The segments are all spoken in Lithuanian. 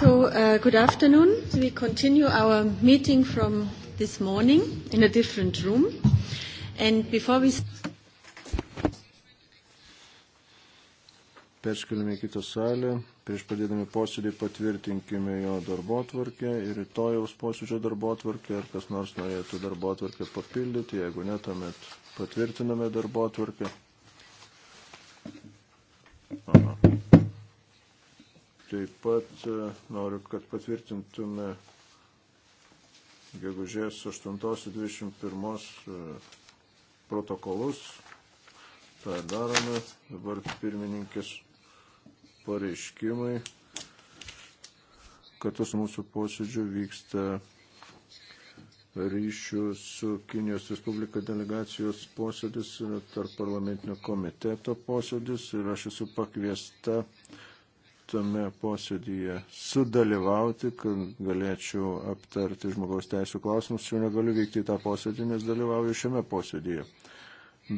So, uh, good afternoon. We continue our meeting from this morning in a different room. And before we... Perškeliame kitą salę, prieš padėdami posėdį patvirtinkime jo darbo atvarkę ir rytojaus posėdžio darbo atvarkę, ar kas nors norėtų darbo atvarkę papildyti, jeigu ne, tuomet patvirtiname darbo atvarkę. Aha. Taip pat e, noriu, kad patvirtintume gegužės 8.21 e, protokolus. Tai darome. Dabar pirmininkės pareiškimai. Kad tas mūsų posėdžių vyksta ryšių su Kinijos Respublika delegacijos posėdis, tarp parlamentinio komiteto posėdis ir aš esu pakviesta tame posėdyje sudalyvauti, kad galėčiau aptarti žmogaus teisų klausimus. Jau negaliu vykti į tą posėdį, nes dalyvauju šiame posėdyje.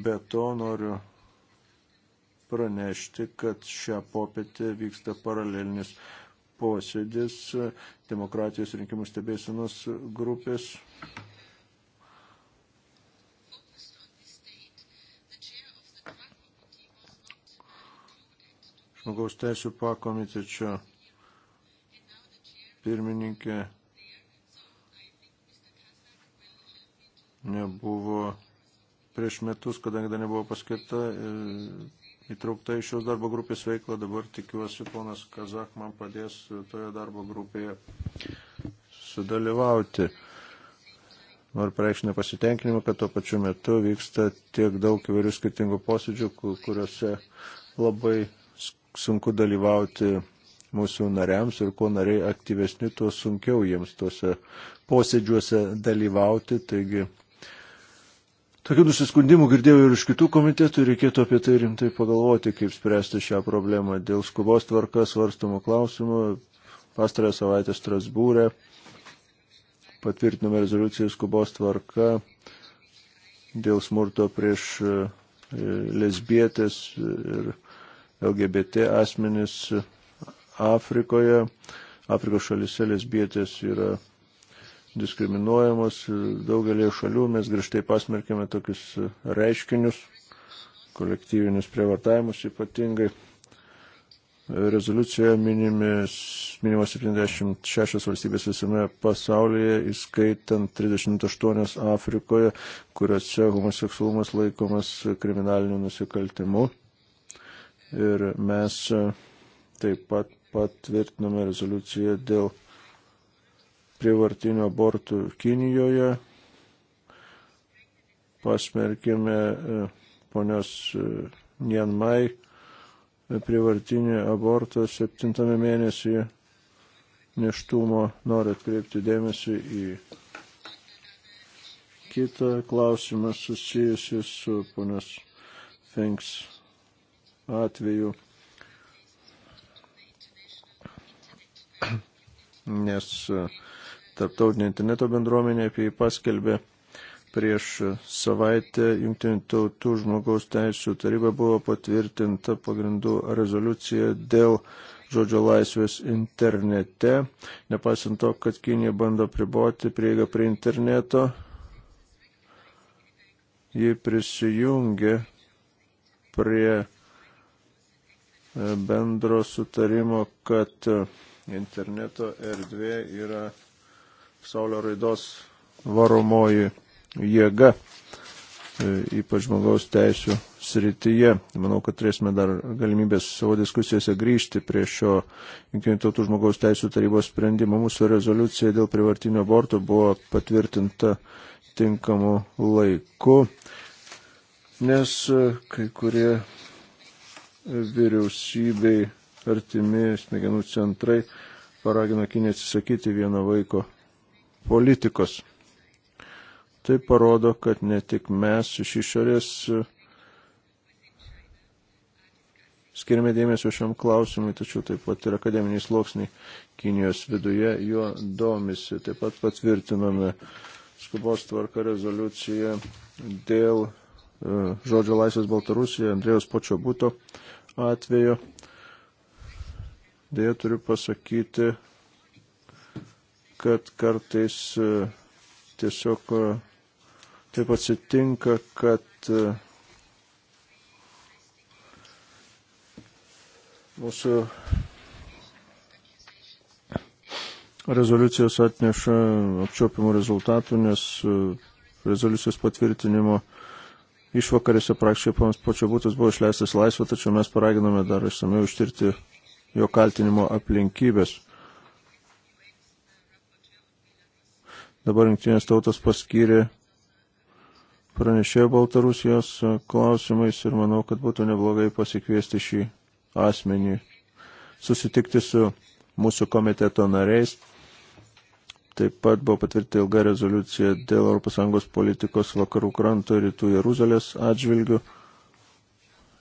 Be to noriu pranešti, kad šią popietę vyksta paralelinis posėdis demokratijos rinkimų stebėsinos grupės žmogaus teisų pakomitečio pirmininkė nebuvo prieš metus, kadangi dar nebuvo paskirta, e, įtraukta į šios darbo grupės veiklą. Dabar tikiuosi, ponas Kazak man padės toje darbo grupėje sudalyvauti. Noriu pareikšti nepasitenkinimą, kad tuo pačiu metu vyksta tiek daug įvairių skirtingų posėdžių, kuriuose labai sunku dalyvauti mūsų nariams ir kuo nariai aktyvesni, tuo sunkiau jiems tuose posėdžiuose dalyvauti. Taigi, tokių nusiskundimų girdėjau ir iš kitų komitetų ir reikėtų apie tai rimtai pagalvoti, kaip spręsti šią problemą. Dėl skubos tvarkas svarstomų klausimų pastarąją savaitę Strasbūrė patvirtinome rezoliuciją skubos tvarka dėl smurto prieš e, lesbietės ir LGBT asmenys Afrikoje, Afrikos šalise lesbietės yra diskriminuojamos. Daugelį šalių mes grįžtai pasmerkėme tokius reiškinius, kolektyvinius prievartavimus ypatingai. Rezoliucijoje minimis, minimos 76 valstybės visame pasaulyje, įskaitant 38 Afrikoje, kuriuose homoseksualumas laikomas kriminaliniu nusikaltimu. Ir mes e, taip pat patvirtiname rezoliuciją dėl prievartinių abortų Kinijoje. Pasmerkėme e, ponios e, Nienmai prievartinį abortą septintame mėnesyje neštumo. Noriu atkreipti dėmesį į kitą klausimą susijusi su ponios Fengs atveju. Nes e, tarptautinė interneto bendruomenė apie jį paskelbė prieš savaitę Junktinių tautų žmogaus teisų taryba buvo patvirtinta pagrindų rezoliucija dėl žodžio laisvės internete, nepaisant to, kad Kinija bando priboti prieigą prie interneto, ji prisijungė prie E, bendro sutarimo, kad e, interneto erdvė yra pasaulio raidos varomoji jėga, e, ypač žmogaus teisų srityje. Manau, kad turėsime dar galimybės savo diskusijose grįžti prie šio Junktinių tautų žmogaus teisų tarybos sprendimo. Mūsų rezoliucija dėl privartinio aborto buvo patvirtinta tinkamu laiku, nes kai kurie vyriausybei artimi smegenų centrai paragino Kiniją atsisakyti vieno vaiko politikos. Tai parodo, kad ne tik mes iš išorės e, skiriame dėmesio šiam klausimui, tačiau taip pat ir akademiniai sluoksniai Kinijos viduje juo domisi. Taip pat patvirtiname skubos tvarka rezoliuciją dėl E, žodžio laisvės Baltarusijoje, Andrėjos Počiobuto atveju. Dėja turiu pasakyti, kad kartais e, tiesiog e, taip atsitinka, kad mūsų rezoliucijos atneša apčiopiamų rezultatų, nes rezoliucijos patvirtinimo Išvakarėse praktiškai ponas Počiobutas buvo išleistas laisvą, tačiau mes paraginame dar išsameu ištirti jo kaltinimo aplinkybės. Dabar rinktinės tautos paskyrė pranešėjo Baltarusijos klausimais ir manau, kad būtų neblogai pasikviesti šį asmenį, susitikti su mūsų komiteto nariais Taip pat buvo patvirtinta ilga rezoliucija dėl ES politikos vakarų kranto ir rytų Jeruzalės atžvilgių.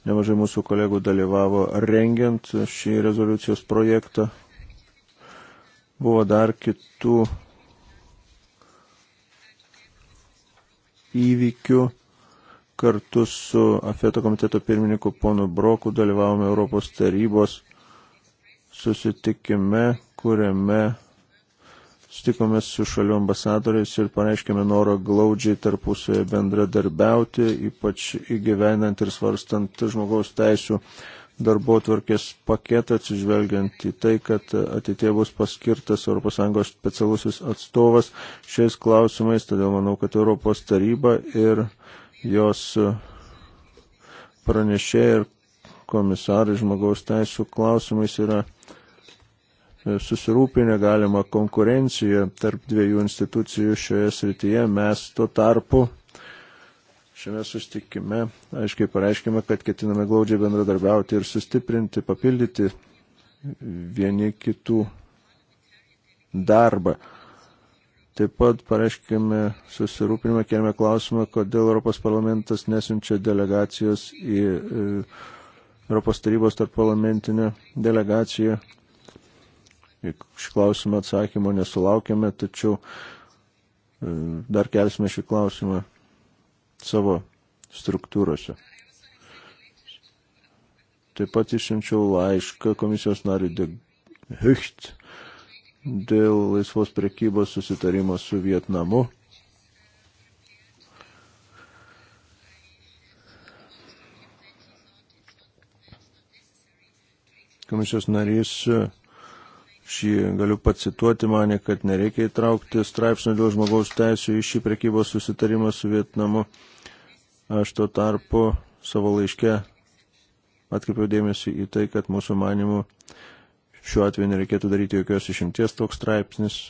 Nemažai mūsų kolegų dalyvavo rengiant šį rezoliucijos projektą. Buvo dar kitų įvykių. Kartu su Afeto komiteto pirmininku ponu Broku dalyvavome Europos tarybos susitikime, kuriame Sutikome su šalių ambasadoriais ir pareiškėme norą glaudžiai tarpusoje bendradarbiauti, ypač įgyvenant ir svarstant žmogaus teisų darbo tvarkės paketą, atsižvelgiant į tai, kad ateitie bus paskirtas ES specialusis atstovas šiais klausimais, todėl manau, kad Europos taryba ir jos pranešėjai ir komisarai žmogaus teisų klausimais yra E, susirūpinę galima konkurenciją tarp dviejų institucijų šioje srityje. Mes tuo tarpu šiame sustikime aiškiai pareiškime, kad ketiname glaudžiai bendradarbiauti ir sustiprinti, papildyti vieni kitų darbą. Taip pat pareiškime susirūpinimą, kėlėme klausimą, kodėl Europos parlamentas nesinčia delegacijos į e, Europos tarybos tarp parlamentinę delegaciją Šį klausimą atsakymo nesulaukėme, tačiau e, dar kelsime šį klausimą savo struktūrose. Taip pat išsiunčiau laišką komisijos nariui De Hicht dėl laisvos prekybos susitarimo su Vietnamu. Komisijos narys šį galiu pacituoti, mane, kad nereikia įtraukti straipsnių dėl žmogaus teisų į šį prekybos susitarimą su Vietnamu. Aš tuo tarpu savo laiške atkreipiau dėmesį į tai, kad mūsų manimų šiuo atveju nereikėtų daryti jokios išimties, toks straipsnis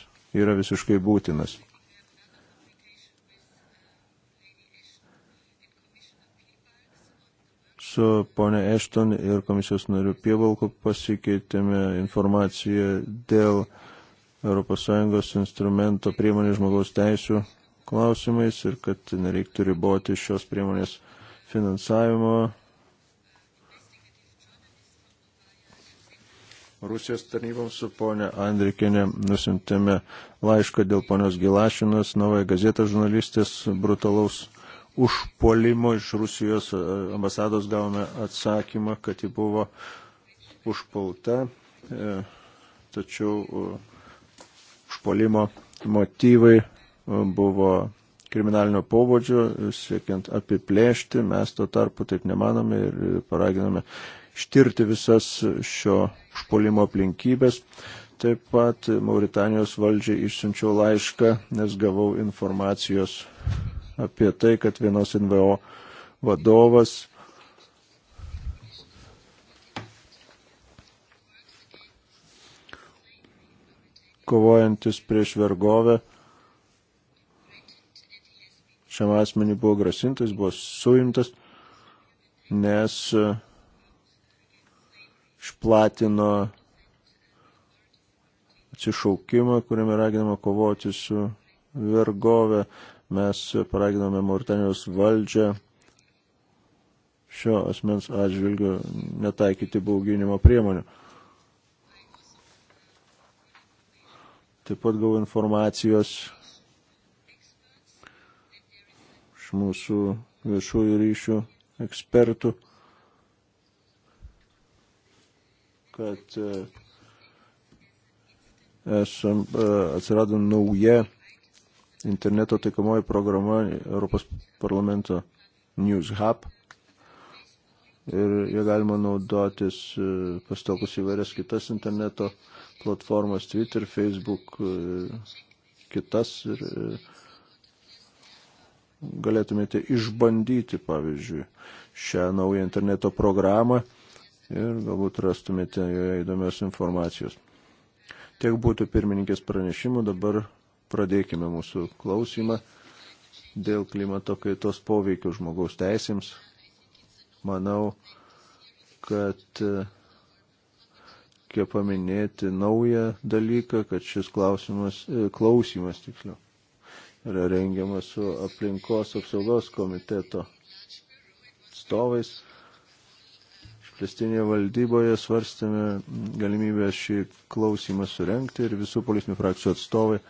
yra visiškai būtinas. su ponė Ešton ir komisijos nariu Pievalku pasikeitėme informaciją dėl ES instrumento priemonės žmogaus teisų klausimais ir kad nereiktų riboti šios priemonės finansavimo. Rusijos tarnyboms su ponė Andrikinė nusintėme laišką dėl ponios Gilašinos, Novoje gazetą žurnalistės brutalaus užpuolimo iš Rusijos e, ambasados gavome atsakymą, kad ji buvo užpulta, e, tačiau e, užpuolimo motyvai buvo kriminalinio pobūdžio, siekiant apiplėšti, mes to tarpu taip nemanome ir paraginame ištirti visas šio užpolimo aplinkybės. Taip pat Mauritanijos valdžiai išsiunčiau laišką, nes gavau informacijos apie tai, kad vienos NVO vadovas kovojantis prieš vergovę. Šiam asmenį buvo grasintas, buvo suimtas, nes e, išplatino atsišaukimą, kuriame raginama kovoti su vergove. Mes paraginome Mauritanijos valdžią šio asmens atžvilgiu netaikyti bauginimo priemonių. Taip pat gavau informacijos iš mūsų viešųjų ryšių ekspertų, kad e, esam, e, atsirado nauja interneto taikomoji programa Europos parlamento News Hub. Ir jie galima naudotis e, pastokus įvairias kitas interneto platformas, Twitter, Facebook, e, kitas. Ir e, galėtumėte išbandyti, pavyzdžiui, šią naują interneto programą ir galbūt rastumėte joje įdomios informacijos. Tiek būtų pirmininkės pranešimų, dabar pradėkime mūsų klausimą dėl klimato kaitos poveikio žmogaus teisėms. Manau, kad e, reikia paminėti naują dalyką, kad šis klausimas, e, klausimas tiksliau, yra rengiamas su aplinkos apsaugos komiteto atstovais. Išplėstinėje valdyboje svarstėme galimybę šį klausimą surenkti ir visų politinių frakcijų atstovai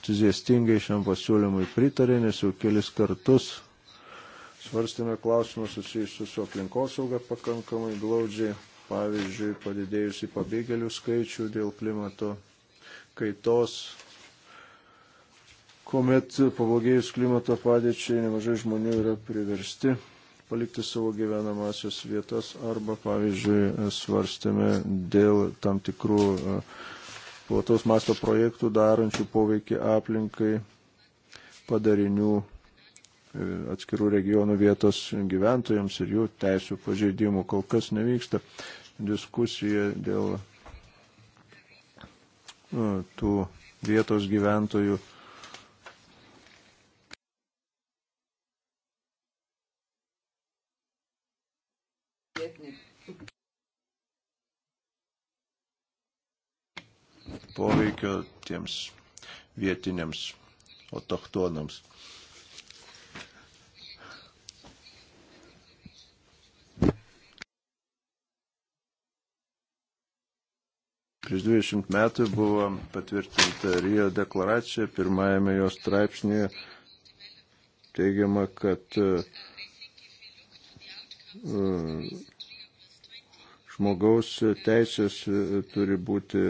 entuziastingai šiam pasiūlymui pritarė, nes jau kelis kartus svarstėme klausimus susijusius su aplinkosauga pakankamai glaudžiai, pavyzdžiui, padidėjusi pabėgėlių skaičių dėl klimato kaitos, kuomet pavogėjus klimato padėčiai nemažai žmonių yra priversti palikti savo gyvenamasios vietas arba, pavyzdžiui, svarstėme dėl tam tikrų uh, plataus masto projektų darančių poveikį aplinkai padarinių e, atskirų regionų vietos gyventojams ir jų teisų pažeidimų. Kol kas nevyksta diskusija dėl nu, tų vietos gyventojų poveikio tiems vietiniams autochtonams. Prieš 20 metų buvo patvirtinta Rio deklaracija, pirmajame jos straipsnėje teigiama, kad e, žmogaus teisės e, turi būti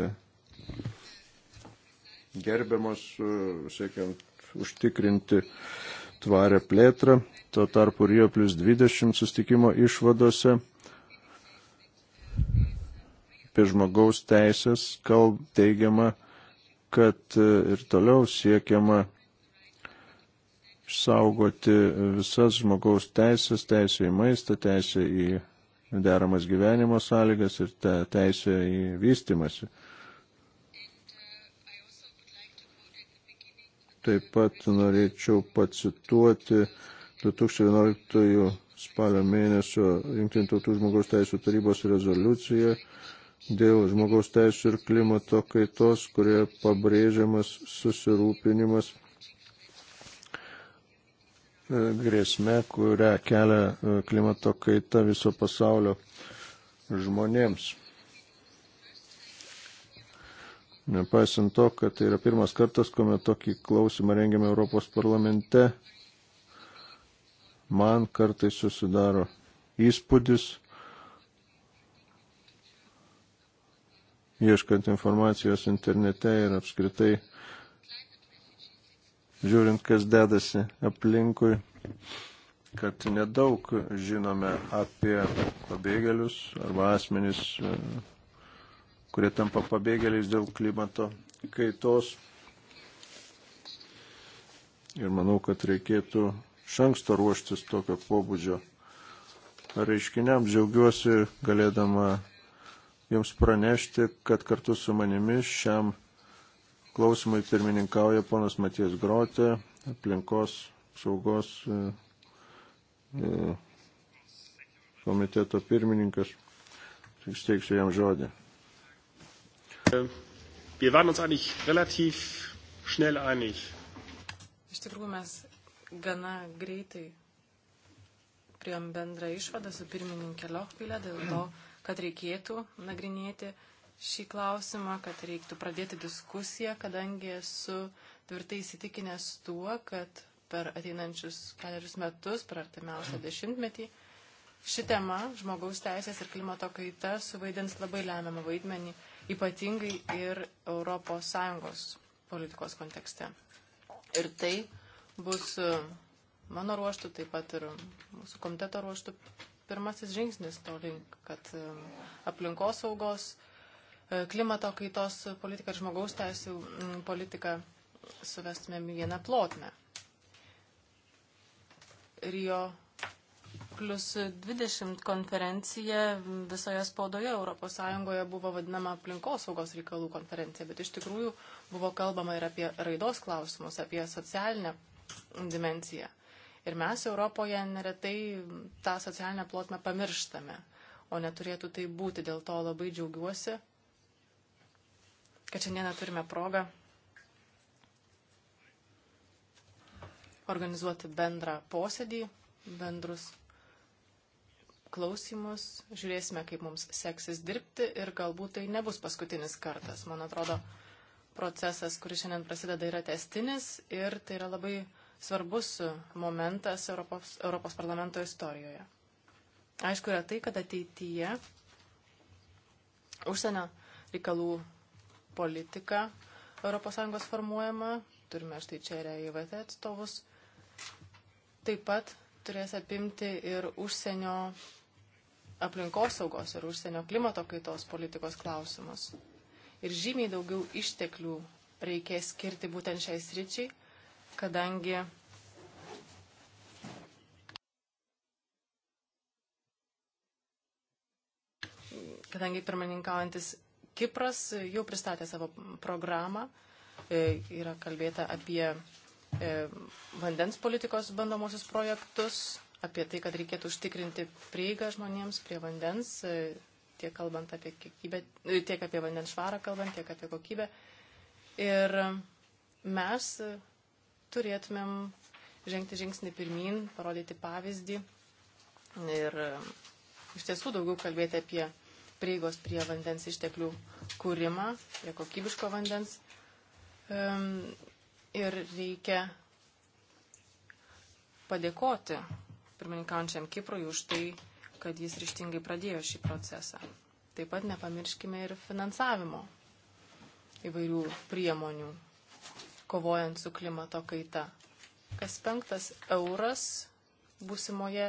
gerbiamas, e, siekiant užtikrinti tvarę plėtrą. Tuo tarpu Rio plus 20 sustikimo išvadose apie žmogaus teisės kalb teigiama, kad e, ir toliau siekiama išsaugoti visas žmogaus teisės, teisė į maistą, teisė į deramas gyvenimo sąlygas ir teisė į vystimasi. Taip pat norėčiau pacituoti 2011 spalio mėnesio Junktinių tautų žmogaus teisų tarybos rezoliuciją dėl žmogaus teisų ir klimato kaitos, kurioje pabrėžiamas susirūpinimas e, grėsme, kurią kelia e, klimato kaita viso pasaulio žmonėms. Nepaisant to, kad tai yra pirmas kartas, kuomet tokį klausimą rengiame Europos parlamente, man kartais susidaro įspūdis, ieškant informacijos internete ir apskritai žiūrint, kas dedasi aplinkui, kad nedaug žinome apie pabėgėlius arba asmenys kurie tampa pabėgėliais dėl klimato kaitos. Ir manau, kad reikėtų šanksto ruoštis tokio pobūdžio reiškiniam. Džiaugiuosi galėdama Jums pranešti, kad kartu su manimi šiam klausimui pirmininkauja ponas Matijas Grotė, aplinkos saugos e, e, komiteto pirmininkas. Steiksiu jam žodį. Ähm, wir waren uns eigentlich relativ schnell einig. Iš tikrųjų, mes gana greitai priėm bendrą išvadą su pirmininkė Lochvilė dėl to, kad reikėtų nagrinėti šį klausimą, kad reiktų pradėti diskusiją, kadangi esu tvirtai įsitikinęs tuo, kad per ateinančius keliarius metus, per artimiausią dešimtmetį, ši tema, žmogaus teisės ir klimato kaita, suvaidins labai lemiamą vaidmenį ypatingai ir ES politikos kontekste. Ir tai bus e, mano ruoštų, taip pat ir mūsų komiteto ruoštų pirmasis žingsnis to link, kad e, aplinkos saugos, e, klimato kaitos politika ir žmogaus teisų politika suvestumėm į vieną plotmę. Rio plus 20 konferencija visoje spaudoje ES buvo vadinama aplinkosaugos reikalų konferencija, bet iš tikrųjų buvo kalbama ir apie raidos klausimus, apie socialinę dimenciją. Ir mes Europoje neretai tą socialinę plotmę pamirštame, o neturėtų tai būti. Dėl to labai džiaugiuosi, kad šiandieną turime progą organizuoti bendrą posėdį, bendrus klausimus, žiūrėsime, kaip mums seksis dirbti ir galbūt tai nebus paskutinis kartas. Man atrodo, procesas, kuris šiandien prasideda, yra testinis ir tai yra labai svarbus momentas Europos, Europos parlamento istorijoje. Aišku, yra tai, kad ateityje užsienio reikalų politika ES formuojama, turime štai čia ir EIVT atstovus, taip pat turės apimti ir užsienio aplinkosaugos ir užsienio klimato kaitos politikos klausimus. Ir žymiai daugiau išteklių reikės skirti būtent šiai sričiai, kadangi kadangi pirmininkaujantis Kipras jau pristatė savo programą, e, yra kalbėta apie e, vandens politikos bandomosius projektus, apie tai, kad reikėtų užtikrinti prieigą žmonėms prie vandens, e, tiek kalbant apie kiekybę, e, tiek apie vandens švarą kalbant, tiek apie kokybę. Ir mes turėtumėm žengti žingsnį pirmin, parodyti pavyzdį ir e, iš tiesų daugiau kalbėti apie prieigos prie vandens išteklių kūrimą, prie kokybiško vandens. Ir reikia padėkoti pirmininkaujančiam Kiprui už tai, kad jis ryštingai pradėjo šį procesą. Taip pat nepamirškime ir finansavimo įvairių priemonių, kovojant su klimato kaita. Kas penktas euras būsimoje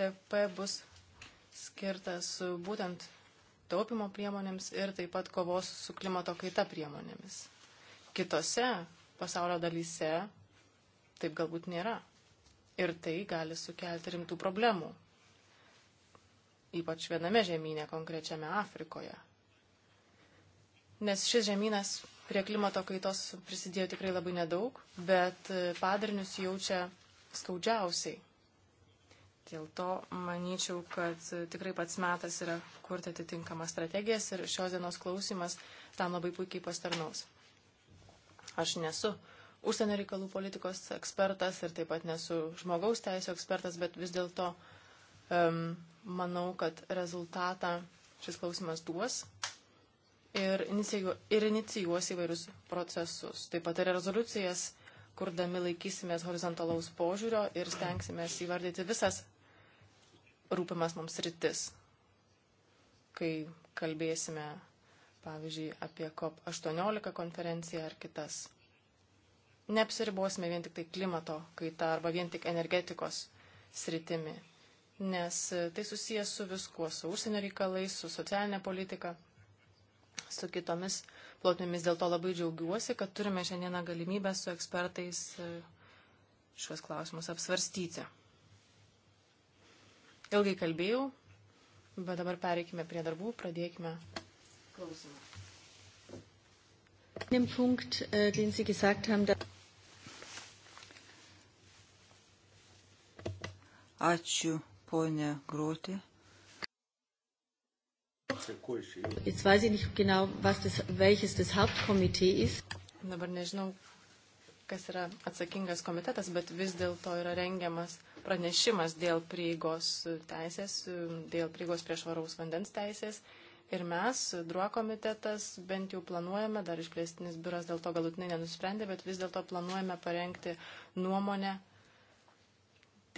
DP bus skirtas būtent taupimo priemonėms ir taip pat kovos su klimato kaita priemonėmis. Kitose pasaulio dalyse taip galbūt nėra. Ir tai gali sukelti rimtų problemų. Ypač viename žemynė, konkrečiame Afrikoje. Nes šis žemynas prie klimato kaitos prisidėjo tikrai labai nedaug, bet padarinius jaučia skaudžiausiai. Dėl to manyčiau, kad tikrai pats metas yra kurti atitinkamas strategijas ir šios dienos klausimas tam labai puikiai pastarnaus. Aš nesu uh, užsienio reikalų politikos ekspertas ir taip pat nesu žmogaus teisų ekspertas, bet vis dėlto um, manau, kad rezultatą šis klausimas duos ir, inicijuo, ir inicijuos įvairius procesus. Taip pat ir rezoliucijas, kurdami laikysimės horizontalaus požiūrio ir stengsimės įvardyti visas rūpimas mums rytis, kai kalbėsime, pavyzdžiui, apie COP18 konferenciją ar kitas neapsiribosime vien tik tai klimato kaita arba vien tik energetikos sritimi, nes e, tai susijęs su viskuo, su užsienio reikalais, su socialinė politika, su kitomis plotmėmis. Dėl to labai džiaugiuosi, kad turime šiandieną galimybę su ekspertais e, šios klausimus apsvarstyti. Ilgai kalbėjau, bet dabar pereikime prie darbų, pradėkime klausimą. Dem Punkt, äh, den Sie gesagt haben, dass Ačiū, ponė Groti. Jetzt weiß ich nicht genau, was das, welches das Hauptkomitee ist. Dabar nežinau, kas yra atsakingas komitetas, bet vis dėlto yra rengiamas pranešimas dėl prieigos teisės, dėl prieigos prie švaraus vandens teisės. Ir mes, druo komitetas, bent jau planuojame, dar išplėstinis biuras dėl to galutinai nenusprendė, bet vis dėlto planuojame parengti nuomonę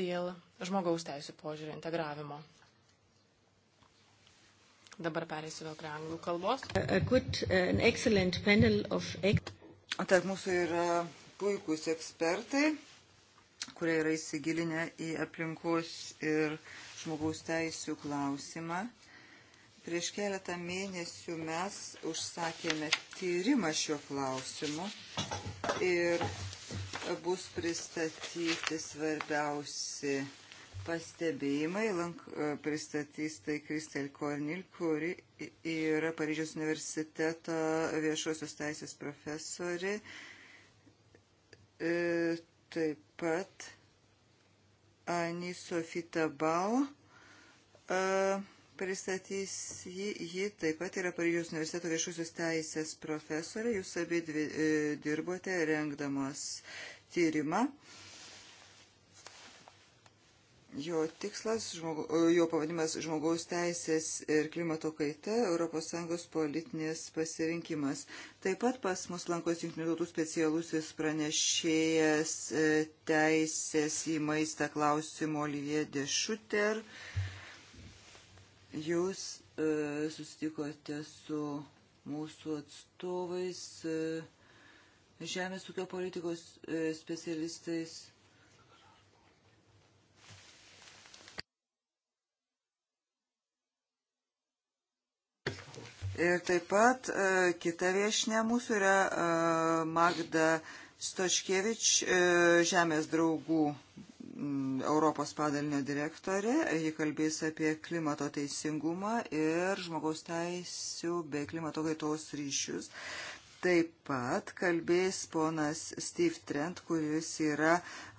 dėl žmogaus teisų požiūrį integravimo. Dabar perėsiu vėl prie anglų kalbos. A good, of... Tarp mūsų yra puikūs ekspertai, kurie yra įsigilinę į aplinkos ir žmogaus teisų klausimą. Prieš keletą mėnesių mes užsakėme tyrimą šiuo klausimu ir bus pristatyti svarbiausi pastebėjimai. Lank, e, pristatys tai Kristel Kornil, kuri yra Paryžiaus universiteto viešosios teisės profesori. E, taip pat Ani Sofita Bau. Uh, pristatys jį. Ji taip pat yra Paryžiaus universiteto viešusios teisės profesorė. Jūs abi dvi, e, dirbote rengdamos tyrimą. Jo tikslas, žmogu, e, jo pavadimas žmogaus teisės ir klimato kaita, ES politinės pasirinkimas. Taip pat pas mus lankos jungtinių tautų specialusis pranešėjas e, teisės į maistą klausimo Olivier Dešuter. E, Jūs e, susitikote su mūsų atstovais, e, žemės ūkio politikos e, specialistais. Ir taip pat e, kita viešinė mūsų yra e, Magda Stočkievič, e, žemės draugų Mm, Europos padalinio direktorė. Ji kalbės apie klimato teisingumą ir žmogaus teisų bei klimato kaitos ryšius. Taip pat kalbės ponas Steve Trent, kuris yra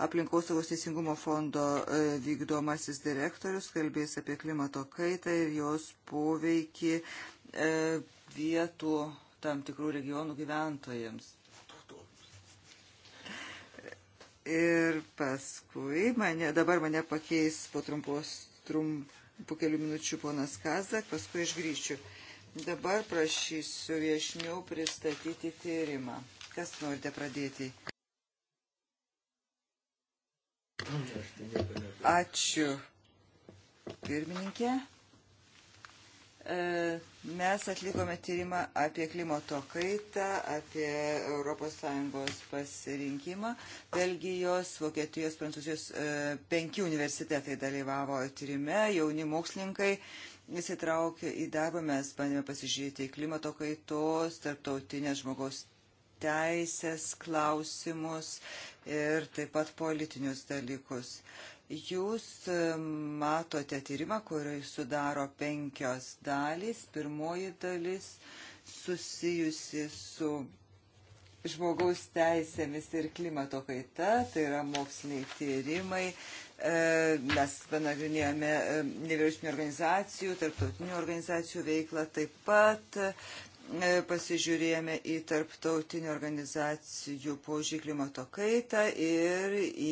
aplinkosaugos teisingumo fondo e, vykdomasis direktorius, kalbės apie klimato kaitą ir jos poveikį e, vietų tam tikrų regionų gyventojams. Ir paskui mane, dabar mane pakeis po trumpos, trum, po kelių minučių ponas Kazak, paskui aš grįšiu. Dabar prašysiu viešnių pristatyti tyrimą. Kas norite pradėti? Ačiū. Pirmininkė. E, mes atlikome tyrimą apie klimato kaitą, apie ES pasirinkimą. Belgijos, Vokietijos, Prancūzijos e, penki universitetai dalyvavo tyrime, jauni mokslininkai įsitraukė į darbą, mes bandėme pasižiūrėti į klimato kaitos, tarptautinės žmogaus teisės klausimus ir taip pat politinius dalykus. Uh, Jūs e, matote tyrimą, kurį sudaro penkios dalys. Pirmoji dalis susijusi su žmogaus teisėmis ir klimato kaita, tai yra moksliniai tyrimai. E, mes panagrinėjome e, nevyriausybinio organizacijų, tarptautinių organizacijų veiklą, taip pat pasižiūrėjome į tarptautinių organizacijų požiūrį klimato kaitą ir į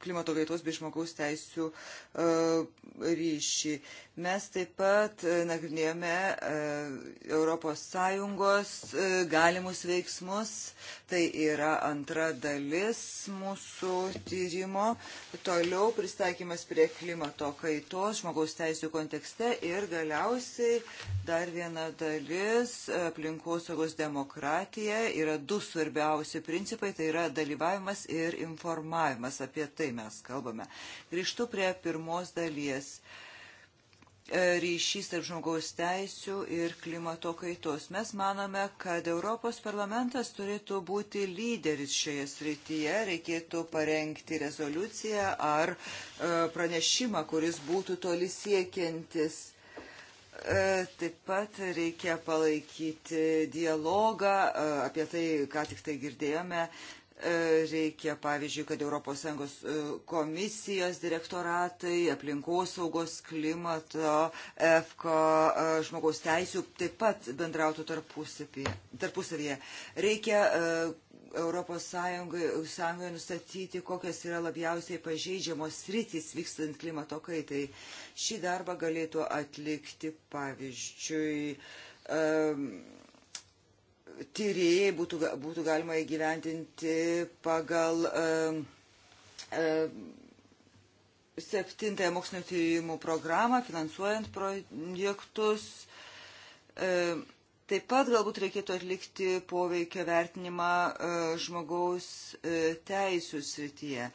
klimato kaitos bei žmogaus teisų e, ryšį. Mes taip pat e, nagrinėjome ES e, galimus veiksmus. Tai yra antra dalis mūsų tyrimo. Toliau pristaikymas prie klimato kaitos žmogaus teisų kontekste ir galiausiai dar viena dalis aplinkosaugos demokratija yra du svarbiausi principai. Tai yra dalyvavimas ir informavimas apie tai tai mes kalbame. Grįžtu prie pirmos dalies e, ryšys tarp žmogaus teisių ir klimato kaitos. Mes manome, kad Europos parlamentas turėtų būti lyderis šioje srityje, reikėtų parengti rezoliuciją ar e, pranešimą, kuris būtų toli siekiantis. E, taip pat reikia palaikyti dialogą, apie tai, ką tik tai girdėjome, E, reikia, pavyzdžiui, kad ES e, komisijos direktoratai, aplinkosaugos, klimato, EFKO, žmogaus teisų taip pat bendrautų tarpusavyje. Reikia e, Europos Sąjungoje, Sąjungoje nustatyti, kokios yra labiausiai pažeidžiamos sritys vykstant klimato kaitai. Šį darbą galėtų atlikti, pavyzdžiui, tyrėjai būtų, būtų galima įgyvendinti pagal uh, uh, septintąją mokslinio tyrimų programą, finansuojant projektus. Uh, Taip pat galbūt reikėtų atlikti poveikio vertinimą e, žmogaus e, teisų srityje.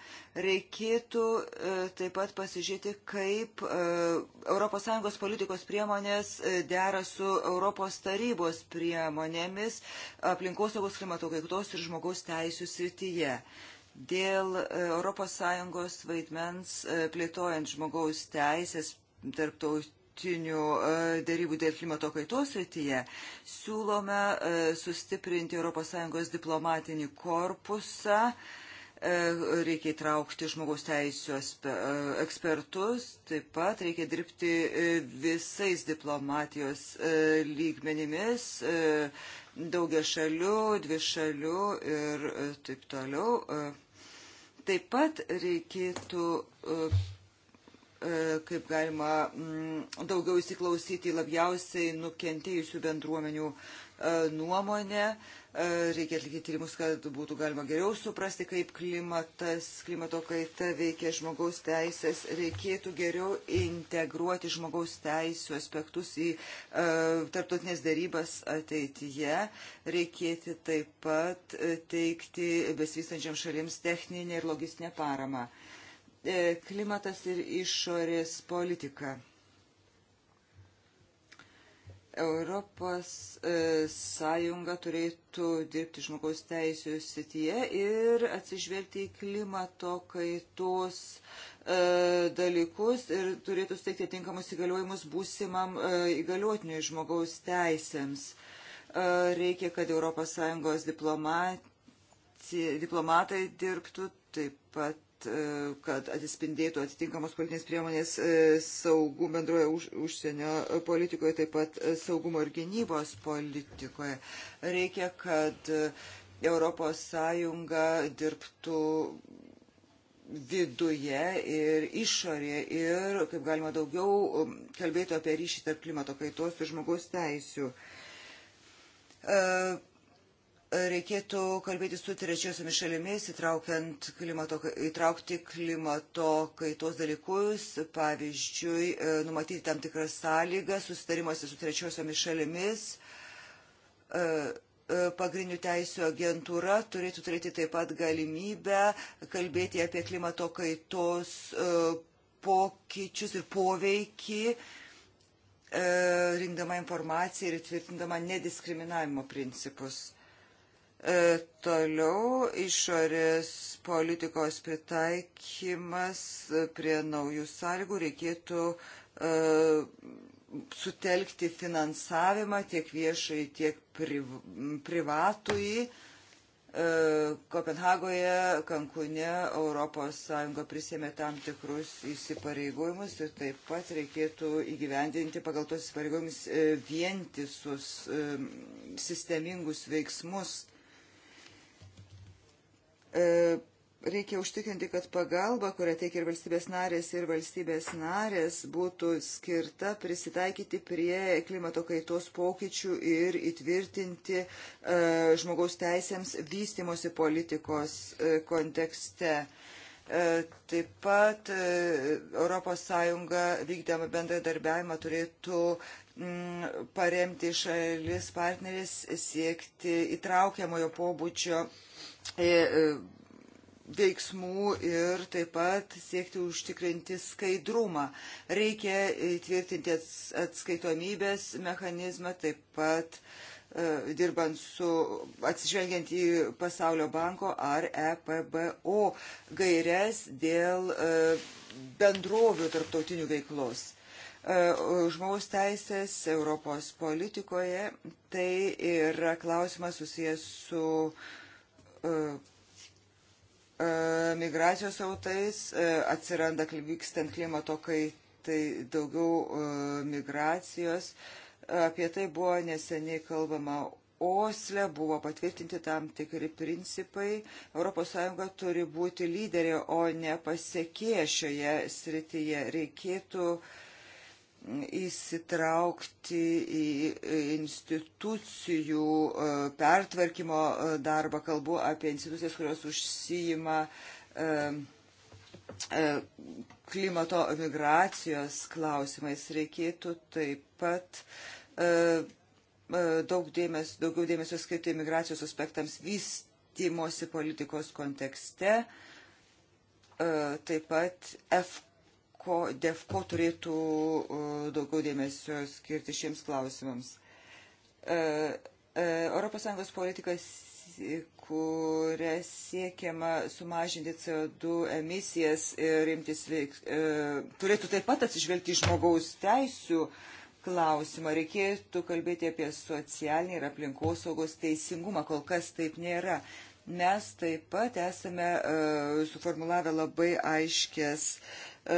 Reikėtų e, taip pat pasižiūrėti, kaip ES politikos priemonės dera su ES tarybos priemonėmis aplinkosaugos klimato kaitos ir žmogaus teisų srityje. Dėl ES vaidmens plėtojant žmogaus teisės tarptaut tarptautinių e, dėrybų dėl klimato kaitos rytyje siūlome e, sustiprinti ES diplomatinį korpusą, e, reikia įtraukti žmogaus teisų ekspertus, taip pat reikia dirbti visais diplomatijos lygmenimis, daugia šalių, dvi šalių ir taip toliau. Taip pat reikėtų E, kaip galima mm, daugiau įsiklausyti labiausiai nukentėjusių bendruomenių e, nuomonę. E, reikia atlikti tyrimus, kad būtų galima geriau suprasti, kaip klimatas, klimato kaita veikia žmogaus teisės. Reikėtų geriau integruoti žmogaus teisų aspektus į uh, tarptautinės darybas ateityje. Reikėtų taip pat teikti besivystančiam šalims techninę ir logistinę paramą. Uh, E, klimatas ir išorės politika. Europos e, sąjunga turėtų dirbti žmogaus teisų sityje ir atsižvelgti į klimato kaitos e, dalykus ir turėtų steigti tinkamus įgaliojimus būsimam įgaliotiniui žmogaus teisėms. Reikia, kad ES diplomatai dirbtų, taip pat kad e, atispindėtų atitinkamos politinės priemonės e, saugų bendroje už, užsienio politikoje, taip pat e, saugumo ir gynybos politikoje. Reikia, kad ES dirbtų viduje ir išorėje ir, kaip galima daugiau, kalbėtų apie ryšį tarp klimato kaitos ir žmogaus teisių. E, reikėtų kalbėti su trečiosiomis šalimis, įtraukiant klimato, įtraukti klimato kaitos dalykus, pavyzdžiui, e, numatyti tam tikras sąlygas susitarimuose su trečiosiomis šalimis. E, e, pagrindinių teisų agentūra turėtų turėti taip pat galimybę kalbėti apie klimato kaitos pokyčius ir poveikį, rinkdama informaciją ir tvirtindama nediskriminavimo principus E, toliau išorės politikos pritaikymas prie naujų sąlygų reikėtų e, sutelkti finansavimą tiek viešai, tiek priv, privatui. E, Kopenhagoje, Kankune ES prisėmė tam tikrus įsipareigojimus ir taip pat reikėtų įgyvendinti pagal tos įsipareigojimus vientisus sistemingus veiksmus E, reikia užtikrinti, kad pagalba, kurią teikia ir valstybės narės, ir valstybės narės būtų skirta prisitaikyti prie klimato kaitos pokyčių ir įtvirtinti e, žmogaus teisėms vystimosi politikos e, kontekste. E, taip pat ES vykdama bendradarbiavimą turėtų paremti šalis partneris siekti įtraukiamojo pobūdžio e, e, veiksmų ir taip pat siekti užtikrinti skaidrumą. Reikia tvirtinti atskaitomybės mechanizmą, taip pat e, dirbant su atsižvelgiant į Pasaulio banko ar EPBO gairias dėl bendrovių tarptautinių veiklos. E, žmogaus teisės Europos politikoje. Tai yra klausimas susijęs su e, e, migracijos autais, atsiranda vykstant klimato kaitai daugiau migracijos. Apie tai buvo neseniai kalbama Osle, buvo patvirtinti tam tikri principai. ES turi būti lyderė, o ne pasiekė šioje srityje. Reikėtų uh, įsitraukti į institucijų e, pertvarkymo e, darbą. Kalbu apie institucijas, kurios užsijima e, klimato migracijos klausimais. Reikėtų taip pat daug dėmesio, daugiau dėmesio skirti migracijos aspektams vystimosi politikos kontekste. Taip pat F ko DEFCO turėtų e, daugiau dėmesio skirti šiems klausimams. ES e, politikas, kuria siekiama sumažinti CO2 emisijas ir imtis veik, e, turėtų taip pat atsižvelgti žmogaus teisų klausimą. Reikėtų kalbėti apie socialinį ir aplinkosaugos teisingumą. Kol kas taip nėra mes taip pat esame suformulavę labai aiškės E,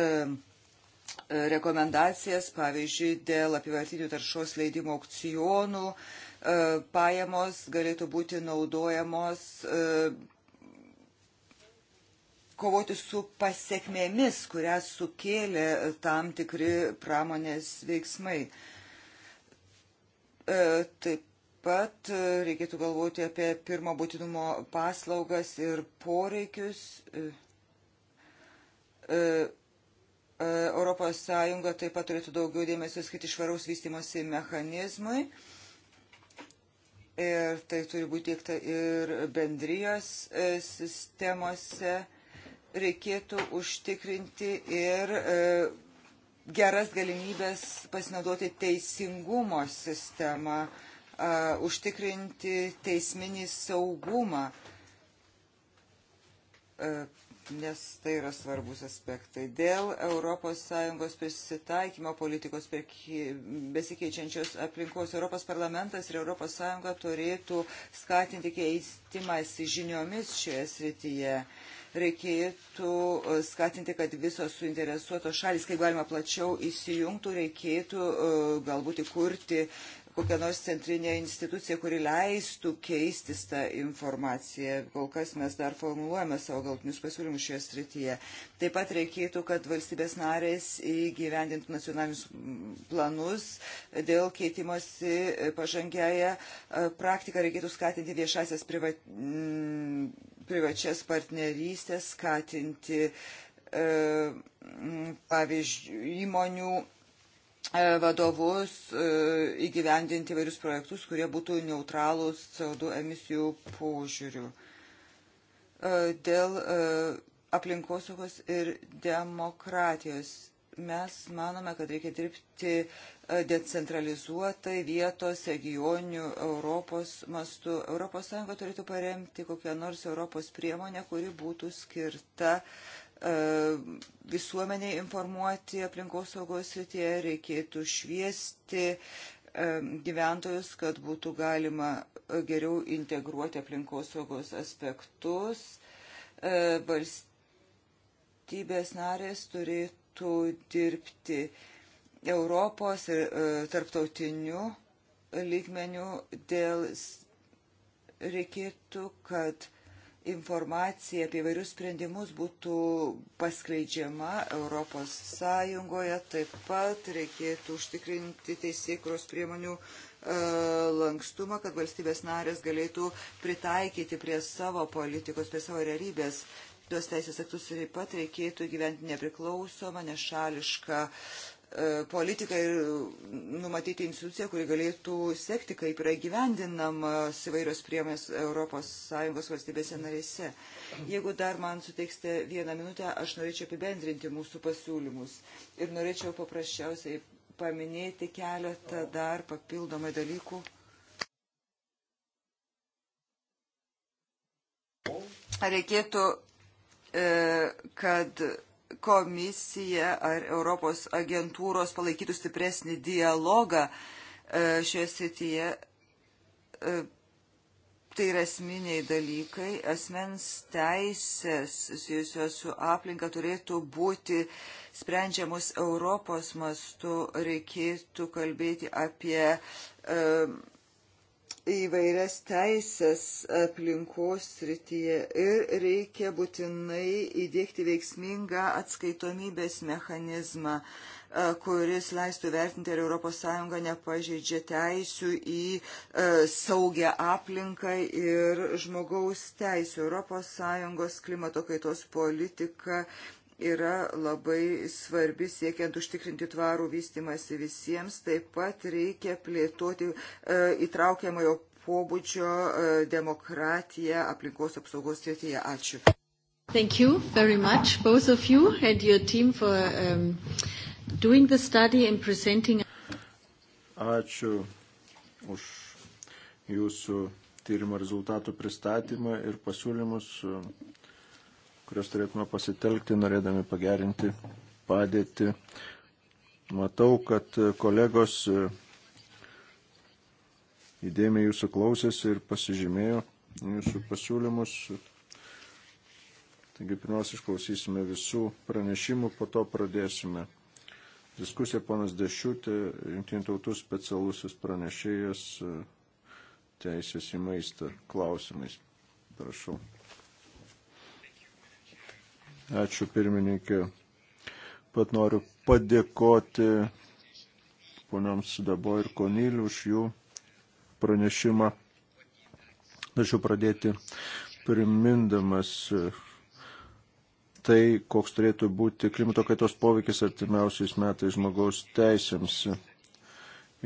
e, rekomendacijas, pavyzdžiui, dėl apivartinių taršos leidimo aukcijonų e, pajamos galėtų būti naudojamos kovoti su pasiekmėmis, kurias sukėlė tam tikri pramonės veiksmai. Taip pat reikėtų galvoti apie pirmo būtinumo paslaugas ir poreikius E, Europos Sąjunga taip pat turėtų daugiau dėmesio skirti švaraus vystimosi mechanizmui. Ir tai turi būti tiekta ir bendrijos e, sistemose. Reikėtų užtikrinti ir e, geras galimybės pasinaudoti teisingumo sistemą, užtikrinti teisminį saugumą nes tai yra svarbus aspektai. Dėl ES prisitaikymo politikos besikeičiančios aplinkos Europos parlamentas ir ES turėtų skatinti keistimas žiniomis šioje srityje. Reikėtų e, skatinti, kad visos suinteresuotos šalis, kaip galima plačiau įsijungtų, reikėtų e, galbūt įkurti kokia nors centrinė institucija, kuri leistų keistis tą informaciją. Kol kas mes dar formuluojame savo galtinius pasiūlymus šioje srityje. Taip pat reikėtų, kad valstybės narės įgyvendintų nacionalinius planus dėl keitimosi pažangiaja e, praktika. Reikėtų skatinti viešasias priva... Mm, privačias partnerystės, skatinti e, pavyzdžiui, įmonių E, vadovus e, įgyvendinti vairius projektus, kurie būtų neutralūs CO2 emisijų požiūrių. E, dėl aplinkosaugos ir demokratijos mes manome, kad reikia dirbti decentralizuotai vietos, regionių, Europos mastu. ES turėtų paremti kokią nors Europos priemonę, kuri būtų skirta uh, E, visuomeniai informuoti aplinkos saugos srityje, reikėtų šviesti e, gyventojus, kad būtų galima e, geriau integruoti aplinkos saugos aspektus. Valstybės narės turėtų dirbti Europos ir tarptautiniu lygmeniu dėl reikėtų, kad informacija apie vairius sprendimus būtų paskleidžiama Europos Sąjungoje. Taip pat reikėtų užtikrinti teisėkros priemonių e, lankstumą, kad valstybės narės galėtų pritaikyti prie savo politikos, prie savo realybės. Tuos teisės aktus taip pat reikėtų gyventi nepriklausomą, nešališką uh, E, politiką ir numatyti instituciją, kuri galėtų sekti, kaip yra gyvendinamas įvairios priemonės ES valstybėse narėse. Jeigu dar man suteiksite vieną minutę, aš norėčiau apibendrinti mūsų pasiūlymus ir norėčiau paprasčiausiai paminėti keletą dar papildomai dalykų. Reikėtų, e, kad komisija ar Europos agentūros palaikytų stipresnį dialogą e, šioje srityje. E, tai yra asmeniai dalykai. Asmens teisės susijusios su aplinka turėtų būti sprendžiamus Europos mastu. Reikėtų kalbėti apie e, įvairias teisės aplinkos srityje ir reikia būtinai įdėkti veiksmingą atskaitomybės mechanizmą, e, kuris leistų vertinti, ar ES nepažeidžia teisių į e, saugią aplinką ir žmogaus teisų. ES klimato kaitos politika yra labai svarbi siekiant užtikrinti tvarų vystimąsi visiems. Taip pat reikia plėtoti e, įtraukiamojo pobūdžio e, demokratiją aplinkos apsaugos srityje. Ačiū. Thank you very much, both of you and your team for um, doing the study and presenting. Ačiū už jūsų tyrimo rezultatų pristatymą ir pasiūlymus. Uh, kurias turėtume pasitelkti, norėdami pagerinti padėtį. Matau, kad e, kolegos e, įdėmiai jūsų klausėsi ir pasižymėjo jūsų pasiūlymus. Taigi pirmiausia, išklausysime visų pranešimų, po to pradėsime. Diskusija ponas Dešiutė, Junktinių tautų specialusis pranešėjas e, teisės į maistą klausimais. Prašau. Ačiū pirmininkė. Pat noriu padėkoti poniams Dabo ir Konyliu už jų pranešimą. Tačiau pradėti primindamas tai, koks turėtų būti klimato kaitos poveikis artimiausiais metais žmogaus teisėms.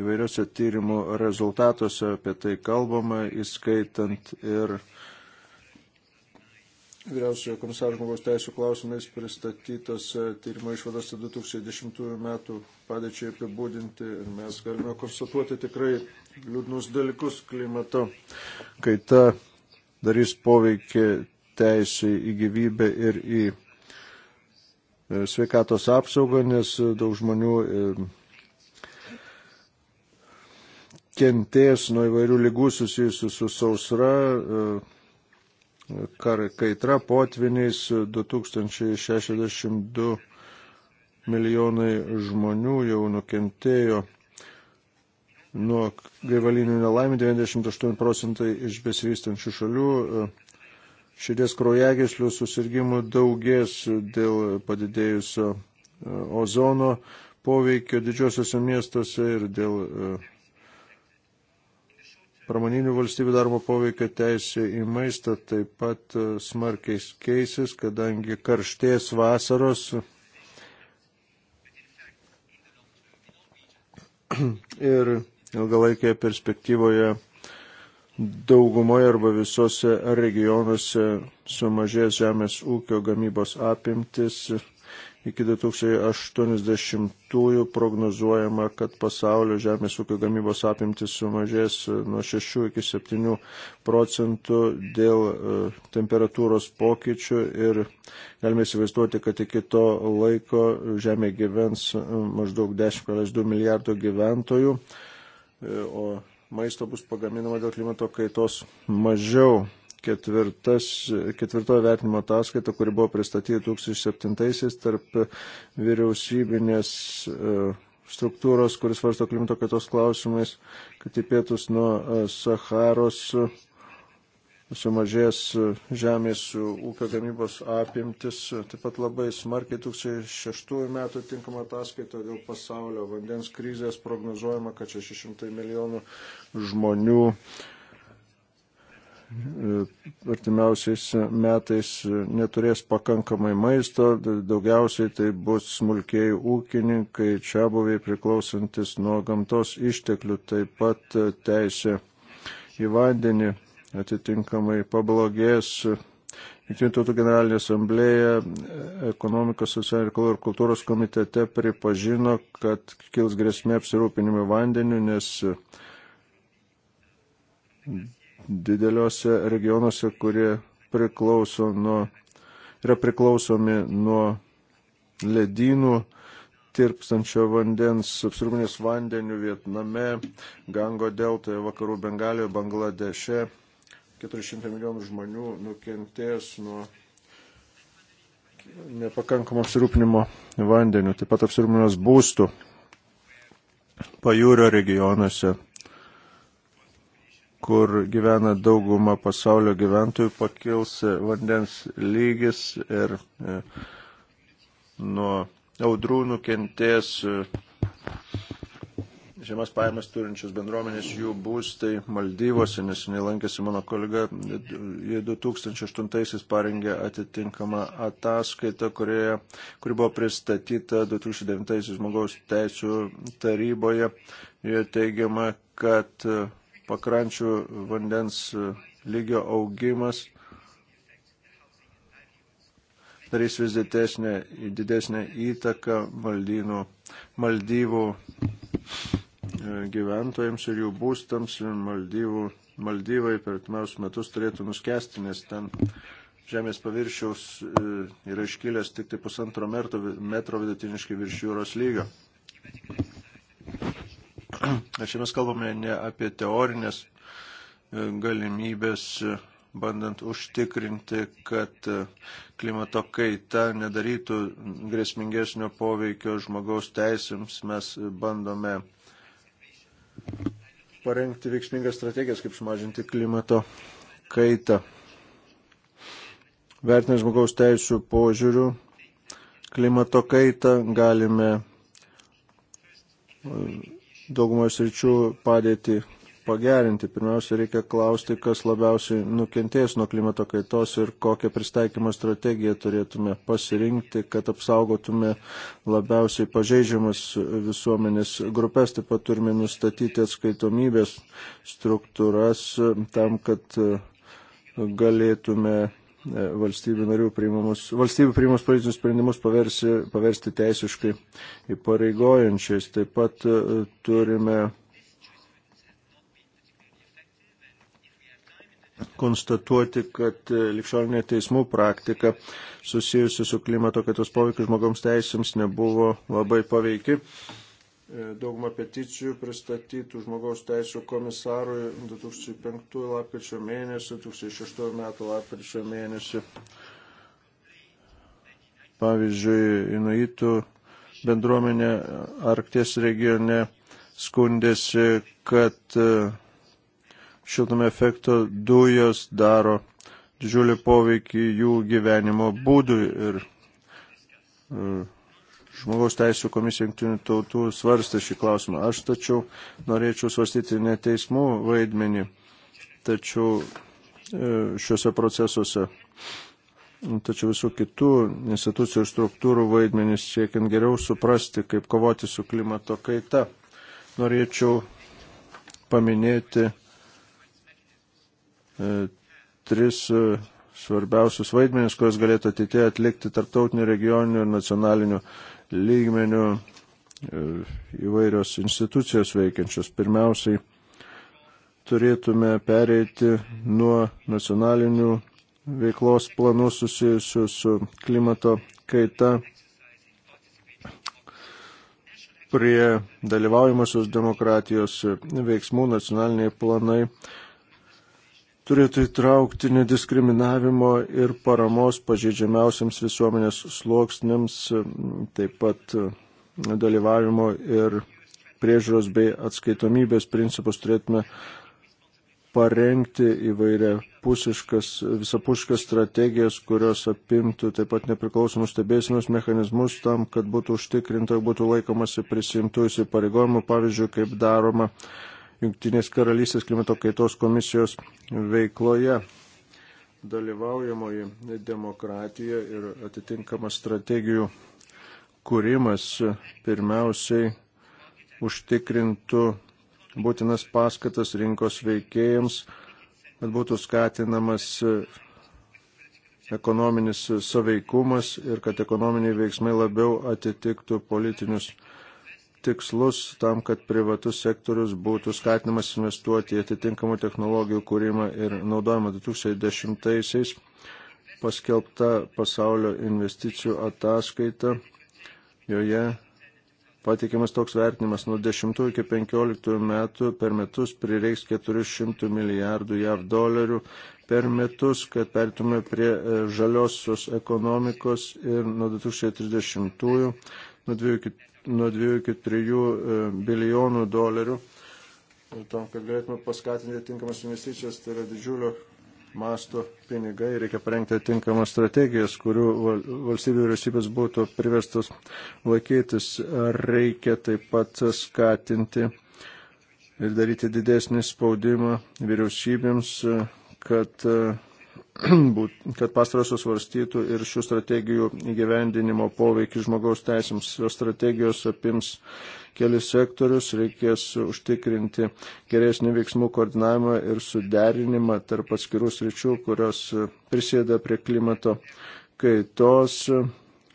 Įvairiose tyrimų rezultatuose apie tai kalbama, įskaitant ir vyriausiojo komisaro žmogaus teisų klausimais pristatytos e, tyrimo išvados 2010 metų padėčiai apibūdinti ir mes galime konstatuoti tikrai liūdnus dalykus klimato kaita darys poveikį teisai į gyvybę ir į e, sveikatos apsaugą, nes daug žmonių e, kentės nuo įvairių lygų susijusių su sausra, kaitra potviniais 2062 milijonai žmonių jau nukentėjo nuo gaivalinių nelaimė 98 procentai iš besivystančių šalių. Širdies kraujagyslių susirgymų daugės dėl padidėjusio e, ozono poveikio didžiosiuose miestuose ir dėl e, pramoninių valstybių darbo poveikio teisė į maistą taip pat e, smarkiai keisis, kadangi karštės vasaros ir ilgalaikėje perspektyvoje daugumoje arba visose regionuose sumažės žemės ūkio gamybos apimtis Iki 2080-ųjų prognozuojama, kad pasaulio žemės ūkio gamybos apimtis sumažės e, nuo 6 iki 7 procentų dėl e, temperatūros pokyčių ir galime įsivaizduoti, kad iki to laiko žemė gyvens e, maždaug 10,2 milijardo gyventojų, o maisto bus pagaminama dėl klimato kaitos mažiau ketvirtas, ketvirtojo vertinimo ataskaita, kuri buvo pristatyta 2007-aisiais tarp vyriausybinės e, struktūros, kuris varsto klimato kaitos klausimais, kad į pietus nuo e, Saharos e, sumažės žemės ūkio gamybos apimtis. Taip pat labai smarkiai 2006 metų tinkama ataskaita dėl pasaulio vandens krizės prognozuojama, kad 600 milijonų žmonių uh, E, artimiausiais metais e, neturės pakankamai maisto, daugiausiai tai bus smulkiai ūkininkai, čia buviai priklausantis nuo gamtos išteklių, taip pat e, teisė į vandenį atitinkamai pablogės. Junktinių tautų generalinė asamblėja ekonomikos, socialinių reikalų ir kultūros komitete pripažino, kad kils grėsmė apsirūpinimui vandeniu, nes dideliuose regionuose, kurie priklauso nuo, yra priklausomi nuo ledynų tirpstančio vandens, apsirūpinės vandeniu Vietname, Gango deltoje, vakarų Bengalijoje, Bangladeše. 400 milijonų žmonių nukentės nuo nepakankamo apsirūpinimo vandeniu, taip pat apsirūpinimas būstų pajūrio regionuose kur gyvena dauguma pasaulio gyventojų, pakils vandens lygis ir e, nuo audrų nukentės e, žemas pajamas turinčios bendruomenės, jų būstai Maldyvose, nes jinai lankėsi mano kolega, jie 2008-aisiais parengė atitinkamą ataskaitą, kurioje, kuri buvo pristatyta 2009-aisiais žmogaus teisų taryboje. Jie teigiama, kad pakrančių vandens lygio augimas darys vis didesnė, didesnė įtaka maldynų, maldyvų e, gyventojams ir jų būstams. Maldyvų, maldyvai per pirmiausius metus turėtų nuskesti, nes ten žemės paviršiaus e, yra iškilęs tik tai pusantro metro, metro vidutiniškai virš jūros lygio. Čia mes kalbame ne apie teorinės e, galimybės, e, bandant užtikrinti, kad e, klimato kaita nedarytų grėsmingesnio poveikio žmogaus teisėms. Mes bandome parengti veiksmingas strategijas, kaip sumažinti klimato kaitą. Vertinant žmogaus teisų požiūrių, klimato kaitą galime daugumoje sričių padėti pagerinti. Pirmiausia, reikia klausti, kas labiausiai nukentės nuo klimato kaitos ir kokią pristaikymo strategiją turėtume pasirinkti, kad apsaugotume labiausiai pažeidžiamas visuomenės grupės. Taip pat turime nustatyti atskaitomybės struktūras tam, kad galėtume E, valstybių narių priimamus, valstybių priimamus politinius sprendimus paversi, paversti teisiškai įpareigojančiais. Taip pat e, turime konstatuoti, kad e, likščiolinė teismų praktika susijusi su klimato kaitos poveikiu žmogoms teisėms nebuvo labai paveiki. E, daugumą peticijų pristatytų žmogaus teisų komisarui 2005 lapkričio mėnesį, 2006 metų lapkričio mėnesį. Pavyzdžiui, Inuitų bendruomenė Arkties regione skundėsi, kad e, šiltame efekto dujos daro didžiulį poveikį jų gyvenimo būdui ir uh, Žmogaus teisų komisija jungtinių tautų svarstė šį klausimą. Aš tačiau norėčiau svarstyti ne teismų vaidmenį, tačiau e, šiuose procesuose, tačiau visų kitų institucijų ir struktūrų vaidmenys siekiant geriau suprasti, kaip kovoti su klimato kaita. Norėčiau paminėti e, tris e, svarbiausius vaidmenis, kurios galėtų ateitie atlikti tarptautinių regioninių ir nacionalinių lygmenių e, įvairios institucijos veikiančios. Pirmiausiai turėtume pereiti nuo nacionalinių veiklos planų susijusių su klimato kaita prie dalyvaujamosios demokratijos veiksmų nacionaliniai planai turėtų įtraukti nediskriminavimo ir paramos pažeidžiamiausiams visuomenės sluoksniams, taip pat e, dalyvavimo ir priežiūros bei atskaitomybės principus turėtume parengti įvairia pusiškas, visapuškas strategijas, kurios apimtų taip pat nepriklausomus stebėsimus mechanizmus tam, kad būtų užtikrinta, būtų laikomasi prisimtų įsipareigojimų, pavyzdžiui, kaip daroma Junktinės karalystės klimato kaitos komisijos veikloje dalyvaujamoji demokratija ir atitinkamas strategijų kūrimas pirmiausiai užtikrintų būtinas paskatas rinkos veikėjams, kad būtų skatinamas ekonominis saveikumas ir kad ekonominiai veiksmai labiau atitiktų politinius tikslus tam, kad privatus sektorius būtų skatinamas investuoti į atitinkamų technologijų kūrimą ir naudojimą 2010-aisiais paskelbta pasaulio investicijų ataskaita. Joje pateikiamas toks vertinimas nuo 10 iki 15 metų per metus prireiks 400 milijardų JAV dolerių per metus, kad pertume prie e, žaliosios ekonomikos ir nuo 2030 nuo 2 iki nuo 2 iki 3 e, bilijonų dolerių tam, kad galėtume paskatinti tinkamas investicijas, tai yra didžiulio masto pinigai, reikia parengti tinkamas strategijas, kurių valstybių vyriausybės būtų priverstos laikytis. Reikia taip pat skatinti ir daryti didesnį spaudimą vyriausybėms, kad uh, kad pastarosios svarstytų ir šių strategijų įgyvendinimo poveikį žmogaus teisėms. Jos strategijos apims kelis sektorius, reikės užtikrinti geresnį veiksmų koordinavimą ir suderinimą tarp atskirų sričių, kurios prisėda prie klimato kaitos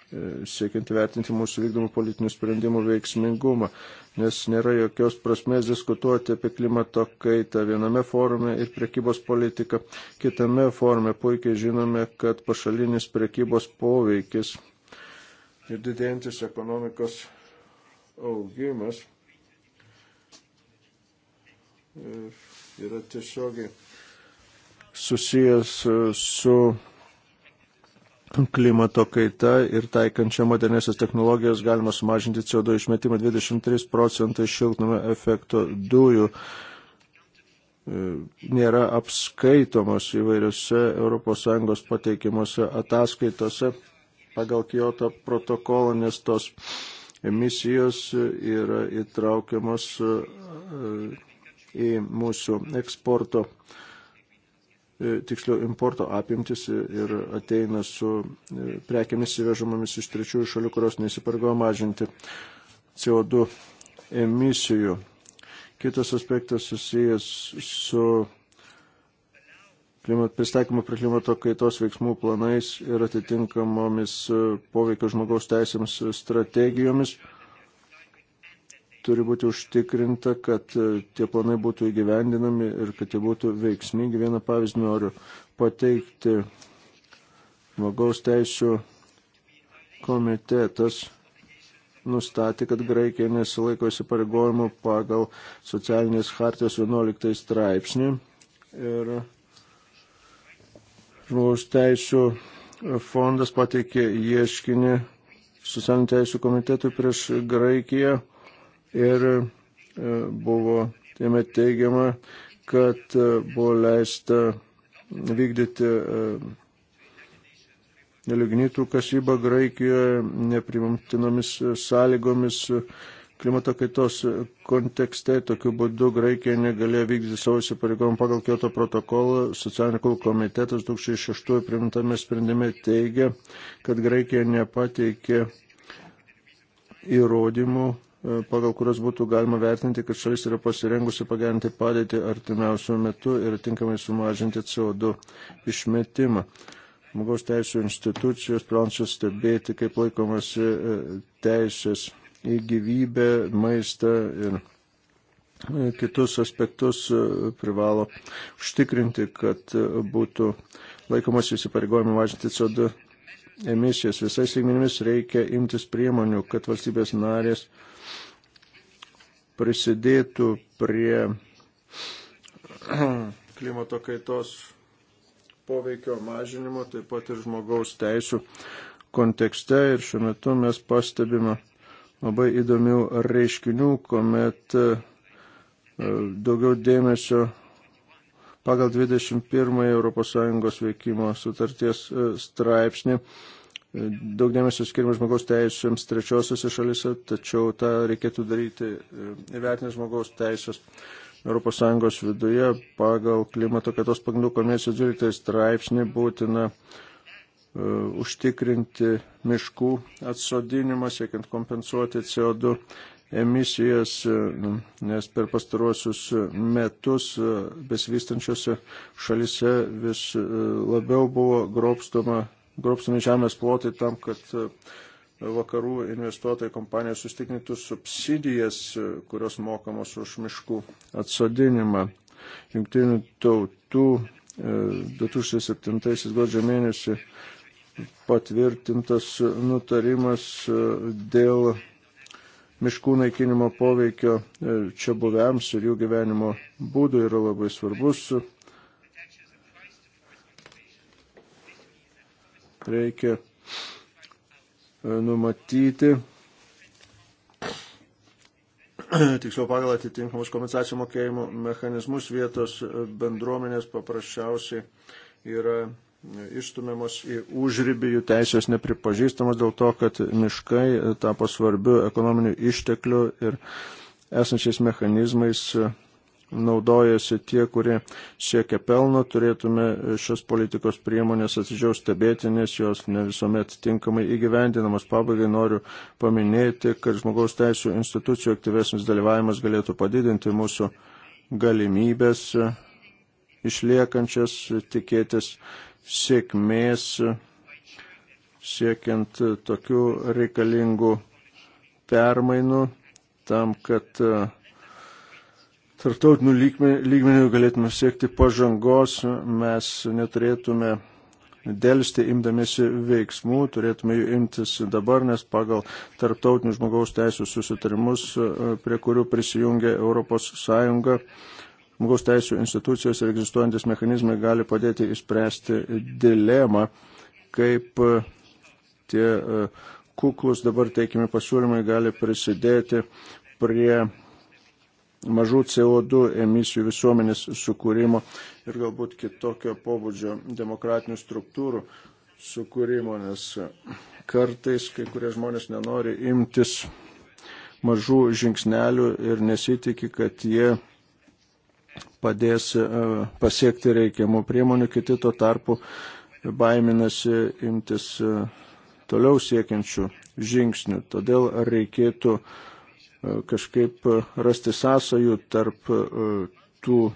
E, siekiant vertinti mūsų vykdomų politinių sprendimų veiksmingumą, nes nėra jokios prasmės diskutuoti apie klimato kaitą viename forume ir prekybos politiką kitame forume. Puikiai žinome, kad pašalinis prekybos poveikis ir didėjantis ekonomikos augimas e, yra tiesiogiai susijęs e, su klimato kaita ir taikančią modernesias technologijas galima sumažinti CO2 išmetimą 23 procentai šiltnamio efekto dujų. E, nėra apskaitomos įvairiose ES pateikimuose ataskaitose pagal Kyoto protokolą, nes tos emisijos yra įtraukiamos e, į mūsų eksporto E, tiksliau importo apimtis e, ir ateina su e, prekiamis įvežamomis iš trečiųjų šalių, kurios neįsipareigojo mažinti CO2 emisijų. Kitas aspektas susijęs su klimat, pristatymu prie klimato kaitos veiksmų planais ir atitinkamomis poveikio žmogaus teisėms strategijomis turi būti užtikrinta, kad e, tie planai būtų įgyvendinami ir kad jie būtų veiksmingi. Vieną pavyzdį noriu pateikti. Žmogaus teisų komitetas nustatė, kad Graikija nesilaiko įsipareigojimų pagal socialinės hartijos 11 straipsnį. Ir žmogaus teisų fondas pateikė ieškinį socialinių teisų komitetui prieš Graikiją ir e, buvo jame teigiama, kad e, buvo leista vykdyti e, nelignytų kasybą Graikijoje neprimamtinomis sąlygomis klimato kaitos kontekste. Tokiu būdu Graikija negalėjo vykdyti savo įsipareigojimą pagal Kyoto protokolą. Socialinių reikalų komitetas 2006 primtame sprendime teigia, kad Graikija nepateikė įrodymų pagal kurias būtų galima vertinti, kad šalis yra pasirengusi pagerinti padėtį artimiausių metų ir tinkamai sumažinti CO2 išmetimą. Žmogaus teisų institucijos prancūzijos stebėti, kaip laikomasi e, teisės į gyvybę, maistą ir e, kitus aspektus e, privalo užtikrinti, kad būtų laikomas įsipareigojimų mažinti CO2 emisijas. Visais lygmenimis reikia imtis priemonių, kad valstybės narės prisidėtų prie klimato kaitos poveikio mažinimo, taip pat ir žmogaus teisų kontekste. Ir šiuo metu mes pastebime labai įdomių reiškinių, kuomet e, daugiau dėmesio pagal 21 ES veikimo sutarties e, straipsnį daug dėmesio skirimo žmogaus teisėms trečiosiuose šalise, tačiau tą reikėtų daryti e, įvertinę žmogaus teisės ES viduje pagal klimato kaitos pagrindų komisijos 12 straipsnį būtina uh, užtikrinti miškų atsodinimą, siekiant kompensuoti CO2 emisijas, e, nes per pastaruosius metus besivystančiose šalise vis labiau buvo grobstoma grobstami žemės plotai tam, kad e, vakarų investuotojai kompanijos sustiknytų subsidijas, e, kurios mokamos už miškų atsodinimą. Junktinių tautų 2007 e, gruodžio mėnesį patvirtintas nutarimas dėl miškų naikinimo poveikio čia buvėms ir jų gyvenimo būdų yra labai svarbus. reikia e, numatyti, tiksliau pagal atitinkamus kompensacijų mokėjimų mechanizmus vietos bendruomenės paprasčiausiai yra ištumiamos į užribį, jų teisės nepripažįstamos dėl to, kad miškai tapo svarbiu ekonominiu ištekliu ir esančiais mechanizmais naudojasi tie, kurie siekia pelno, turėtume šios politikos priemonės atidžiau stebėti, nes jos ne visuomet tinkamai įgyvendinamas. Pabaigai noriu paminėti, kad žmogaus teisų institucijų aktyvesnis dalyvavimas galėtų padidinti mūsų galimybės išliekančias tikėtis sėkmės siekiant tokių reikalingų permainų tam, kad uh, tarptautinių lygmenių galėtume siekti pažangos, mes neturėtume dėlsti imdamėsi veiksmų, turėtume jų imtis dabar, nes pagal tarptautinių žmogaus teisų susitarimus, e, prie kurių prisijungia ES, žmogaus teisų institucijos ir egzistuojantis mechanizmai gali padėti įspręsti dilemą, kaip e, tie e, kuklus dabar teikiami pasiūlymai gali prisidėti prie mažų CO2 emisijų visuomenės sukūrimo ir galbūt kitokio pobūdžio demokratinių struktūrų sukūrimo, nes kartais kai kurie žmonės nenori imtis mažų žingsnelių ir nesitiki, kad jie padės e, pasiekti reikiamų priemonių, kiti tuo tarpu baiminasi imtis e, toliau siekiančių žingsnių. Todėl reikėtų uh, E, kažkaip rasti sąsajų tarp e, tų e,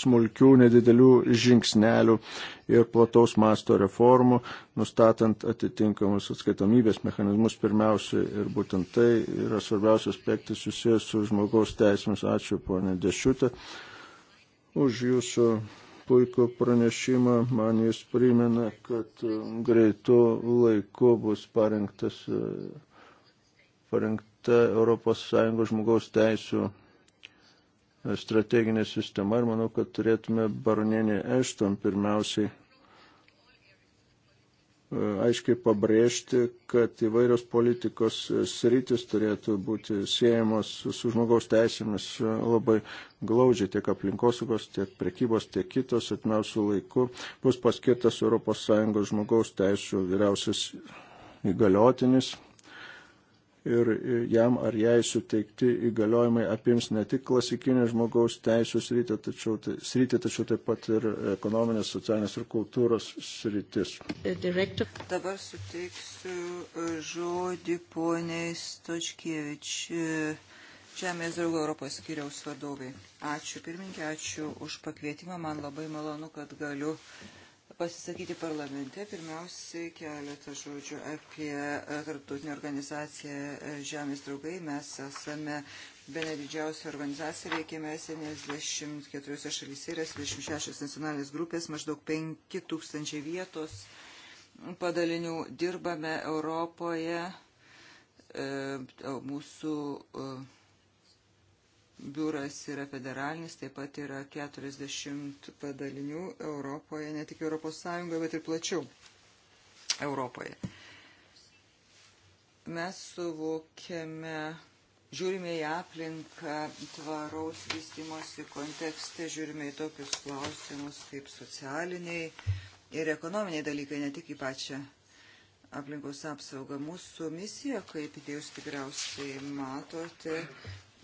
smulkių, nedidelių žingsnelių ir plataus masto reformų, nustatant atitinkamus atskaitomybės mechanizmus pirmiausia. Ir būtent tai yra svarbiausias aspektas susijęs su žmogaus teisėmis. Ačiū, ponė Dešiutė, už jūsų puikų pranešimą. Man jis primena, kad greitų laiku bus parengtas parengta parengta ES žmogaus teisų e, strateginė sistema ir manau, kad turėtume baronienį Ešton pirmiausiai e, aiškiai pabrėžti, kad įvairios politikos e, sritis turėtų būti siejamos su žmogaus teisėmis labai glaudžiai tiek aplinkosaugos, tiek prekybos, tiek kitos atmiausių laikų bus paskirtas ES žmogaus teisų vyriausias įgaliotinis ir jam ar jai suteikti įgaliojimai apims ne tik klasikinę žmogaus teisų sritį, tačiau, tai, sritį, tačiau taip pat ir ekonominės, socialinės ir kultūros sritis. Direktor. Dabar suteiksiu e, žodį poniai Stočkievič, e, Žemės draugų Europos skiriaus vadovai. Ačiū pirmininkė, ačiū už pakvietimą, man labai malonu, kad galiu pasisakyti parlamente. Pirmiausiai keletą žodžių apie e, tarptautinę organizaciją e, Žemės draugai. Mes esame bene didžiausia organizacija, veikėme 74 šalyse, yra 76 nacionalinės grupės, maždaug 5000 vietos padalinių dirbame Europoje. E, mūsų biuras yra federalinis, taip pat yra 40 padalinių Europoje, ne tik ES, bet ir plačiau Europoje. Mes suvokiame, žiūrime į aplinką tvaraus vystimosi kontekste, žiūrime į tokius klausimus kaip socialiniai ir ekonominiai dalykai, ne tik į pačią aplinkos apsaugą. Mūsų misija, kaip jūs tikriausiai matote,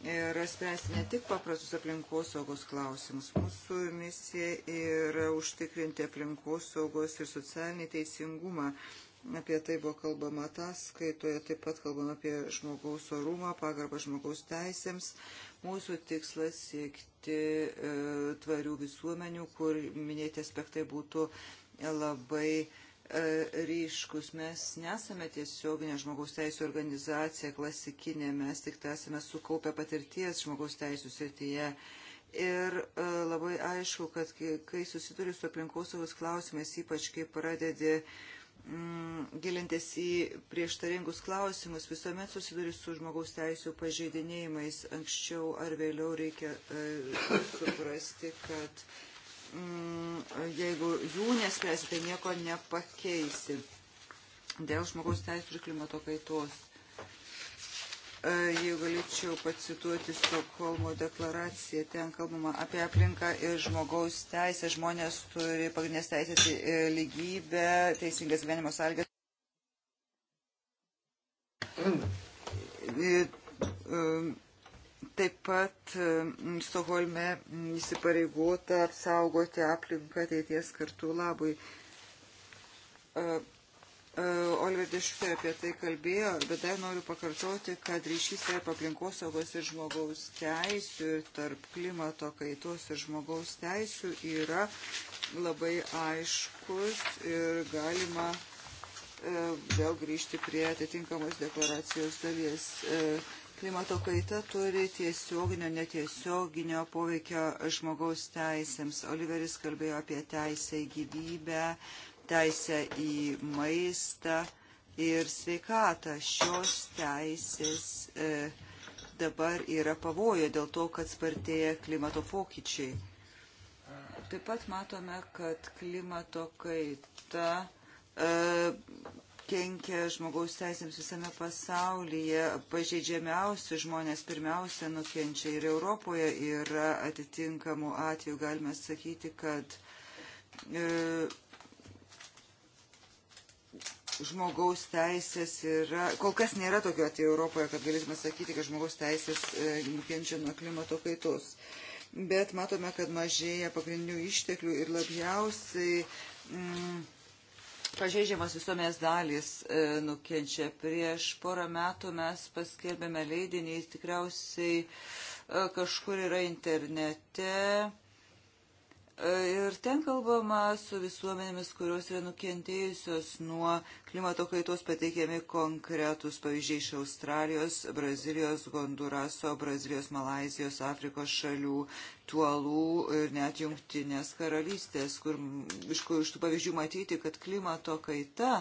ir spręsti ne tik paprastus aplinkosaugos klausimus. Mūsų misija yra užtikrinti aplinkosaugos ir socialinį teisingumą. Apie tai buvo kalbama ataskaitoje, taip pat kalbama apie žmogaus orumą, pagarbą žmogaus teisėms. Mūsų tikslas siekti e, tvarių visuomenių, kur minėti aspektai būtų labai e, E, ryškus. Mes nesame tiesioginė žmogaus teisų organizacija klasikinė, mes tik tai esame sukaupę patirties žmogaus teisų srityje. Ir e, labai aišku, kad kai susiduri su aplinkosaugos klausimais, ypač kai pradedi mm, gilintis į prieštaringus klausimus, visuomet susiduri su žmogaus teisų pažeidinėjimais. Anksčiau ar vėliau reikia e, suprasti, kad e, Mm, jeigu jų nespręsi, tai nieko nepakeisi dėl žmogaus teisų ir klimato kaitos. E, jeigu galėčiau pacituoti Stokholmo deklaraciją, ten kalbama apie aplinką ir žmogaus teisę, žmonės turi pagrindinės teisės e, lygybę, teisingas gyvenimo sąlygas. Mm. E, Taip pat mm, Stoholme įsipareigota apsaugoti aplinką ateities kartų labui. E, e, Oliver Dešutė apie tai kalbėjo, bet dar noriu pakartoti, kad ryšys tarp aplinkosaugos ir žmogaus teisų ir tarp klimato kaitos ir žmogaus teisų yra labai aiškus ir galima e, vėl grįžti prie atitinkamos deklaracijos dalies. E, Klimato kaita turi tiesioginio, netiesioginio poveikio žmogaus teisėms. Oliveris kalbėjo apie teisę į gyvybę, teisę į maistą ir sveikatą. Šios teisės e, dabar yra pavojo dėl to, kad spartėja klimato pokyčiai. Taip pat matome, kad klimato kaita e, kenkia žmogaus teisėms visame pasaulyje. Pažeidžiamiausi žmonės pirmiausia nukenčia ir Europoje yra atitinkamų atvejų. Galime sakyti, kad e, žmogaus teisės yra, kol kas nėra tokio atveju Europoje, kad galėtume sakyti, kad žmogaus teisės e, nukenčia nuo klimato kaitos. Bet matome, kad mažėja pagrindinių išteklių ir labiausiai mm, pažeidžiamas visuomenės dalys e, nukenčia. Prieš porą metų mes paskelbėme leidinį, tikriausiai e, kažkur yra internete. E, Ir ten kalbama su visuomenėmis, kurios yra nukentėjusios nuo klimato kaitos pateikiami konkretūs pavyzdžiai iš Australijos, Brazilijos, Gonduraso, Brazilijos, Malazijos, Afrikos šalių, tuolų ir net jungtinės karalystės, kur iš, kur, iš tų pavyzdžių matyti, kad klimato kaita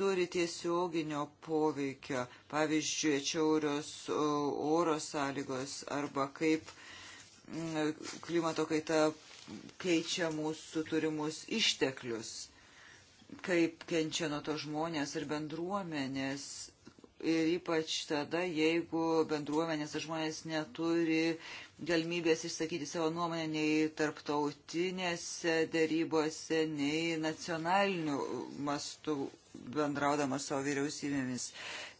turi tiesioginio poveikio, pavyzdžiui, čiaurios oro sąlygos arba kaip klimato kaita keičia mūsų turimus išteklius, kaip kenčia nuo to žmonės ir bendruomenės. Ir ypač tada, jeigu bendruomenės ar žmonės neturi galimybės išsakyti savo nuomonę nei tarptautinėse dėrybose, nei nacionaliniu mastu bendraudama savo vyriausybėmis.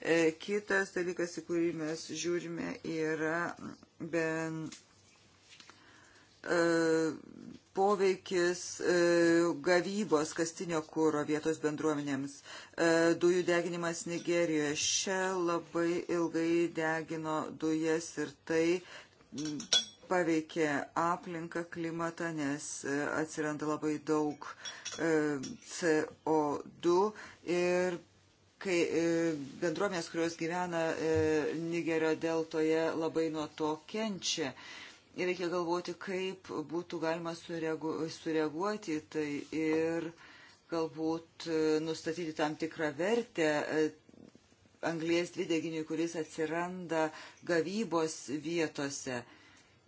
E, kitas dalykas, į kurį mes žiūrime, yra ben E, poveikis e, gavybos kastinio kūro vietos bendruomenėms, e, dujų deginimas Nigerijoje. Šia labai ilgai degino dujas ir tai paveikė aplinką, klimatą, nes atsiranda labai daug CO2 ir kai bendruomenės, kurios gyvena Nigerio deltoje, labai nuo to kenčia reikia galvoti, kaip būtų galima sureagu, sureaguoti į tai ir galbūt e, nustatyti tam tikrą vertę e, anglės dvideginiui, kuris atsiranda gavybos vietose,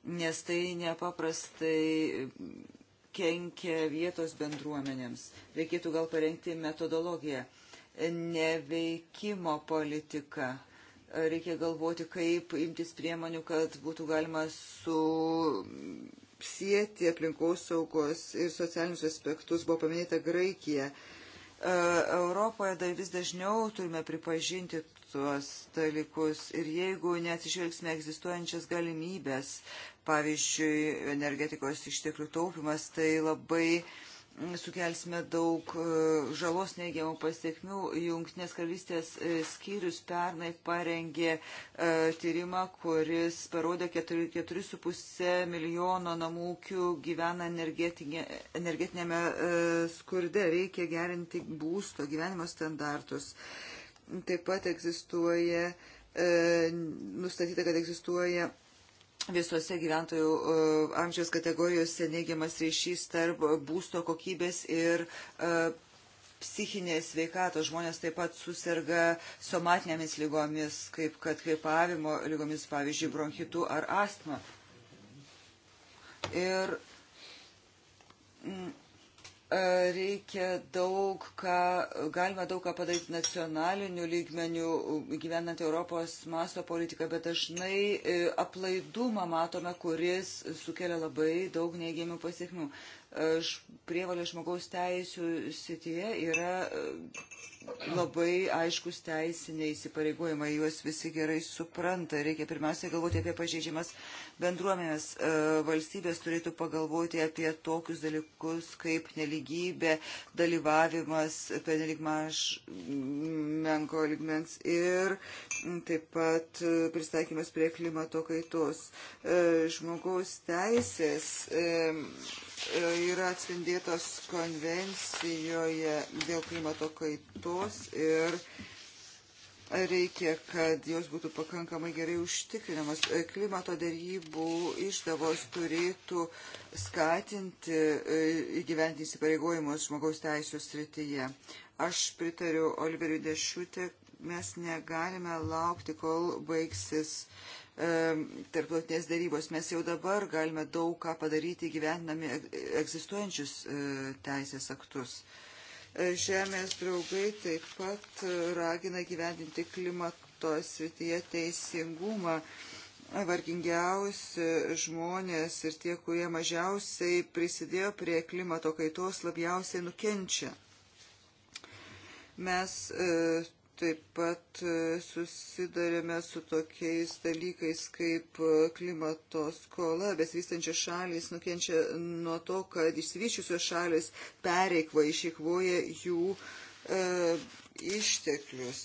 nes tai nepaprastai kenkia vietos bendruomenėms. Reikėtų gal parengti metodologiją. Neveikimo politika Reikia galvoti, kaip imtis priemonių, kad būtų galima su sieti aplinkos saugos ir socialinius aspektus. Buvo paminėta Graikija. E, Europoje dar vis dažniau turime pripažinti tuos dalykus ir jeigu neatsižvelgsime egzistuojančias galimybės, pavyzdžiui, energetikos išteklių taupimas, tai labai uh, sukelsime daug e, žalos neigiamų pasiekmių. Jungtinės karalystės e, skyrius pernai parengė e, tyrimą, kuris parodė 4,5 milijono namų ūkių gyvena energetinėme skurde. Reikia gerinti būsto gyvenimo standartus. Taip pat egzistuoja, nustatyta, kad egzistuoja visose gyventojų e, amžiaus kategorijose neigiamas ryšys tarp būsto kokybės ir e, psichinės sveikatos žmonės taip pat susirga somatinėmis lygomis, kaip kad kvepavimo lygomis, pavyzdžiui, bronchitų ar astma. Ir mm, reikia daug ką, galima daug ką padaryti nacionaliniu lygmeniu, gyvenant Europos masto politiką, bet dažnai e, aplaidumą matome, kuris sukelia labai daug neigiamių pasiekmių. Prievalė žmogaus teisų sityje yra e, labai aiškus teisiniai įsipareigojimai, juos visi gerai supranta. Reikia pirmiausia galvoti apie pažeidžiamas bendruomenės e, valstybės turėtų pagalvoti apie tokius dalykus kaip neligybė, dalyvavimas, penelik maž menko ligmens ir taip pat e, pristaikymas prie klimato kaitos. E, žmogaus teisės yra atspindėtos konvencijoje dėl klimato kaitos ir reikia, kad jos būtų pakankamai gerai užtikrinamos. Klimato darybų išdavos turėtų skatinti e, įgyventi įsipareigojimus žmogaus teisų srityje. Aš pritariu Oliveriui Dešutė, mes negalime laukti, kol baigsis e, tarptautinės darybos. Mes jau dabar galime daug ką padaryti gyvendami egzistuojančius e, teisės aktus. E, E, žemės draugai taip pat e, ragina gyvendinti klimato srityje teisingumą. Vargingiausi žmonės ir tie, kurie mažiausiai prisidėjo prie klimato kaitos, labiausiai nukenčia. Mes e, Taip pat e, susidarėme su tokiais dalykais kaip e, klimato skola, besivystančios šalis nukenčia nuo to, kad išsivyščiusios šalis pereikva išikvoja jų e, išteklius.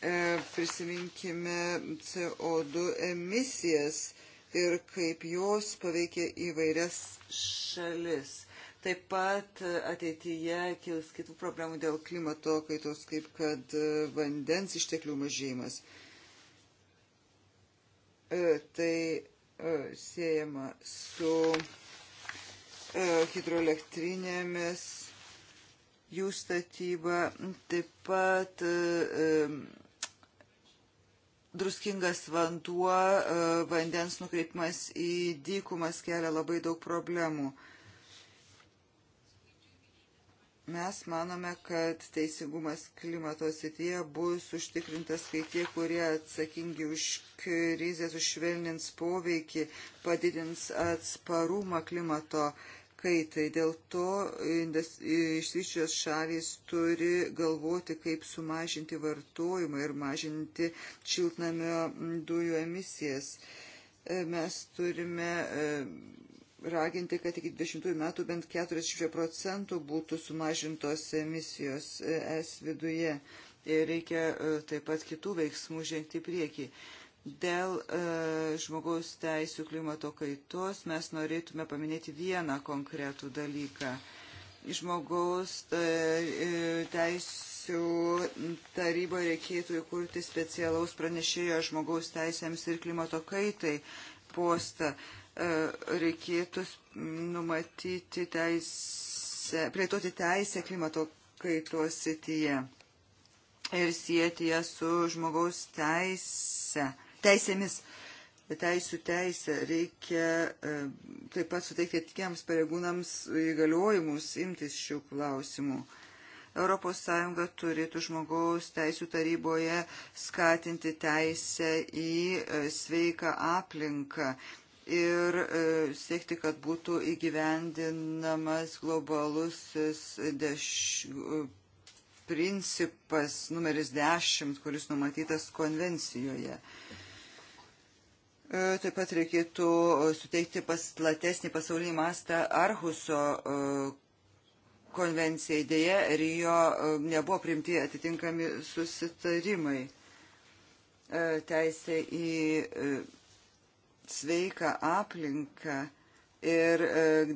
E, prisiminkime CO2 emisijas ir kaip jos paveikia įvairias šalis Taip pat ateityje kils kitų problemų dėl klimato kaitos, kaip kad e, vandens išteklių mažėjimas. E, tai e, siejama su hidroelektrinėmis, jų statyba, taip pat druskingas vanduo, vandens nukreipimas į dykumas kelia labai daug problemų. Mes manome, kad teisingumas klimato sityje bus užtikrintas, kai tie, kurie atsakingi už krizės užvelnins poveikį, padidins atsparumą klimato kaitai. Dėl to išsivyščios šalys turi galvoti, kaip sumažinti vartojimą ir mažinti šiltnamio dujų emisijas. Mes turime raginti, kad iki 20 metų bent 40 procentų būtų sumažintos emisijos ES viduje. Ir reikia e, taip pat kitų veiksmų žengti priekį. Dėl e, žmogaus teisų klimato kaitos mes norėtume paminėti vieną konkretų dalyką. Žmogaus e, e teisų taryboje reikėtų įkurti specialaus pranešėjo žmogaus teisėms ir klimato kaitai postą. E, E, reikėtų numatyti teisę, plėtoti teisę klimato kaitos sityje ir sieti ją su žmogaus teisė, teisėmis. Teisų teisę reikia e, taip pat suteikti atitiems pareigūnams įgaliojimus imtis šių klausimų. ES turėtų žmogaus teisų taryboje skatinti teisę į e, sveiką aplinką, ir e, siekti, kad būtų įgyvendinamas globalusis deš... E, principas numeris 10, kuris numatytas konvencijoje. E, taip pat reikėtų suteikti pas platesnį pasaulinį mastą Arhuso konvencijai. Dėja, Rijo nebuvo primti atitinkami susitarimai teisė į sveiką aplinką ir e,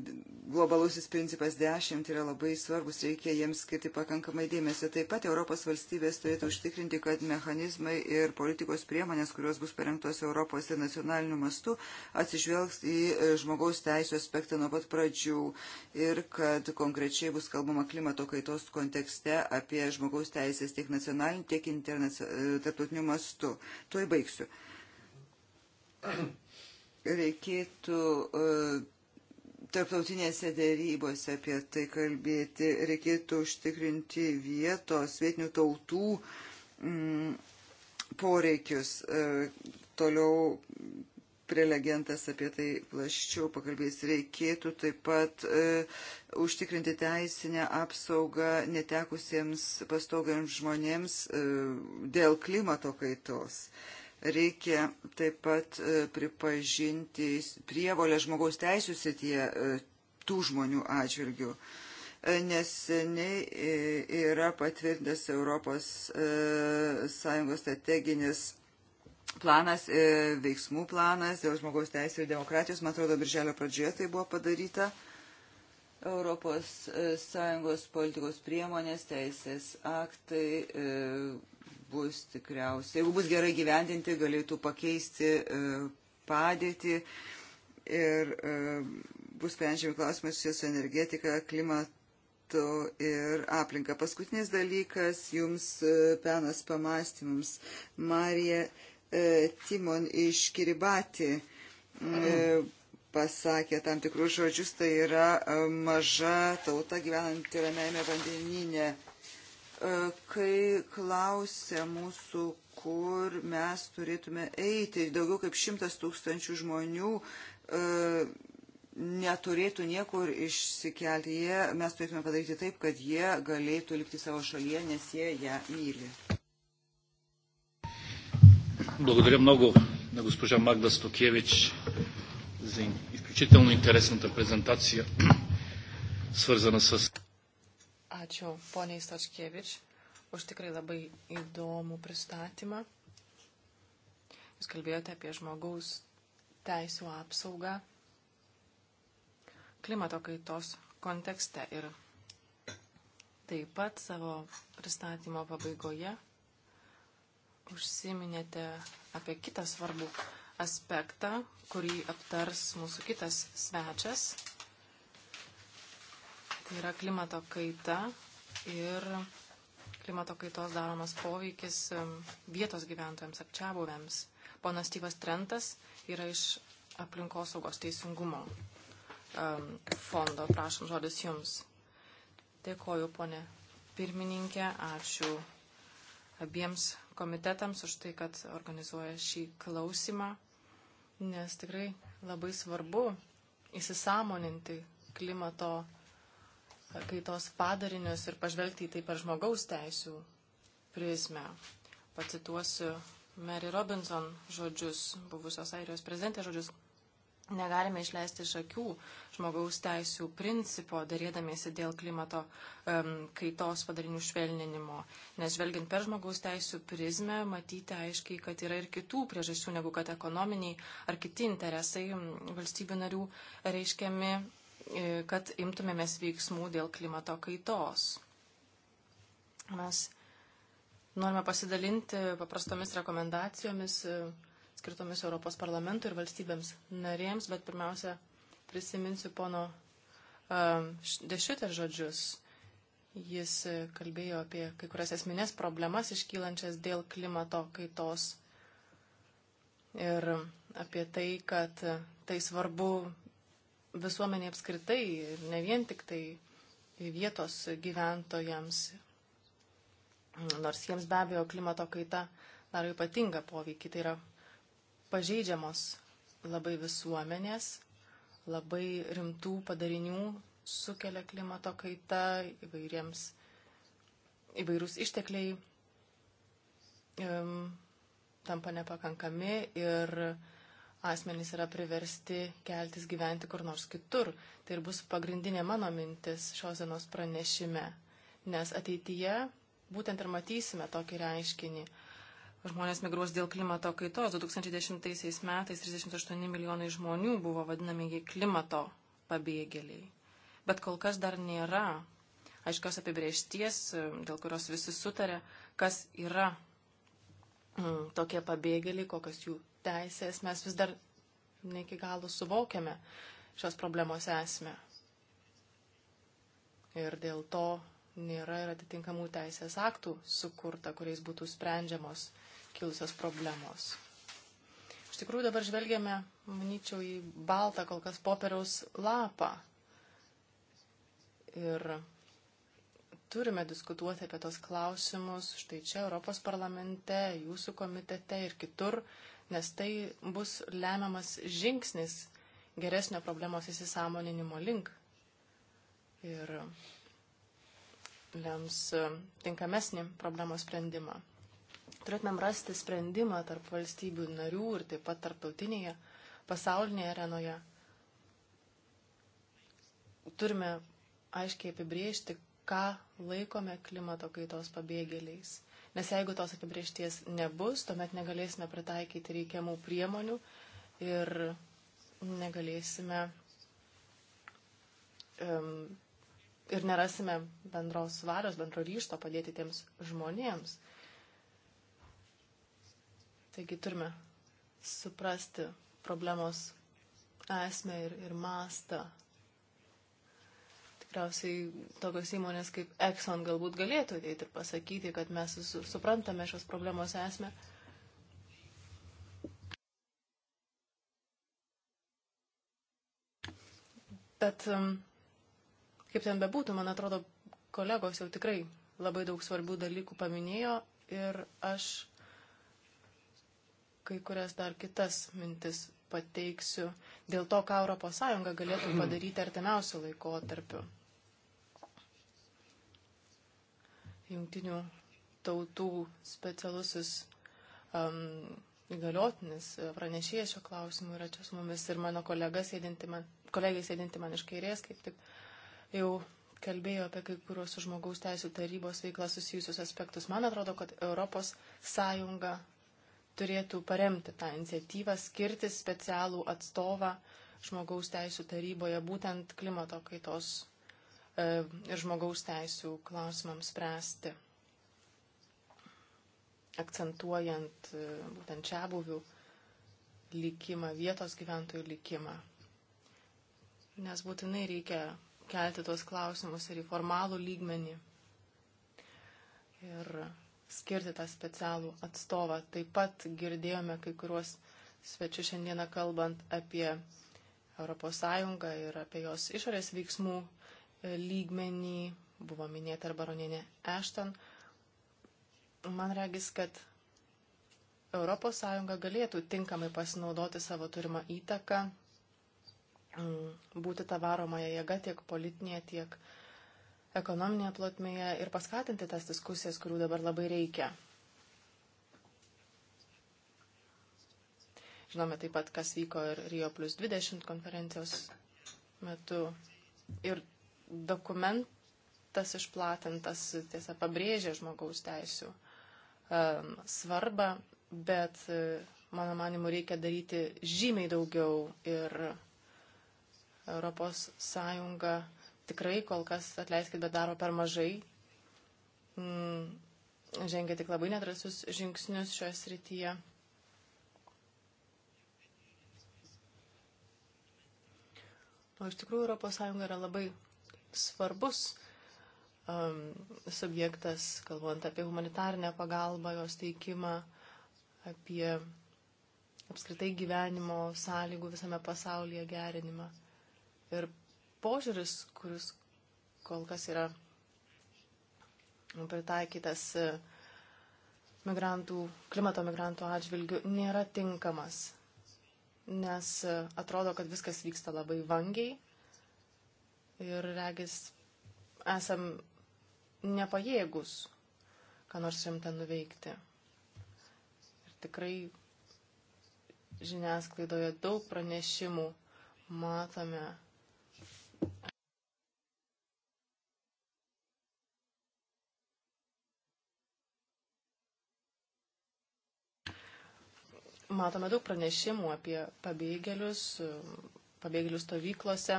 globalusis principas 10 yra labai svarbus, reikia jiems skirti pakankamai dėmesio. Taip pat Europos valstybės turėtų užtikrinti, kad mechanizmai ir politikos priemonės, kurios bus parengtos Europos ir nacionaliniu mastu, atsižvelgs į e, žmogaus teisų aspektą nuo pat pradžių ir kad konkrečiai bus kalbama klimato kaitos kontekste apie žmogaus teisės tiek nacionaliniu, tiek e, tarptautiniu mastu. Tuoj baigsiu reikėtų e, tarptautinėse dėrybose apie tai kalbėti, reikėtų užtikrinti vietos, vietinių tautų mm, poreikius. E, toliau prelegentas apie tai plaščiau pakalbės. Reikėtų taip pat e, užtikrinti teisinę apsaugą netekusiems pastogiams žmonėms e, dėl klimato kaitos. E, Reikia taip pat e, pripažinti prievolę žmogaus teisų srityje e, tų žmonių atžvilgių. E, neseniai yra patvirtintas Europos Sąjungos strateginis planas, veiksmų planas dėl žmogaus teisų ir demokratijos. Man atrodo, birželio pradžioje tai buvo padaryta. Europos Sąjungos politikos priemonės, teisės aktai, bus tikriausiai, jeigu bus gerai gyvendinti, galėtų pakeisti e, padėtį ir e, bus sprendžiami klausimai susijęs su energetika, klimatu ir aplinka. Paskutinis dalykas jums e, penas pamastymams. Marija Timon iš Kiribati pasakė tam tikrus žodžius, tai yra maža tauta gyvenanti ramėjame vandeninė E, kai klausia mūsų, kur mes turėtume eiti, daugiau kaip šimtas tūkstančių žmonių e, neturėtų niekur išsikelti. Jie, mes turėtume padaryti taip, kad jie galėtų likti savo šalyje, nes jie ją myli. Благодаря много на госпожа Магда Стокевич за изключително интересната презентация, свързана с Ačiū poniai Stačkievič už tikrai labai įdomų pristatymą. Jūs kalbėjote apie žmogaus teisų apsaugą klimato kaitos kontekste ir taip pat savo pristatymo pabaigoje užsiminėte apie kitą svarbų aspektą, kurį aptars mūsų kitas svečias Tai yra klimato kaita ir klimato kaitos daromas poveikis vietos gyventojams, apčiabuvėms. Ponas Tyvas Trentas yra iš aplinkosaugos teisingumo fondo. Prašom, žodis jums. Dėkoju, ponė pirmininkė. Ačiū abiems komitetams už tai, kad organizuoja šį klausimą, nes tikrai labai svarbu įsisamoninti klimato kaitos padarinius ir pažvelgti į tai per žmogaus teisų prizmę. Pacituosiu Mary Robinson žodžius, buvusios Airijos prezidentės žodžius. Negalime išleisti iš akių žmogaus teisų principo, darėdamiesi dėl klimato um, kaitos padarinių švelninimo. Nes žvelgiant per žmogaus teisų prizmę, matyti aiškiai, kad yra ir kitų priežasčių, negu kad ekonominiai ar kiti interesai valstybių narių reiškiami E, kad imtumėmės veiksmų dėl klimato kaitos. Mes norime pasidalinti paprastomis rekomendacijomis e, skirtomis Europos parlamentui ir valstybėms narėms, bet pirmiausia prisiminsiu pono e, Dešiutės žodžius. Jis kalbėjo apie kai kurias esminės problemas iškylančias dėl klimato kaitos ir apie tai, kad tai svarbu visuomenė apskritai ir ne vien tik tai vietos gyventojams, nors jiems be abejo klimato kaita daro ypatingą poveikį, tai yra pažeidžiamos labai visuomenės, labai rimtų padarinių sukelia klimato kaita, įvairiems, įvairūs ištekliai um, tampa nepakankami ir uh, asmenys yra priversti keltis gyventi kur nors kitur. Tai ir bus pagrindinė mano mintis šios dienos pranešime. Nes ateityje būtent ir matysime tokį reiškinį. Žmonės migruos dėl klimato kaitos. 2010 metais 38 milijonai žmonių buvo vadinamieji klimato pabėgėliai. Bet kol kas dar nėra aiškios apibriešties, dėl kurios visi sutarė, kas yra mm, tokie pabėgėliai, kokios jų teisės mes vis dar ne iki galo suvokiame šios problemos esmę. Ir dėl to nėra ir atitinkamų teisės aktų sukurta, kuriais būtų sprendžiamos kilusios problemos. Iš tikrųjų dabar žvelgiame, manyčiau, į baltą kol kas popieriaus lapą. Ir turime diskutuoti apie tos klausimus štai čia Europos parlamente, jūsų komitete ir kitur, nes tai bus lemiamas žingsnis geresnio problemos įsisamoninimo link ir lems e, tinkamesnį problemos sprendimą. Turėtumėm rasti sprendimą tarp valstybių narių ir taip pat tarptautinėje, pasaulinėje arenoje. Turime aiškiai apibriežti, ką laikome klimato kaitos pabėgėliais Nes jeigu tos apibriešties nebus, tuomet negalėsime pritaikyti reikiamų priemonių ir negalėsime um, ir nerasime bendros svarios, bendro ryšto padėti tiems žmonėms. Taigi turime suprasti problemos esmę ir, ir mastą tikriausiai tokios įmonės kaip Exxon galbūt galėtų ateiti ir pasakyti, kad mes suprantame šios problemos esmę. Bet um, kaip ten bebūtų, man atrodo, kolegos jau tikrai labai daug svarbių dalykų paminėjo ir aš kai kurias dar kitas mintis pateiksiu dėl to, ką ES galėtų padaryti artimiausių laikotarpių. jungtinių tautų specialusis um, įgaliotinis e, pranešėjas šio klausimu yra čia su mumis ir mano kolega sėdinti man, kolegė sėdinti man iš kairės, kaip tik jau kalbėjo apie kai kuriuos žmogaus teisų tarybos veiklą susijusius aspektus. Man atrodo, kad Europos Sąjunga turėtų paremti tą iniciatyvą, skirti specialų atstovą žmogaus teisų taryboje būtent klimato kaitos E, ir žmogaus teisų klausimams spręsti, akcentuojant e, būtent čia buvių likimą, vietos gyventojų likimą. Nes būtinai reikia kelti tuos klausimus ir į formalų lygmenį ir skirti tą specialų atstovą. Taip pat girdėjome kai kuriuos svečius šiandieną kalbant apie ES ir apie jos išorės veiksmų lygmenį, buvo minėta ir baronienė Ešton. Man regis, kad ES galėtų tinkamai pasinaudoti savo turimą įtaką, mm, būti tą varomąją jėgą tiek politinėje, tiek ekonominėje plotmėje ir paskatinti tas diskusijas, kurių dabar labai reikia. Žinome taip pat, kas vyko ir Rio plus 20 konferencijos metu. Ir dokumentas išplatintas, tiesa, pabrėžia žmogaus teisų um, svarbą, bet uh, mano manimu reikia daryti žymiai daugiau ir Europos Sąjunga tikrai kol kas, atleiskit, bet daro per mažai. Mm, žengia tik labai nedrasius žingsnius šioje srityje. O iš tikrųjų ES yra labai svarbus um, subjektas, kalbant apie humanitarinę pagalbą, jos teikimą, apie apskritai gyvenimo sąlygų visame pasaulyje gerinimą. Ir požiūris, kuris kol kas yra pritaikytas e, migrantų, klimato migrantų atžvilgių, nėra tinkamas, nes e, atrodo, kad viskas vyksta labai vangiai, ir regis esam nepajėgus, ką nors rimta nuveikti. Ir tikrai žiniasklaidoje daug pranešimų matome. Matome daug pranešimų apie pabėgėlius, pabėgėlių stovyklose,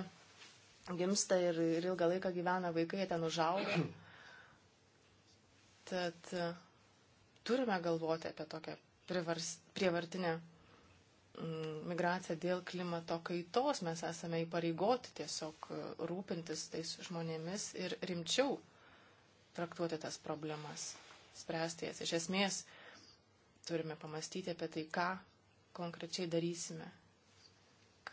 gimsta ir, ir ilgą laiką gyvena vaikai, jie ten užauga. Tad e, turime galvoti apie tokią privars, prievartinę mm, migraciją dėl klimato kaitos. Mes esame įpareigoti tiesiog e, rūpintis tais žmonėmis ir rimčiau traktuoti tas problemas, spręsti jas. Iš esmės turime pamastyti apie tai, ką konkrečiai darysime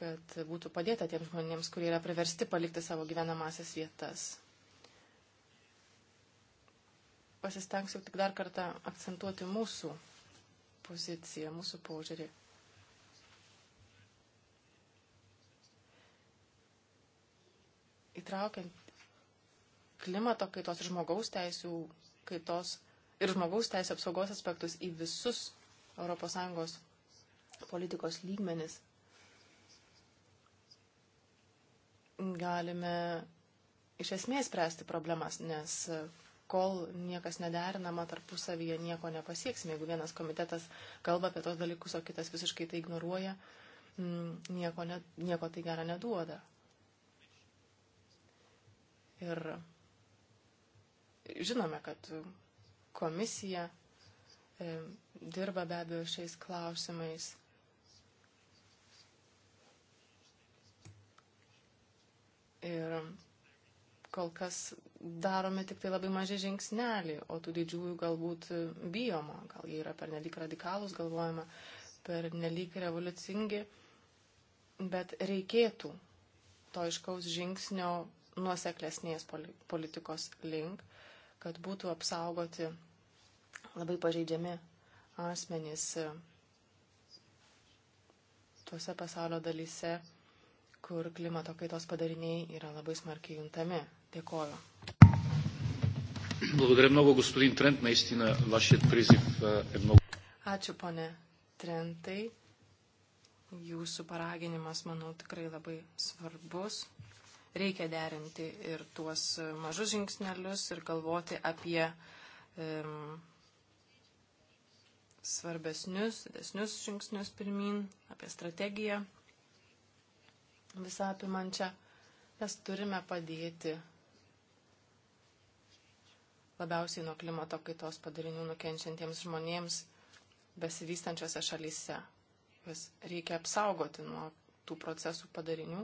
kad būtų padėta tiems žmonėms, kurie yra priversti palikti savo gyvenamasias vietas. Pasistengsiu tik dar kartą akcentuoti mūsų poziciją, mūsų požiūrį. Įtraukiant klimato kaitos ir žmogaus teisų kaitos ir žmogaus teisų apsaugos aspektus į visus ES politikos lygmenis galime iš esmės spręsti problemas, nes kol niekas nederinama tarpusavyje, nieko nepasieksime. Jeigu vienas komitetas kalba apie tos dalykus, o kitas visiškai tai ignoruoja, mm, nieko, ne, nieko tai gera neduoda. Ir žinome, kad komisija e, dirba be abejo šiais klausimais Ir kol kas darome tik tai labai maži žingsnelį, o tų didžiųjų galbūt bijoma, gal jie yra pernelyg radikalūs, galvojama, pernelyg revoliucingi, bet reikėtų to iškaus žingsnio nuoseklesnės politikos link, kad būtų apsaugoti labai pažeidžiami asmenys tuose pasaulio dalyse, kur klimato kaitos padariniai yra labai smarkiai juntami. Dėkoju. Благодаря много, господин Трент. Наистина, вашият призив е много. Ačiū, ponė Trentai. Jūsų paraginimas, manau, tikrai labai svarbus. Reikia derinti ir tuos mažus žingsnelius ir galvoti apie um, svarbesnius, didesnius žingsnius pirmin, apie strategiją visą apimančią, mes turime padėti labiausiai nuo klimato kaitos padarinių nukenčiantiems žmonėms besivystančiose šalyse. Vis reikia apsaugoti nuo tų procesų padarinių.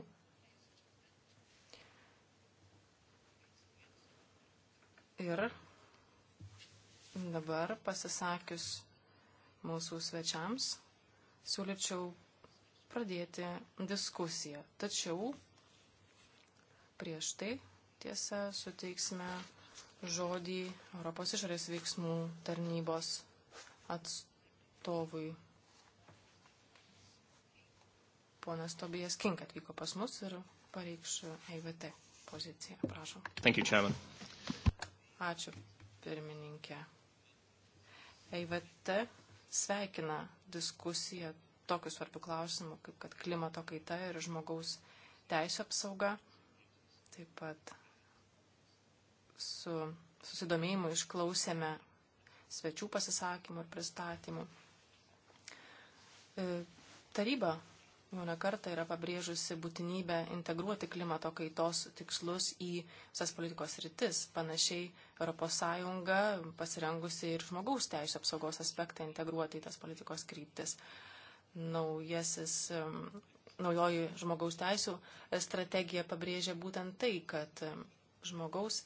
Ir dabar pasisakius mūsų svečiams, siūlyčiau pradėti diskusiją. Tačiau prieš tai, tiesa, suteiksime žodį Europos išorės veiksmų tarnybos atstovui. Ponas Tobijas Kink atvyko pas mus ir pareikš EIVT poziciją. Prašom. Thank you, Chairman. Ačiū, pirmininkė. EIVT sveikina diskusiją tokių svarbių klausimų, kaip kad klimato kaita ir žmogaus teisų apsauga. Taip pat su susidomėjimu išklausėme svečių pasisakymų ir pristatymų. E, taryba jau nekarta yra pabrėžusi būtinybę integruoti klimato kaitos tikslus į visas politikos rytis. Panašiai ES pasirengusi ir žmogaus teisų apsaugos aspektą integruoti į tas politikos kryptis naujasis, naujoji žmogaus teisų strategija pabrėžia būtent tai, kad žmogaus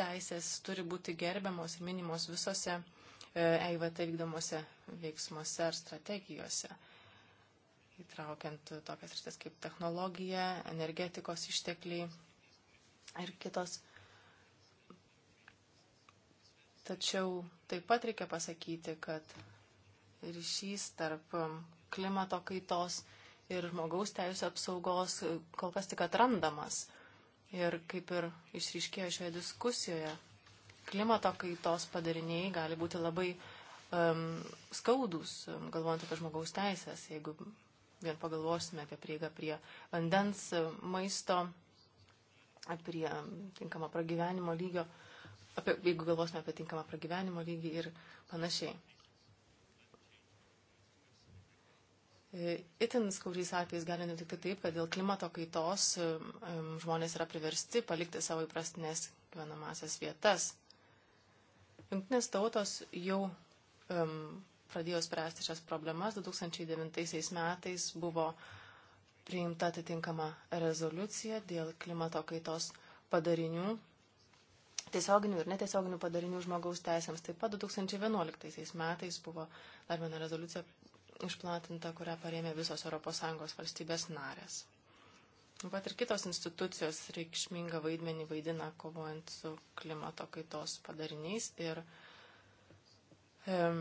teisės turi būti gerbiamos ir minimos visose EIVT e vykdomose veiksmuose ar strategijose, įtraukiant tokias rytis kaip technologija, energetikos ištekliai ir kitos. Tačiau taip pat reikia pasakyti, kad ryšys tarp klimato kaitos ir žmogaus teisų apsaugos kol kas tik atrandamas. Ir kaip ir išryškėjo šioje diskusijoje, klimato kaitos padariniai gali būti labai um, skaudus, galvojant apie žmogaus teisės, jeigu vien pagalvosime apie prieigą prie vandens, maisto, apie tinkamą pragyvenimo lygio, apie, jeigu galvosime apie tinkamą pragyvenimo lygį ir panašiai. E, itin skaudžiais atvejais gali nutikti taip, kad dėl klimato kaitos žmonės yra priversti palikti savo įprastinės gyvenamasias vietas. Junktinės tautos jau um, pradėjo spręsti šias problemas. 2009 metais buvo priimta atitinkama rezoliucija dėl klimato kaitos padarinių, tiesioginių ir netiesioginių padarinių žmogaus teisėms. Taip pat 2011 metais buvo dar viena rezoliucija išplatinta, kurią parėmė visos ES valstybės narės. Taip pat ir kitos institucijos reikšmingą vaidmenį vaidina kovojant su klimato kaitos padariniais ir um,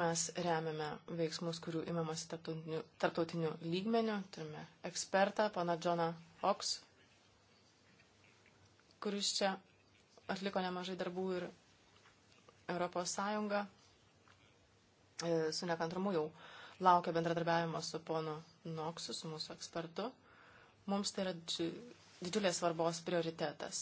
mes remiame veiksmus, kurių imamas tarptautiniu, tarptautiniu lygmeniu. Turime ekspertą, pana Džoną Oks, kuris čia atliko nemažai darbų ir Europos Sąjunga E, su nekantrumu jau laukia bendradarbiavimo su ponu Noksu, su mūsų ekspertu. Mums tai yra didžiulės svarbos prioritetas.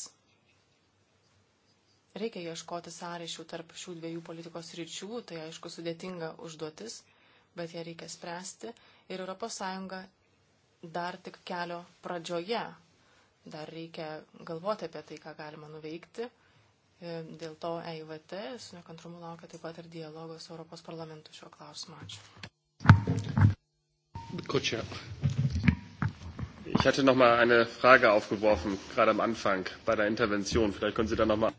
Reikia ieškoti sąryšių tarp šių dviejų politikos ryčių, tai aišku sudėtinga užduotis, bet ją reikia spręsti. Ir ES dar tik kelio pradžioje. Dar reikia galvoti apie tai, ką galima nuveikti E, dėl to EIVT su nekantrumu laukia taip pat ir dialogas su Europos parlamentu šiuo klausimu. Ačiū. Kutscher. Ich hatte noch mal eine Frage aufgeworfen, gerade am Anfang bei der Intervention. Vielleicht können Sie da noch mal.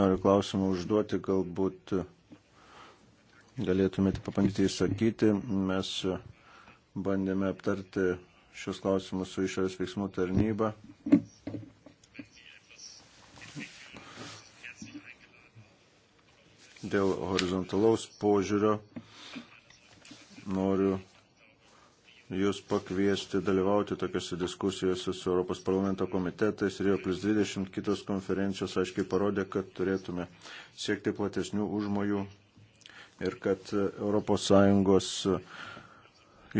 Noriu klausimą užduoti, galbūt e, galėtumėte papandyti įsakyti. Mes e, bandėme aptarti šios klausimus su išorės veiksmų tarnyba. dėl horizontalaus požiūrio noriu Jūs pakviesti dalyvauti tokiuose diskusijose su Europos parlamento komitetais ir jo plus 20 kitos konferencijos aiškiai parodė, kad turėtume siekti platesnių užmojų ir kad ES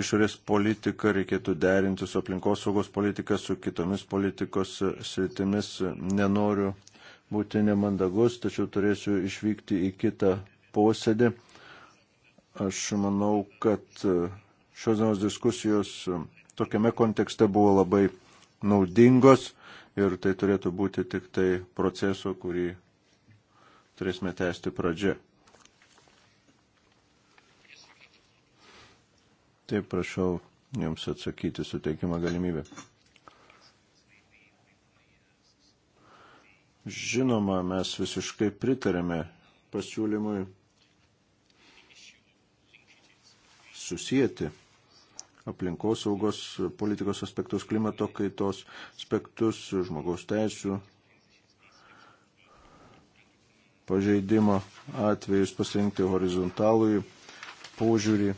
išorės politiką reikėtų derinti su aplinkosaugos politika, su kitomis politikos sritimis. Nenoriu būti nemandagus, tačiau turėsiu išvykti į kitą posėdį. Aš manau, kad e, šios dienos diskusijos e, tokiame kontekste buvo labai naudingos ir tai turėtų būti tik tai proceso, kurį turėsime tęsti pradžia. Taip prašau jums atsakyti suteikimą galimybę. Žinoma, mes visiškai pritarėme pasiūlymui susijęti aplinkos saugos politikos aspektus, klimato kaitos aspektus, žmogaus teisų pažeidimo atvejus pasirinkti horizontalųjį požiūrį,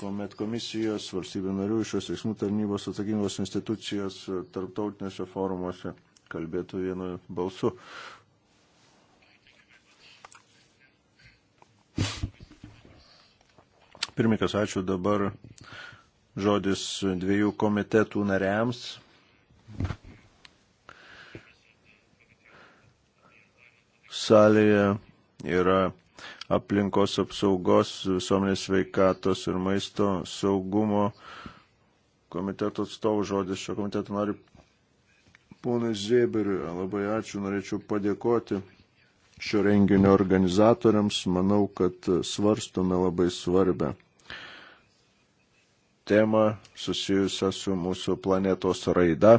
kuomet komisijos, valstybių narių, šios veiksmų tarnybos atsakingos institucijos tarptautinėse forumuose kalbėtų vienu balsu. Pirmikas, ačiū dabar žodis dviejų komitetų nariams. Salėje yra aplinkos apsaugos, visuomenės sveikatos ir maisto saugumo komiteto atstovų žodis šio komiteto noriu ponai Zėberiui. Labai ačiū, norėčiau padėkoti šio renginio organizatoriams. Manau, kad svarstome labai svarbę temą susijusią su mūsų planetos raida.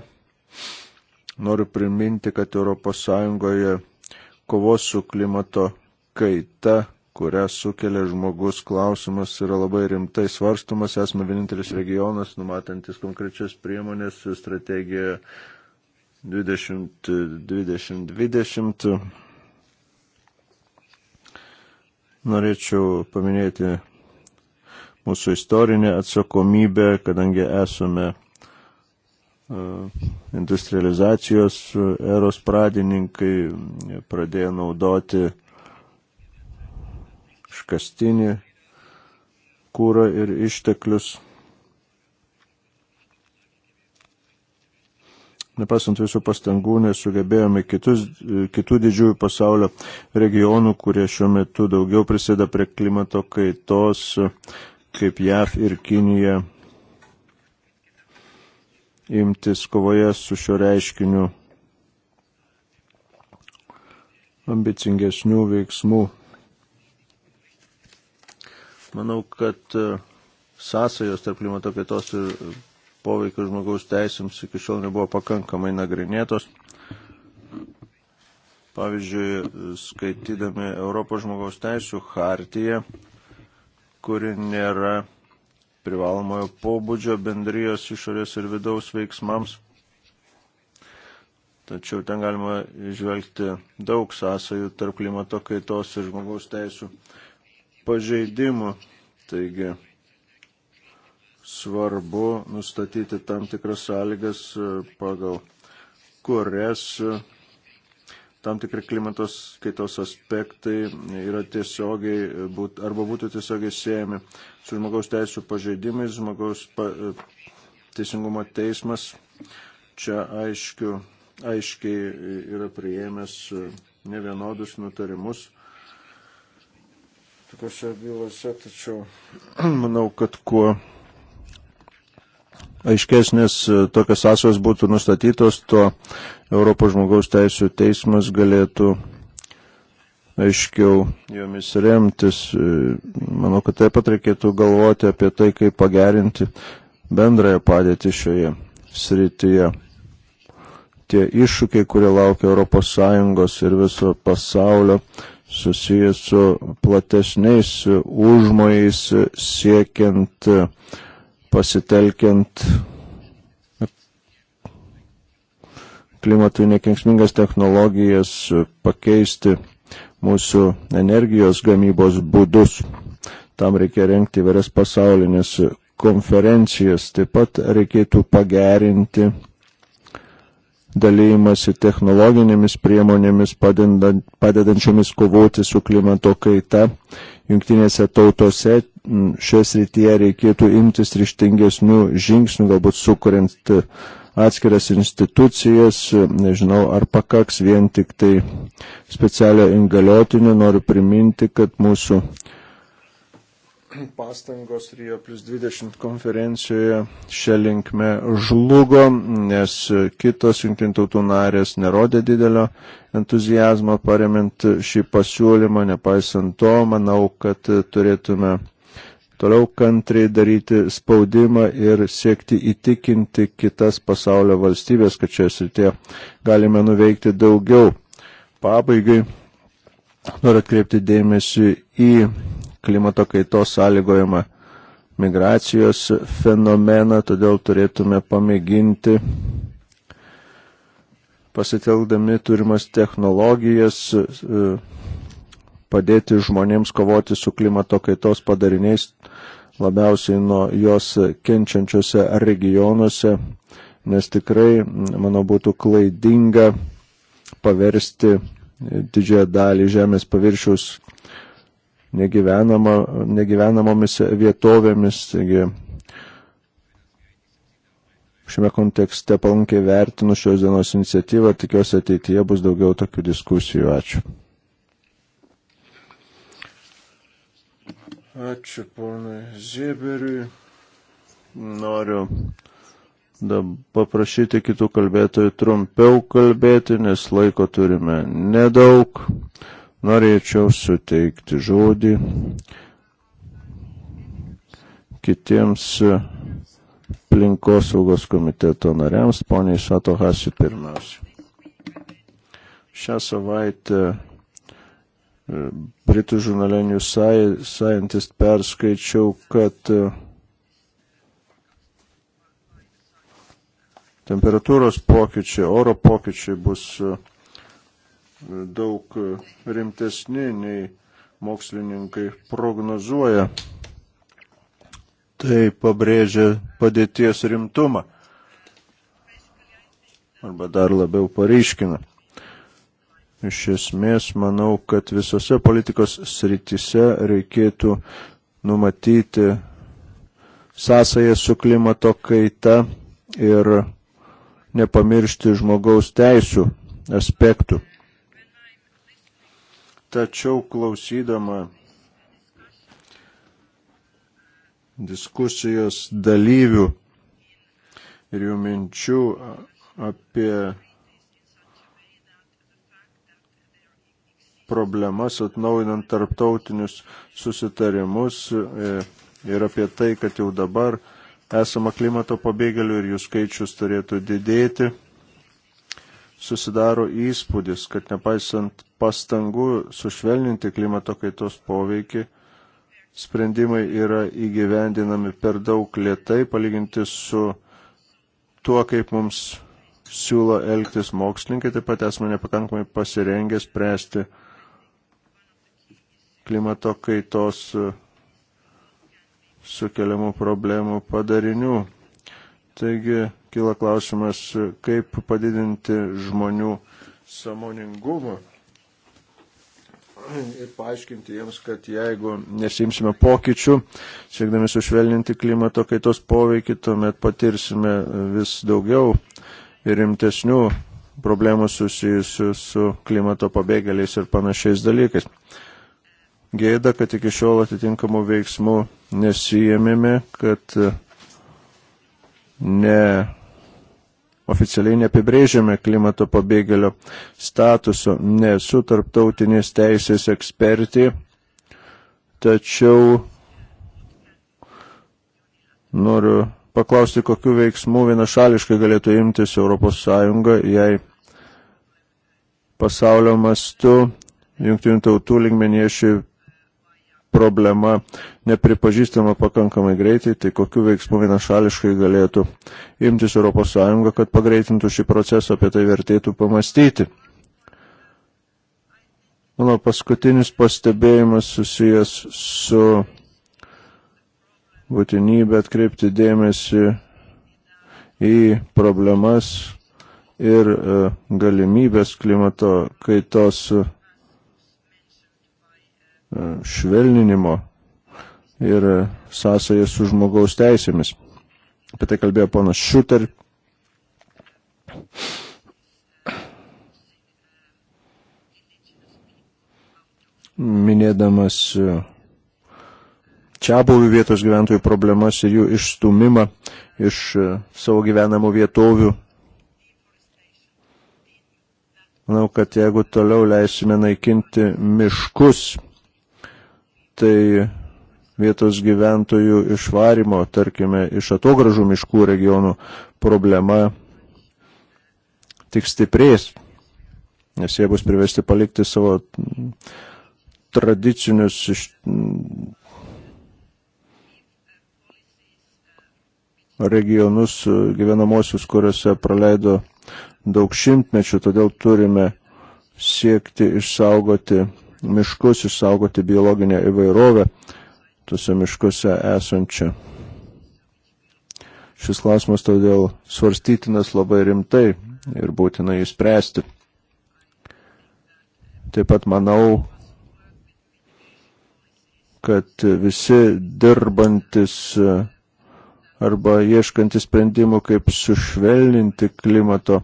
Noriu priminti, kad ES kovos su klimato kaita, kurią sukelia žmogus klausimas, yra labai rimtai svarstumas. Esame vienintelis regionas, numatantis konkrečias priemonės strategiją 2020. 20. Norėčiau paminėti mūsų istorinę atsakomybę, kadangi esame e, industrializacijos e, eros pradininkai pradėjo naudoti škastinį kūrą ir išteklius. nepaisant visų pastangų, nesugebėjome kitus, kitų didžiųjų pasaulio regionų, kurie šiuo metu daugiau prisėda prie klimato kaitos, kaip JAV ir Kinija, imtis kovoje su šio reiškiniu ambicingesnių veiksmų. Manau, kad e, sąsajos tarp klimato kaitos ir poveikio žmogaus teisėms iki šiol nebuvo pakankamai nagrinėtos. Pavyzdžiui, skaitydami Europos žmogaus teisų hartiją, kuri nėra privalomojo pobūdžio bendrijos išorės ir vidaus veiksmams. Tačiau ten galima žvelgti daug sąsajų tarp klimato kaitos ir žmogaus teisų pažeidimų. Taigi, svarbu nustatyti tam tikras sąlygas, e, pagal kurias e, tam tikri klimatos kaitos aspektai yra tiesiogiai e, būt, arba būtų tiesiogiai siejami su žmogaus teisų pažeidimais, žmogaus pa, teisingumo teismas čia aiškiu, aiškiai yra prieėmęs ne vienodus nutarimus tokiuose bylose, tačiau manau, kad kuo aiškesnės e, tokios sąsajos būtų nustatytos, to Europos žmogaus teisų teismas galėtų aiškiau jomis remtis. E, manau, kad taip pat reikėtų galvoti apie tai, kaip pagerinti bendrąją padėtį šioje srityje. Tie iššūkiai, kurie laukia ES ir viso pasaulio, susijęs su platesniais užmojais siekiant uh, pasitelkiant klimatui nekenksmingas technologijas pakeisti mūsų energijos gamybos būdus. Tam reikia renkti įvairias pasaulinės konferencijas. Taip pat reikėtų pagerinti dalymasi technologinėmis priemonėmis, padedančiomis kovoti su klimato kaita. Jungtinėse tautose šioje srityje reikėtų imtis ryštingesnių žingsnių, galbūt sukuriant e, atskiras institucijas, e, nežinau, ar pakaks vien tik tai specialio ingaliotinio, noriu priminti, kad mūsų pastangos Rio plus 20 konferencijoje šią linkmę žlugo, nes kitos jungtintautų narės nerodė didelio entuzijazmo paremint šį pasiūlymą. Nepaisant to, manau, kad turėtume toliau kantriai daryti spaudimą ir siekti įtikinti kitas pasaulio valstybės, kad čia srityje galime nuveikti daugiau. Pabaigai noriu atkreipti dėmesį į klimato kaitos sąlygojimą migracijos fenomeną, todėl turėtume pamėginti pasitelkdami turimas technologijas padėti žmonėms kovoti su klimato kaitos padariniais labiausiai nuo jos kenčiančiose regionuose, nes tikrai, manau, būtų klaidinga paversti didžiąją dalį žemės paviršiaus negyvenama, negyvenamomis vietovėmis. Taigi, šiame kontekste palankiai vertinu šios dienos iniciatyvą, tikiuosi ateityje bus daugiau tokių diskusijų. Ačiū. Ačiū ponui Zieberiui. Noriu paprašyti kitų kalbėtojų trumpiau kalbėti, nes laiko turime nedaug. Norėčiau suteikti žodį kitiems aplinkosaugos komiteto nariams, poniai Satohasi pirmiausia. Šią savaitę E, Britų žurnale New Scientist perskaičiau, kad e, temperatūros pokyčiai, oro pokyčiai bus e, daug rimtesni nei mokslininkai prognozuoja. Tai pabrėžia padėties rimtumą arba dar labiau paryškina. Iš esmės, manau, kad visose politikos sritise reikėtų numatyti sąsąją su klimato kaita ir nepamiršti žmogaus teisų aspektų. Tačiau klausydama diskusijos dalyvių ir jų minčių apie problemas, atnaujinant tarptautinius susitarimus e, ir apie tai, kad jau dabar esama klimato pabėgėlių ir jų skaičius turėtų didėti, susidaro įspūdis, kad nepaisant pastangų sušvelninti klimato kaitos poveikį, sprendimai yra įgyvendinami per daug lietai, palyginti su tuo, kaip mums siūlo elgtis mokslininkai, taip pat esame nepakankamai pasirengę spręsti klimato kaitos e, sukeliamų problemų padarinių. Taigi kyla klausimas, e, kaip padidinti žmonių samoningumą ir paaiškinti jiems, kad jeigu nesimsime pokyčių, siekdami sušvelninti klimato kaitos poveikį, tuomet patirsime e, vis daugiau ir rimtesnių problemų susijusių su klimato pabėgėliais ir panašiais dalykais gėda, kad iki šiol atitinkamų veiksmų nesijėmėme, kad e, ne oficialiai neapibrėžiame klimato pabėgėlio statuso, nesu tarptautinės teisės ekspertė, tačiau noriu paklausti, kokiu veiksmu vienašališkai galėtų imtis ES, jei pasaulio mastu jungtinių tautų lygmenyje ši problema nepripažįstama pakankamai greitai, tai kokiu veiksmu vienašališkai galėtų imtis ES, kad pagreitintų šį procesą, apie tai vertėtų pamastyti. Mano paskutinis pastebėjimas susijęs su būtinybė atkreipti dėmesį į problemas ir e, galimybės klimato kaitos E, švelninimo ir e, sąsąją su žmogaus teisėmis. Apie tai kalbėjo ponas Šuter. Minėdamas e, čia buvių vietos gyventojų problemas ir jų išstumimą iš savo gyvenamų vietovių. Manau, kad jeigu toliau leisime naikinti miškus, tai vietos gyventojų išvarimo, tarkime, iš atogražų miškų regionų problema tik stiprės, nes jie bus privesti palikti savo tradicinius iš... regionus gyvenamosius, kuriuose praleido daug šimtmečių, todėl turime siekti išsaugoti miškus, išsaugoti biologinę įvairovę tuose miškuose esančią. Šis klausimas todėl svarstytinas labai rimtai ir būtina jį spręsti. Taip pat manau, kad visi dirbantis arba ieškantis sprendimų, kaip sušvelninti klimato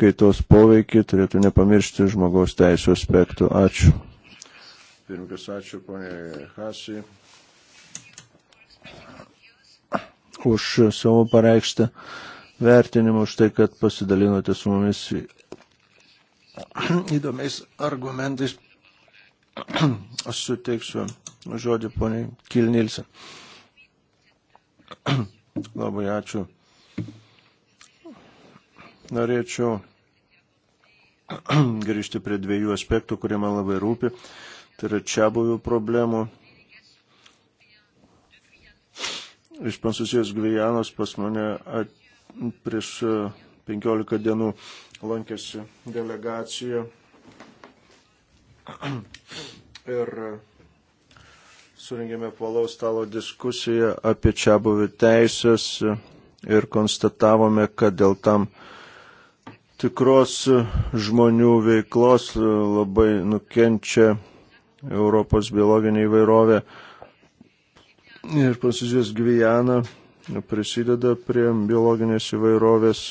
kaitos poveikį, turėtų nepamiršti žmogaus teisų aspektų. Ačiū. Pirmininkas, ačiū ponė Hasi už savo pareikštą vertinimą, už tai, kad pasidalinote su mumis įdomiais argumentais. Aš suteiksiu žodį poniai Kilnilsen. Labai ačiū. Norėčiau grįžti prie dviejų aspektų, kurie man labai rūpi tai yra čia buvių problemų. Iš Prancūzijos Gvijanos pas mane at, prieš 15 e, dienų lankėsi delegacija ir e, surinkėme palaus stalo diskusiją apie čia buvių teisės ir konstatavome, kad dėl tam tikros žmonių veiklos labai nukenčia Europos biologinė įvairovė ir Prancūzijos Gvijana prisideda prie biologinės įvairovės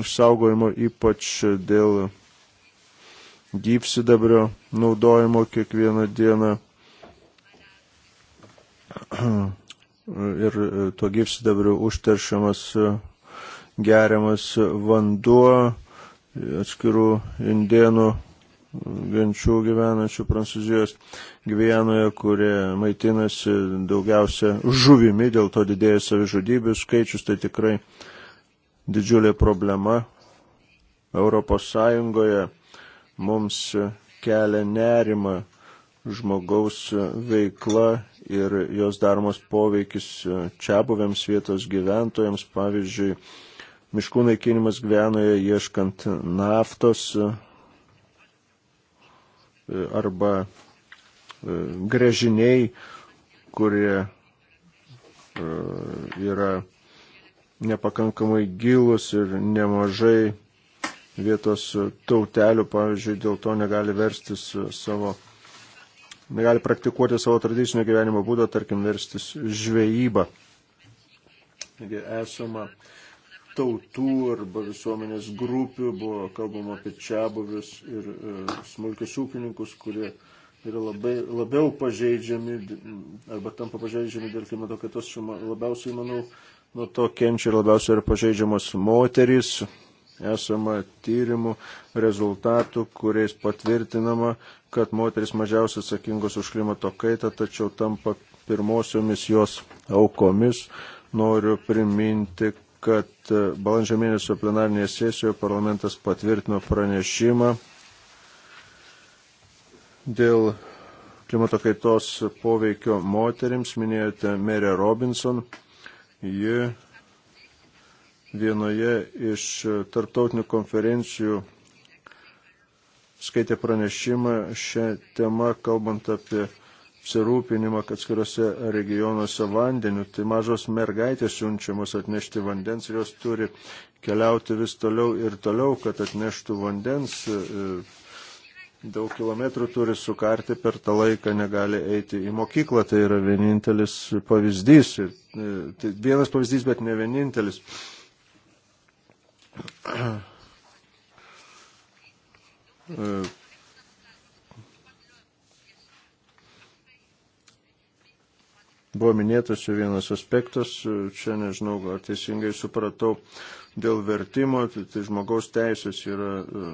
išsaugojimo, ypač dėl gypsidabrio naudojimo kiekvieną dieną. Ir tuo gypsidabriu užteršiamas geriamas vanduo atskirų indienų genčių gyvenančių Prancūzijos gyvenoje, kurie maitinasi daugiausia žuvimi, dėl to didėja savižudybių skaičius, tai tikrai didžiulė problema. Europos Sąjungoje mums kelia nerima žmogaus veikla ir jos daromos poveikis čia buvėms vietos gyventojams, pavyzdžiui, miškų naikinimas gyvenoje ieškant naftos, arba e, grežiniai, kurie e, yra nepakankamai gilus ir nemažai vietos tautelių, pavyzdžiui, dėl to negali verstis savo, negali praktikuoti savo tradicinio gyvenimo būdo, tarkim, verstis žvejybą. Taigi esama uh, tautų arba visuomenės grupių, buvo kalbama apie čiabuvius ir e, smulkius ūkininkus, kurie yra labai, labiau pažeidžiami arba tampa pažeidžiami dėl klimato kaitos. Labiausiai, manau, nuo to kenčia ir labiausiai yra pažeidžiamos moterys. Esama tyrimų rezultatų, kuriais patvirtinama, kad moteris mažiausiai atsakingos už klimato kaitą, tačiau tampa pirmosiomis jos aukomis. Noriu priminti, kad e, balandžio mėnesio plenarinėje sesijoje parlamentas patvirtino pranešimą dėl klimato kaitos poveikio moterims. Minėjote Merė Robinson. Ji vienoje iš tarptautinių konferencijų skaitė pranešimą šią temą, kalbant apie apsirūpinimą, kad skiriuose regionuose vandeniu, tai mažos mergaitės siunčiamos atnešti vandens ir jos turi keliauti vis toliau ir toliau, kad atneštų vandens. Daug kilometrų turi sukarti per tą laiką, negali eiti į mokyklą. Tai yra vienintelis pavyzdys. E, tai vienas pavyzdys, bet ne vienintelis. E, Buvo minėtas jau vienas aspektas, čia nežinau, ar teisingai supratau, dėl vertimo, tai, tai žmogaus teisės yra e,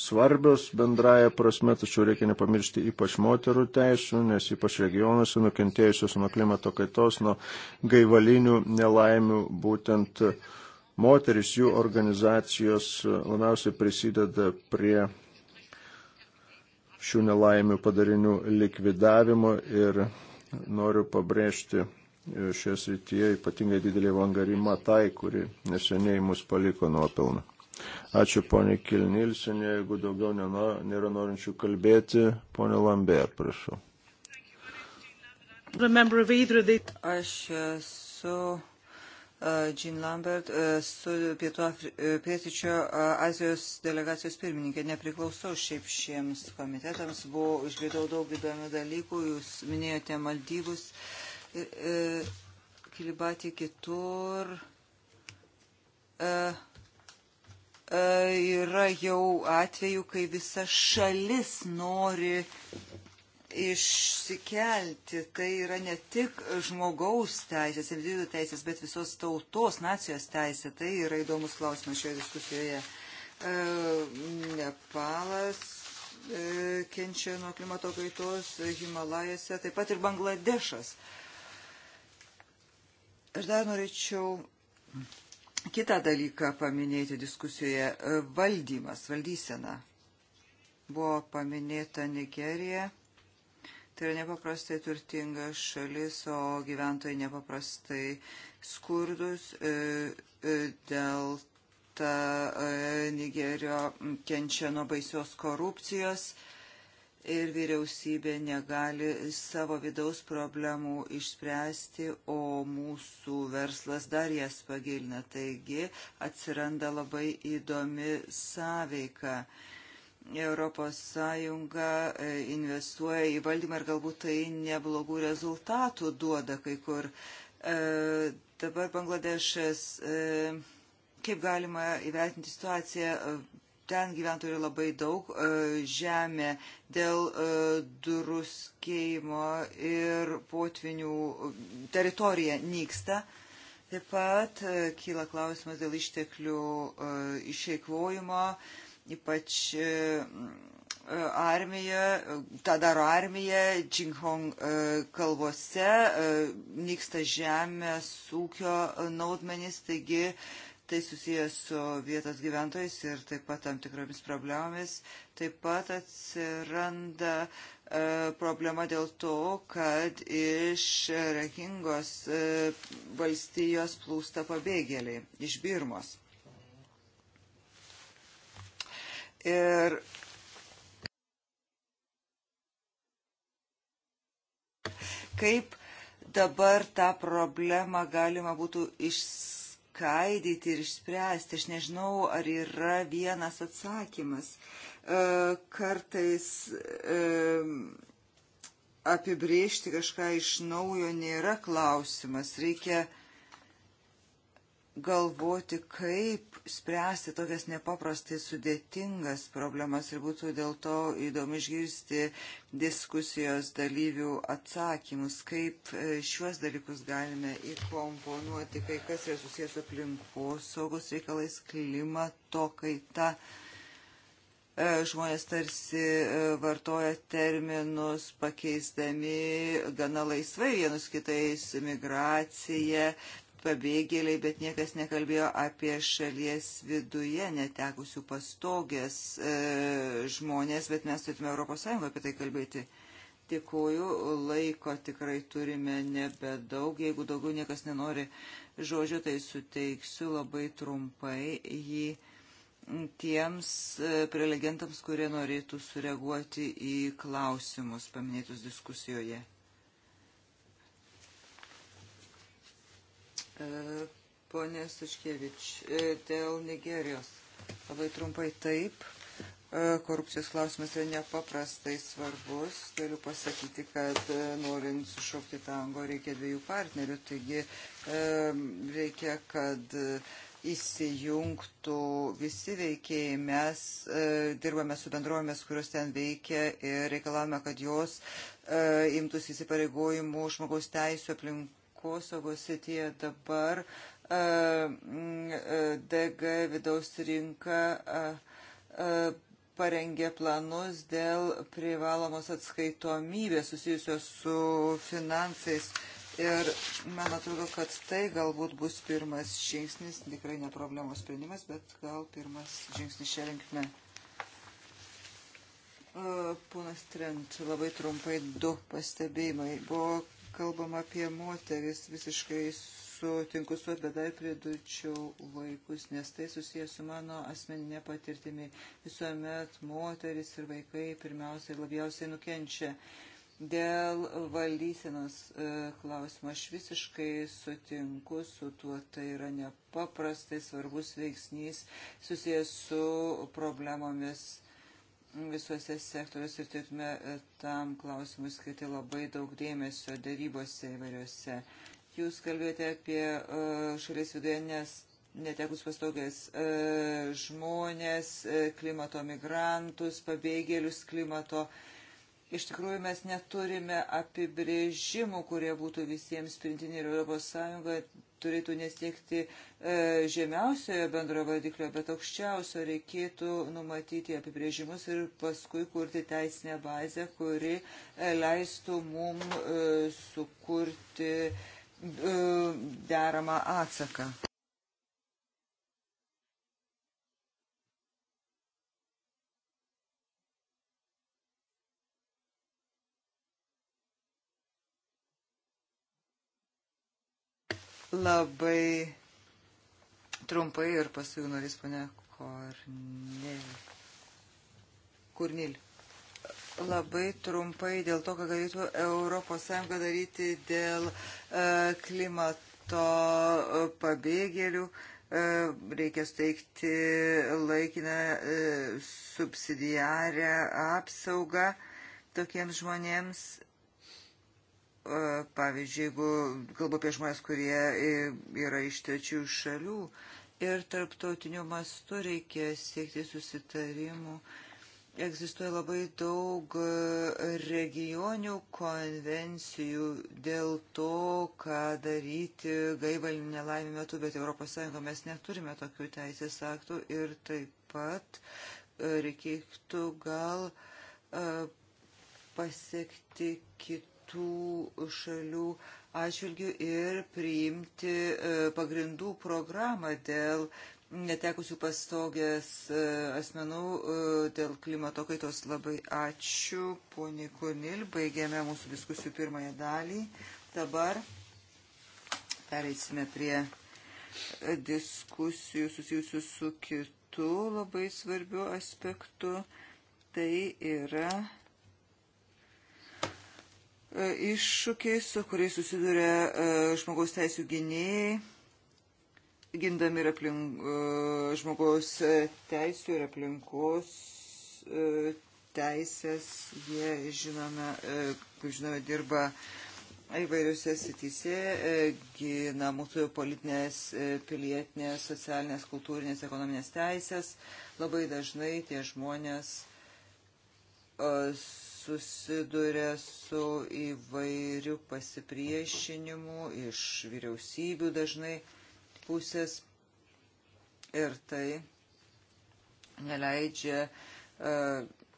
svarbios bendraja prasme, tačiau reikia nepamiršti ypač moterų teisų, nes ypač regionuose nukentėjusios nuo klimato kaitos, nuo gaivalinių nelaimių būtent moteris, jų organizacijos labiausiai prisideda prie šių nelaimių padarinių likvidavimo ir noriu pabrėžti e, šioje srityje ypatingai didelį vangarimą tai, kuri neseniai mus paliko nuopilną. Ačiū ponė Kilnilsinė, jeigu daugiau nėra, nėra norinčių kalbėti, ponė Lambert, prašau. Aš esu Jean Lambert, e, su Pietų e, Pietičio e, Azijos delegacijos pirmininkė. Nepriklausau šiaip šiems komitetams, buvo išgirdau daug įdomių dalykų, jūs minėjote Maldyvus, Kilibatį kitur. Yra jau atveju, kai visa šalis nori išsikelti, tai yra ne tik žmogaus teisės, individų teisės, bet visos tautos, nacijos teisė. Tai yra įdomus klausimas šioje diskusijoje. E, Nepalas e, kenčia nuo klimato kaitos, Himalajose, taip pat ir Bangladešas. Aš dar norėčiau kitą dalyką paminėti diskusijoje. E, valdymas, valdysena. Buvo paminėta Nigerija Tai yra nepaprastai turtinga šalis, o gyventojai nepaprastai skurdus. E, e, dėl ta e, Nigerio kenčia nuo baisios korupcijos ir vyriausybė negali savo vidaus problemų išspręsti, o mūsų verslas dar jas pagilina. Taigi atsiranda labai įdomi sąveika. E, ES e, investuoja į valdymą ir galbūt tai neblogų rezultatų duoda kai kur. E, dabar Bangladešas, e, kaip galima įvertinti situaciją, e, ten gyventojų yra labai daug, e, žemė dėl e, druskėjimo ir potvinių teritorija nyksta. Taip pat kyla klausimas dėl išteklių išeikvojimo. E, ypač e, armija, tą daro armija, Džinghong e, kalvose, e, nyksta žemės ūkio naudmenys, taigi tai susijęs su vietos gyventojais ir taip pat tam tikromis problemomis. Taip pat atsiranda problema dėl to, kad iš Rakingos valstijos plūsta pabėgėliai, iš Birmos. Ir kaip dabar tą problemą galima būtų išskaidyti ir išspręsti. Aš nežinau, ar yra vienas atsakymas. E, kartais e, apibriežti kažką iš naujo nėra klausimas. Reikia galvoti, kaip spręsti tokias nepaprastai sudėtingas problemas ir būtų dėl to įdomu išgirsti diskusijos dalyvių atsakymus, kaip e, šiuos dalykus galime įkomponuoti, kai kas yra susijęs su aplinkos saugos reikalais, klimato kaita. E, žmonės tarsi e, vartoja terminus pakeisdami gana laisvai vienus kitais migraciją, pabėgėliai, bet niekas nekalbėjo apie šalies viduje netekusių pastogės e, žmonės, bet mes turėtume ES apie tai kalbėti. Tikuoju, laiko tikrai turime nebedaug. Jeigu daugiau niekas nenori žodžio, tai suteiksiu labai trumpai jį tiems e, prelegentams, kurie norėtų sureaguoti į klausimus paminėtus diskusijoje. E, Pone Suškievič, e, dėl Nigerijos. Labai trumpai taip. E, korupcijos klausimas yra nepaprastai svarbus. Galiu pasakyti, kad norint sušaukti tango reikia dviejų partnerių. Taigi reikia, kad įsijungtų visi veikėjai. Mes e, dirbame su bendrovėmis, kurios ten veikia ir reikalavome, kad jos e, imtųsi įsipareigojimų žmogaus teisų aplink aplinkosaugos srityje dabar e, e, DG vidaus rinka e, parengė planus dėl privalomos atskaitomybės susijusios su finansais. Ir man atrodo, kad tai galbūt bus pirmas žingsnis, tikrai ne problemos sprendimas, bet gal pirmas žingsnis šią linkme. Ponas Trent, labai trumpai du pastebėjimai. Buvo kalbam apie moteris, visiškai sutinku su, bet dar pridučiau vaikus, nes tai susijęs su mano asmeninė patirtimi. Visuomet moteris ir vaikai pirmiausiai labiausiai nukenčia. Dėl valdysenos e, klausimo aš visiškai sutinku su tuo, tai yra nepaprastai svarbus veiksnys susijęs su problemomis visuose sektoriuose ir turėtume e, tam klausimui skirti labai daug dėmesio darybose įvairiuose. Jūs kalbėjote apie e, šalies viduje nes netekus pastogės e, žmonės, klimato migrantus, pabėgėlius klimato. Iš tikrųjų, mes neturime apibrėžimų, kurie būtų visiems sprintini ir ES turėtų nesiekti e, žemiausiojo bendrojo vardiklio, bet aukščiausio reikėtų numatyti apibrėžimus ir paskui kurti teisinę bazę, kuri e, leistų mum e, sukurti deramą atsaką. Labai trumpai ir paskui norės pane Kornelį. Kurnilį. Labai trumpai dėl to, ką galėtų ES daryti dėl e, klimato e, pabėgėlių. E, reikia steigti laikiną e, subsidiarę apsaugą tokiems žmonėms E, pavyzdžiui, jeigu kalbu apie žmonės, kurie e, yra iš trečių šalių ir tarptautiniu mastu reikia siekti susitarimų. Egzistuoja labai daug e, regionių konvencijų dėl to, ką daryti gaivalinių nelaimį metu, bet ES mes neturime tokių teisės aktų ir taip pat reikėtų gal pasiekti kitų tų šalių atžvilgių ir priimti e, pagrindų programą dėl netekusių pastogės e, asmenų e, dėl klimato kaitos. Labai ačiū, poniai Kunil. Baigėme mūsų diskusijų pirmąją dalį. Dabar pereisime prie diskusijų susijusių su kitu labai svarbiu aspektu. Tai yra E, iššūkiais, su kuriais susiduria e, žmogaus teisų gynėjai, gindami ir aplink, e, žmogaus teisų ir aplinkos teisės. Jie, žinome, kaip žinome, dirba įvairiuose sityse, gina mūsų politinės, pilietinės, socialinės, kultūrinės, ekonominės teisės. Labai dažnai tie žmonės susiduria su įvairiu pasipriešinimu iš vyriausybių dažnai pusės ir tai neleidžia uh,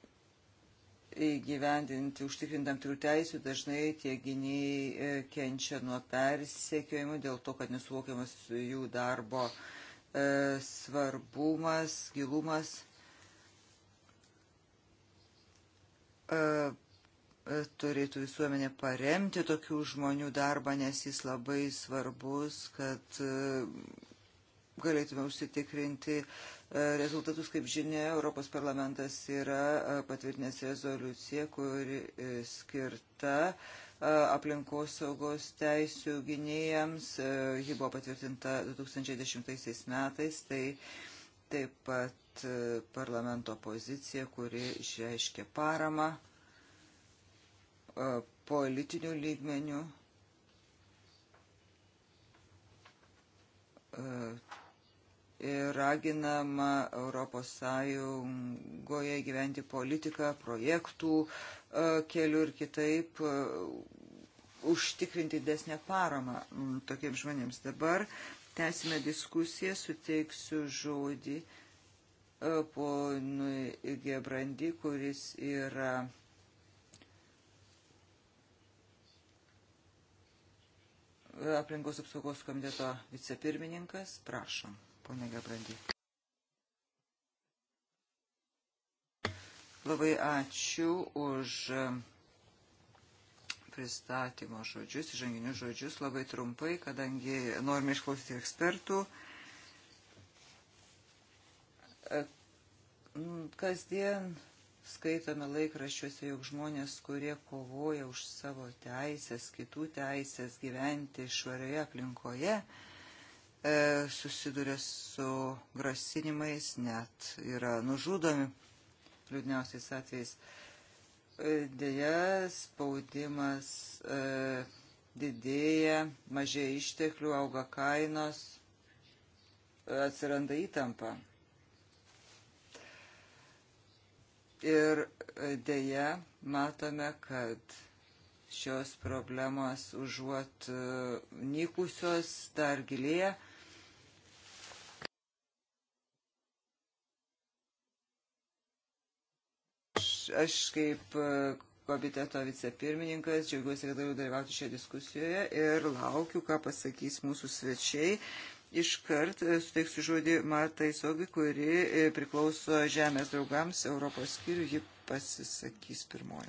įgyvendinti užtikrintam turių teisų, dažnai tie gyniai e, kenčia nuo persekiojimų dėl to, kad nesuvokiamas jų darbo e, svarbumas, gilumas. E, e, turėtų visuomenė paremti tokių žmonių darbą, nes jis labai svarbus, kad e, galėtume užsitikrinti rezultatus. Kaip žinia, Europos parlamentas yra patvirtinęs rezoliuciją, kuri skirta aplinkos saugos teisių gynėjams. Ji buvo patvirtinta 2010 metais. Tai taip pat E, parlamento pozicija, kuri išreiškia paramą e, politinių lygmenių e, ir raginama Europos Sąjungoje gyventi politiką, projektų kelių ir kitaip užtikrinti desnę paramą mm, tokiems žmonėms. Dabar tęsime diskusiją, suteiksiu žodį ponui Gebrandi, kuris yra aplinkos apsaugos komiteto vicepirmininkas. Prašom, ponai Gabrandy. Labai ačiū už pristatymo žodžius, žanginius žodžius, labai trumpai, kadangi norime išklausyti ekspertų. Mm, kasdien skaitome laikraščiuose, jog žmonės, kurie kovoja už savo teisės, kitų teisės gyventi švarioje aplinkoje, e, susiduria su grasinimais, net yra nužudomi liūdniausiais atvejais. E, dėja, spaudimas e, didėja, mažėja išteklių, auga kainos, e, atsiranda įtampa. Ir dėja matome, kad šios problemos užuot e, nykusios dar gilėja. Aš kaip e, komiteto vicepirmininkas, džiaugiuosi, kad galiu dalyvauti šioje diskusijoje ir laukiu, ką pasakys mūsų svečiai. Iškart e, suteiksiu žodį Martai Sogi, kuri e, priklauso Žemės draugams Europos skyrių. Ji pasisakys pirmoji.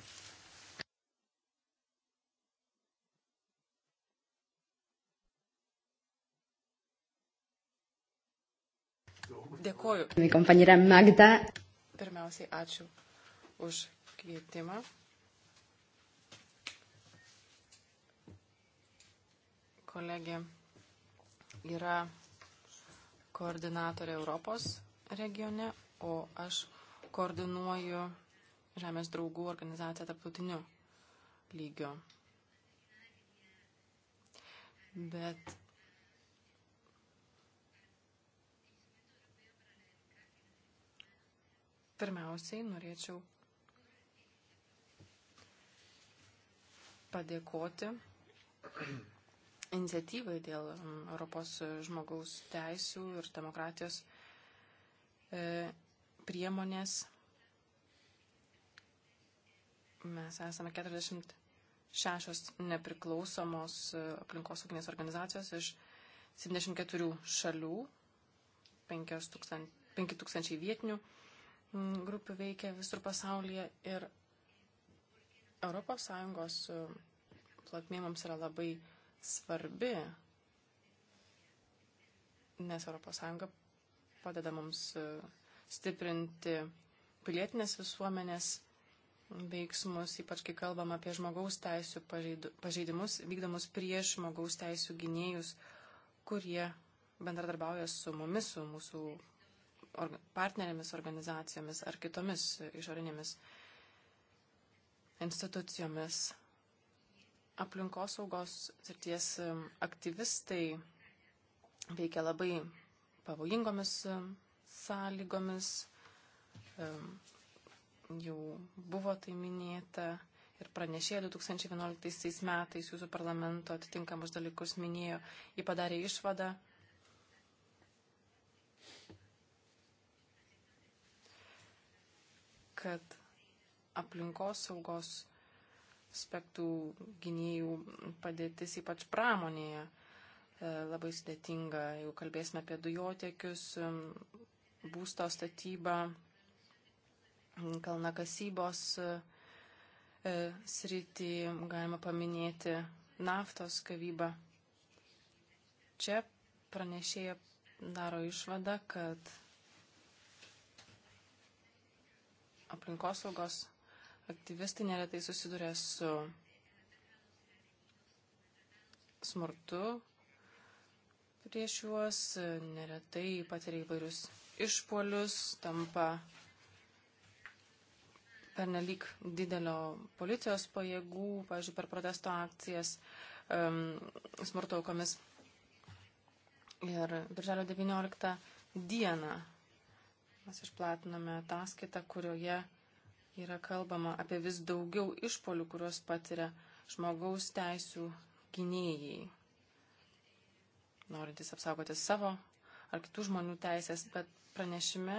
Dėkoju. Kompanija Magda. Pirmiausiai ačiū už kvietimą. Kolegė yra koordinatorė Europos regione, o aš koordinuoju Žemės draugų organizaciją tarptautiniu lygiu. Bet pirmiausiai norėčiau padėkoti iniciatyvai dėl mm, Europos žmogaus teisų ir demokratijos e, priemonės. Mes esame 46 nepriklausomos e, aplinkosauginės organizacijos iš 74 šalių, 5000 vietinių mm, grupių veikia visur pasaulyje ir ES e, platmė mums yra labai svarbi, nes ES padeda mums e, stiprinti pilietinės visuomenės veiksmus, ypač kai kalbam apie žmogaus teisų pažeidimus vykdomus prieš žmogaus teisų gynėjus, kurie bendradarbiauja su mumis, su mūsų orga, partnerėmis, organizacijomis ar kitomis išorinėmis institucijomis aplinkosaugos srities aktyvistai veikia labai pavojingomis sąlygomis, jau buvo tai minėta ir pranešė 2011 metais jūsų parlamento atitinkamus dalykus minėjo, jį padarė išvadą. kad aplinkosaugos aspektų gynėjų padėtis, ypač pramonėje, e, labai sudėtinga. Jau kalbėsime apie dujotiekius, e, būsto statybą, kalnakasybos e, sritį, galima paminėti naftos gavybą. Čia pranešėja daro išvadą, kad aplinkosaugos Aktyvistai neretai susiduria su smurtu prieš juos, neretai patiria įvairius išpolius, tampa pernelyg didelio policijos pajėgų, pavyzdžiui, per protesto akcijas um, smurto aukomis. Ir birželio 19 dieną mes išplatiname ataskaitą, kurioje yra kalbama apie vis daugiau išpolių, kuriuos patiria žmogaus teisų gynėjai, norintys apsaugoti savo ar kitų žmonių teisės, bet pranešime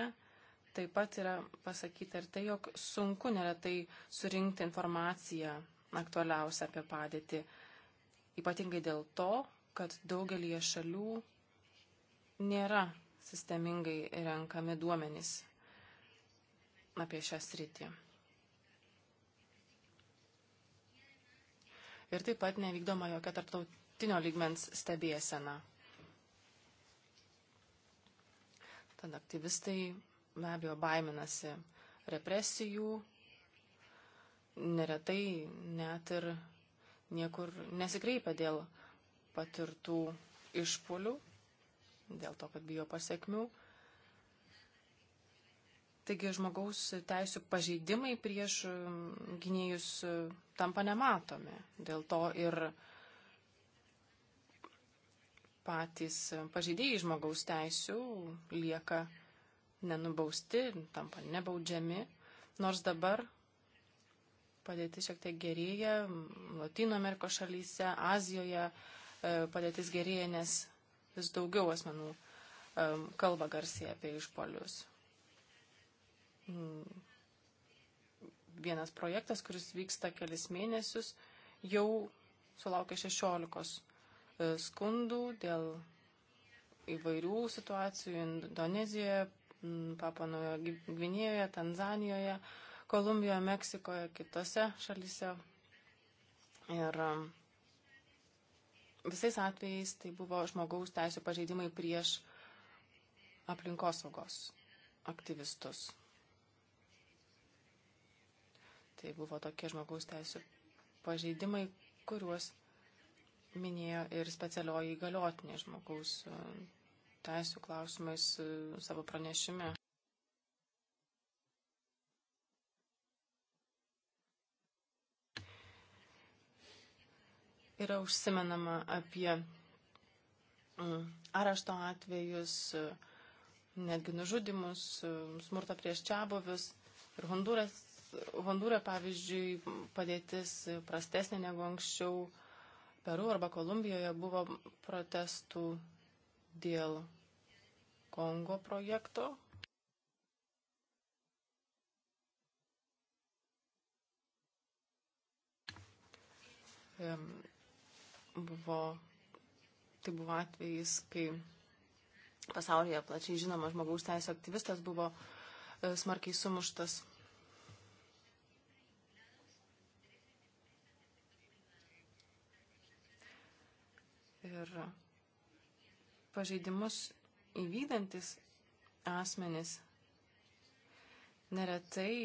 taip pat yra pasakyta ir tai, jog sunku neretai surinkti informaciją aktualiausią apie padėtį, ypatingai dėl to, kad daugelie šalių nėra sistemingai renkami duomenys apie šią sritį. ir taip pat nevykdoma jokia tarptautinio lygmens stebėsena. Tad aktyvistai be abejo baiminasi represijų, neretai net ir niekur nesikreipia dėl patirtų išpolių, dėl to, kad bijo pasiekmių. Taigi žmogaus teisų pažeidimai prieš um, gynėjus uh, tampa nematomi. Dėl to ir patys uh, pažeidėjai žmogaus teisų lieka nenubausti, tampa nebaudžiami, nors dabar padėtis šiek tiek gerėja, Latino Amerikos šalyse, Azijoje e, padėtis gerėja, nes vis daugiau asmenų e, kalba garsiai apie išpolius. Mm. vienas projektas, kuris vyksta kelis mėnesius, jau sulaukė 16 e, skundų dėl įvairių situacijų Indonezijoje, mm, Papanojo Gvinėjoje, Tanzanijoje, Kolumbijoje, Meksikoje, kitose šalise. Ir e, visais atvejais tai buvo žmogaus teisų pažeidimai prieš aplinkosaugos aktyvistus. Tai buvo tokie žmogaus teisų pažeidimai, kuriuos minėjo ir specialioji įgaliotinė žmogaus e, teisų klausimais e, savo pranešime. Yra užsimenama apie mm, arešto atvejus, e, netgi nužudimus, smurtą prieš čiabovius ir Honduras Hondūre, pavyzdžiui, padėtis prastesnė negu anksčiau. Peru arba Kolumbijoje buvo protestų dėl Kongo projekto. Buvo, tai buvo atvejis, kai pasaulyje plačiai žinomas žmogaus teisų aktyvistas buvo e, smarkiai sumuštas ir pažeidimus įvykdantis asmenys neretai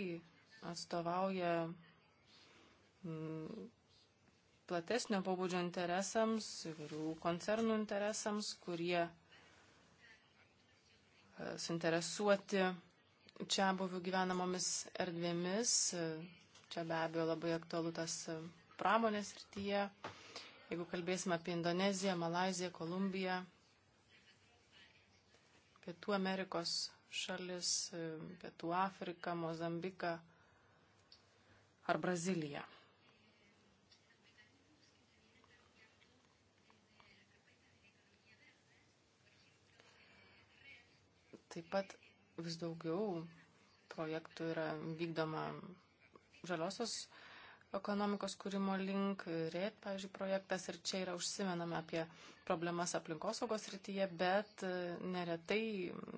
atstovauja mm, platesnio pobūdžio interesams, įvairių koncernų interesams, kurie e, suinteresuoti čia buvių gyvenamomis erdvėmis. E, čia be abejo labai aktualu tas e, pramonės rytyje Jeigu kalbėsime apie Indoneziją, Malaziją, Kolumbiją, Pietų Amerikos šalis, Pietų Afriką, Mozambiką ar Braziliją. Taip pat vis daugiau projektų yra vykdoma žaliosios ekonomikos kūrimo link, RED, pavyzdžiui, projektas ir čia yra užsimenama apie problemas aplinkosaugos rytyje, bet e, neretai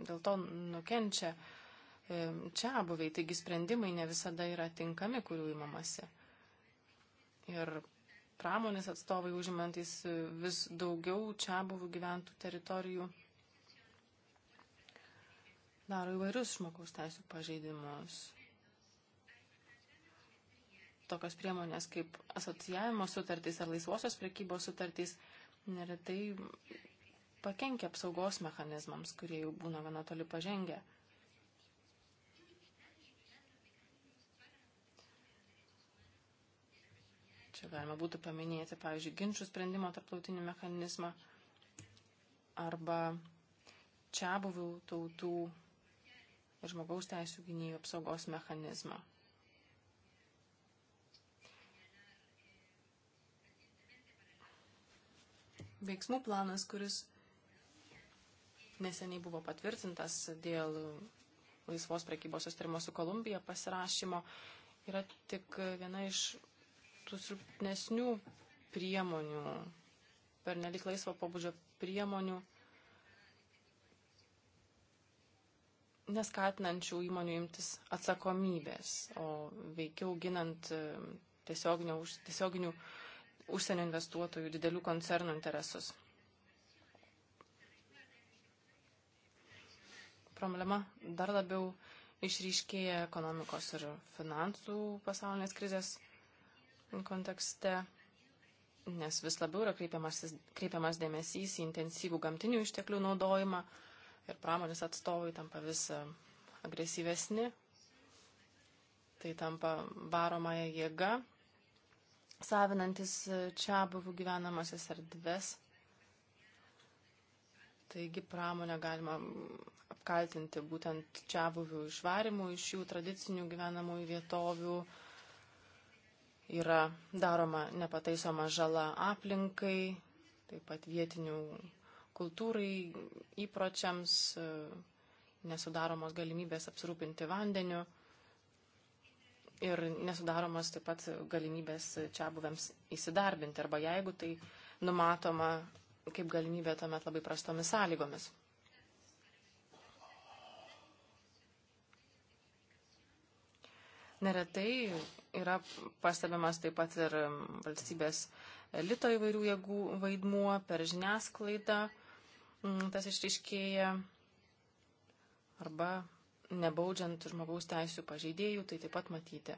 dėl to nukenčia e, čia buviai, taigi sprendimai ne visada yra tinkami, kurių įmamasi. Ir pramonės atstovai užimantis vis daugiau čia buvų gyventų teritorijų daro įvairius žmogaus teisų pažeidimus tokios priemonės kaip asociavimo sutartys ar laisvosios prekybos sutartys neretai pakenkia apsaugos mechanizmams, kurie jau būna gana toli pažengę. Čia galima būtų paminėti, pavyzdžiui, ginčių sprendimo tarptautinį mechanizmą arba čia buvių tautų ir žmogaus teisų gynėjų apsaugos mechanizmą. veiksmų planas, kuris neseniai buvo patvirtintas dėl laisvos prekybos sustarimo su Kolumbija pasirašymo, yra tik viena iš tų silpnesnių priemonių, per nelik laisvo pobūdžio priemonių, neskatinančių įmonių imtis atsakomybės, o veikiau ginant tiesioginių, tiesioginių užsienio investuotojų, didelių koncernų interesus. Problema dar labiau išryškėja ekonomikos ir finansų pasaulinės krizės kontekste, nes vis labiau yra kreipiamas, kreipiamas dėmesys į intensyvų gamtinių išteklių naudojimą ir pramonės atstovai tampa vis e, agresyvesni. Tai tampa varomąją jėgą savinantis e, čia buvų gyvenamasias erdves. Taigi pramonę galima apkaltinti būtent čia buvų išvarimu iš jų tradicinių gyvenamųjų vietovių. Yra daroma nepataisoma žala aplinkai, taip pat vietinių kultūrai, įpročiams, e, nesudaromos galimybės apsirūpinti vandeniu ir nesudaromas taip pat galimybės čia buvėms įsidarbinti arba jeigu tai numatoma kaip galimybė tuomet labai prastomis sąlygomis. Neretai yra pastebimas taip pat ir um, valstybės elito įvairių jėgų vaidmuo per žiniasklaidą, mm, tas išriškėja arba nebaudžiant žmogaus teisų pažeidėjų, tai taip pat matyti.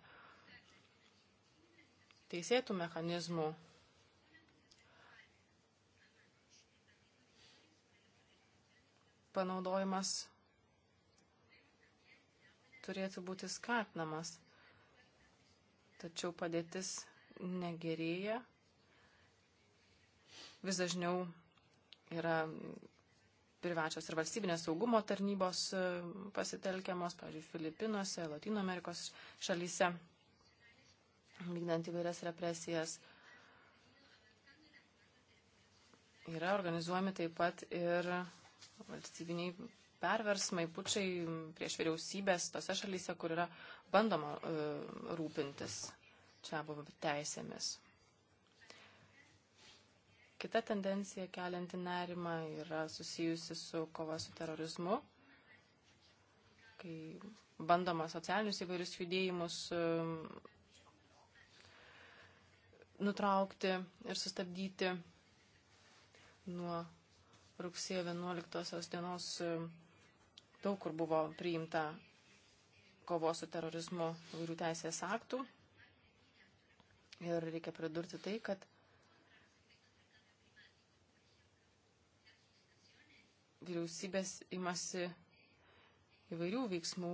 Teisėtų mechanizmų panaudojimas turėtų būti skatinamas, tačiau padėtis negerėja. Vis dažniau yra privačios ir valstybinės saugumo tarnybos e, pasitelkiamos, pavyzdžiui, Filipinuose, Latino Amerikos šalyse, vykdant įvairias represijas. Yra organizuojami taip pat ir valstybiniai perversmai, pučiai prieš vyriausybės tose šalyse, kur yra bandoma e, rūpintis čia buvo teisėmis. Kita tendencija kelianti nerimą yra susijusi su kova su terorizmu, kai bandoma socialinius įvairius judėjimus um, nutraukti ir sustabdyti nuo rugsėjo 11 dienos um, daug kur buvo priimta kovos su terorizmu įvairių teisės aktų. Ir reikia pridurti tai, kad vyriausybės imasi įvairių veiksmų,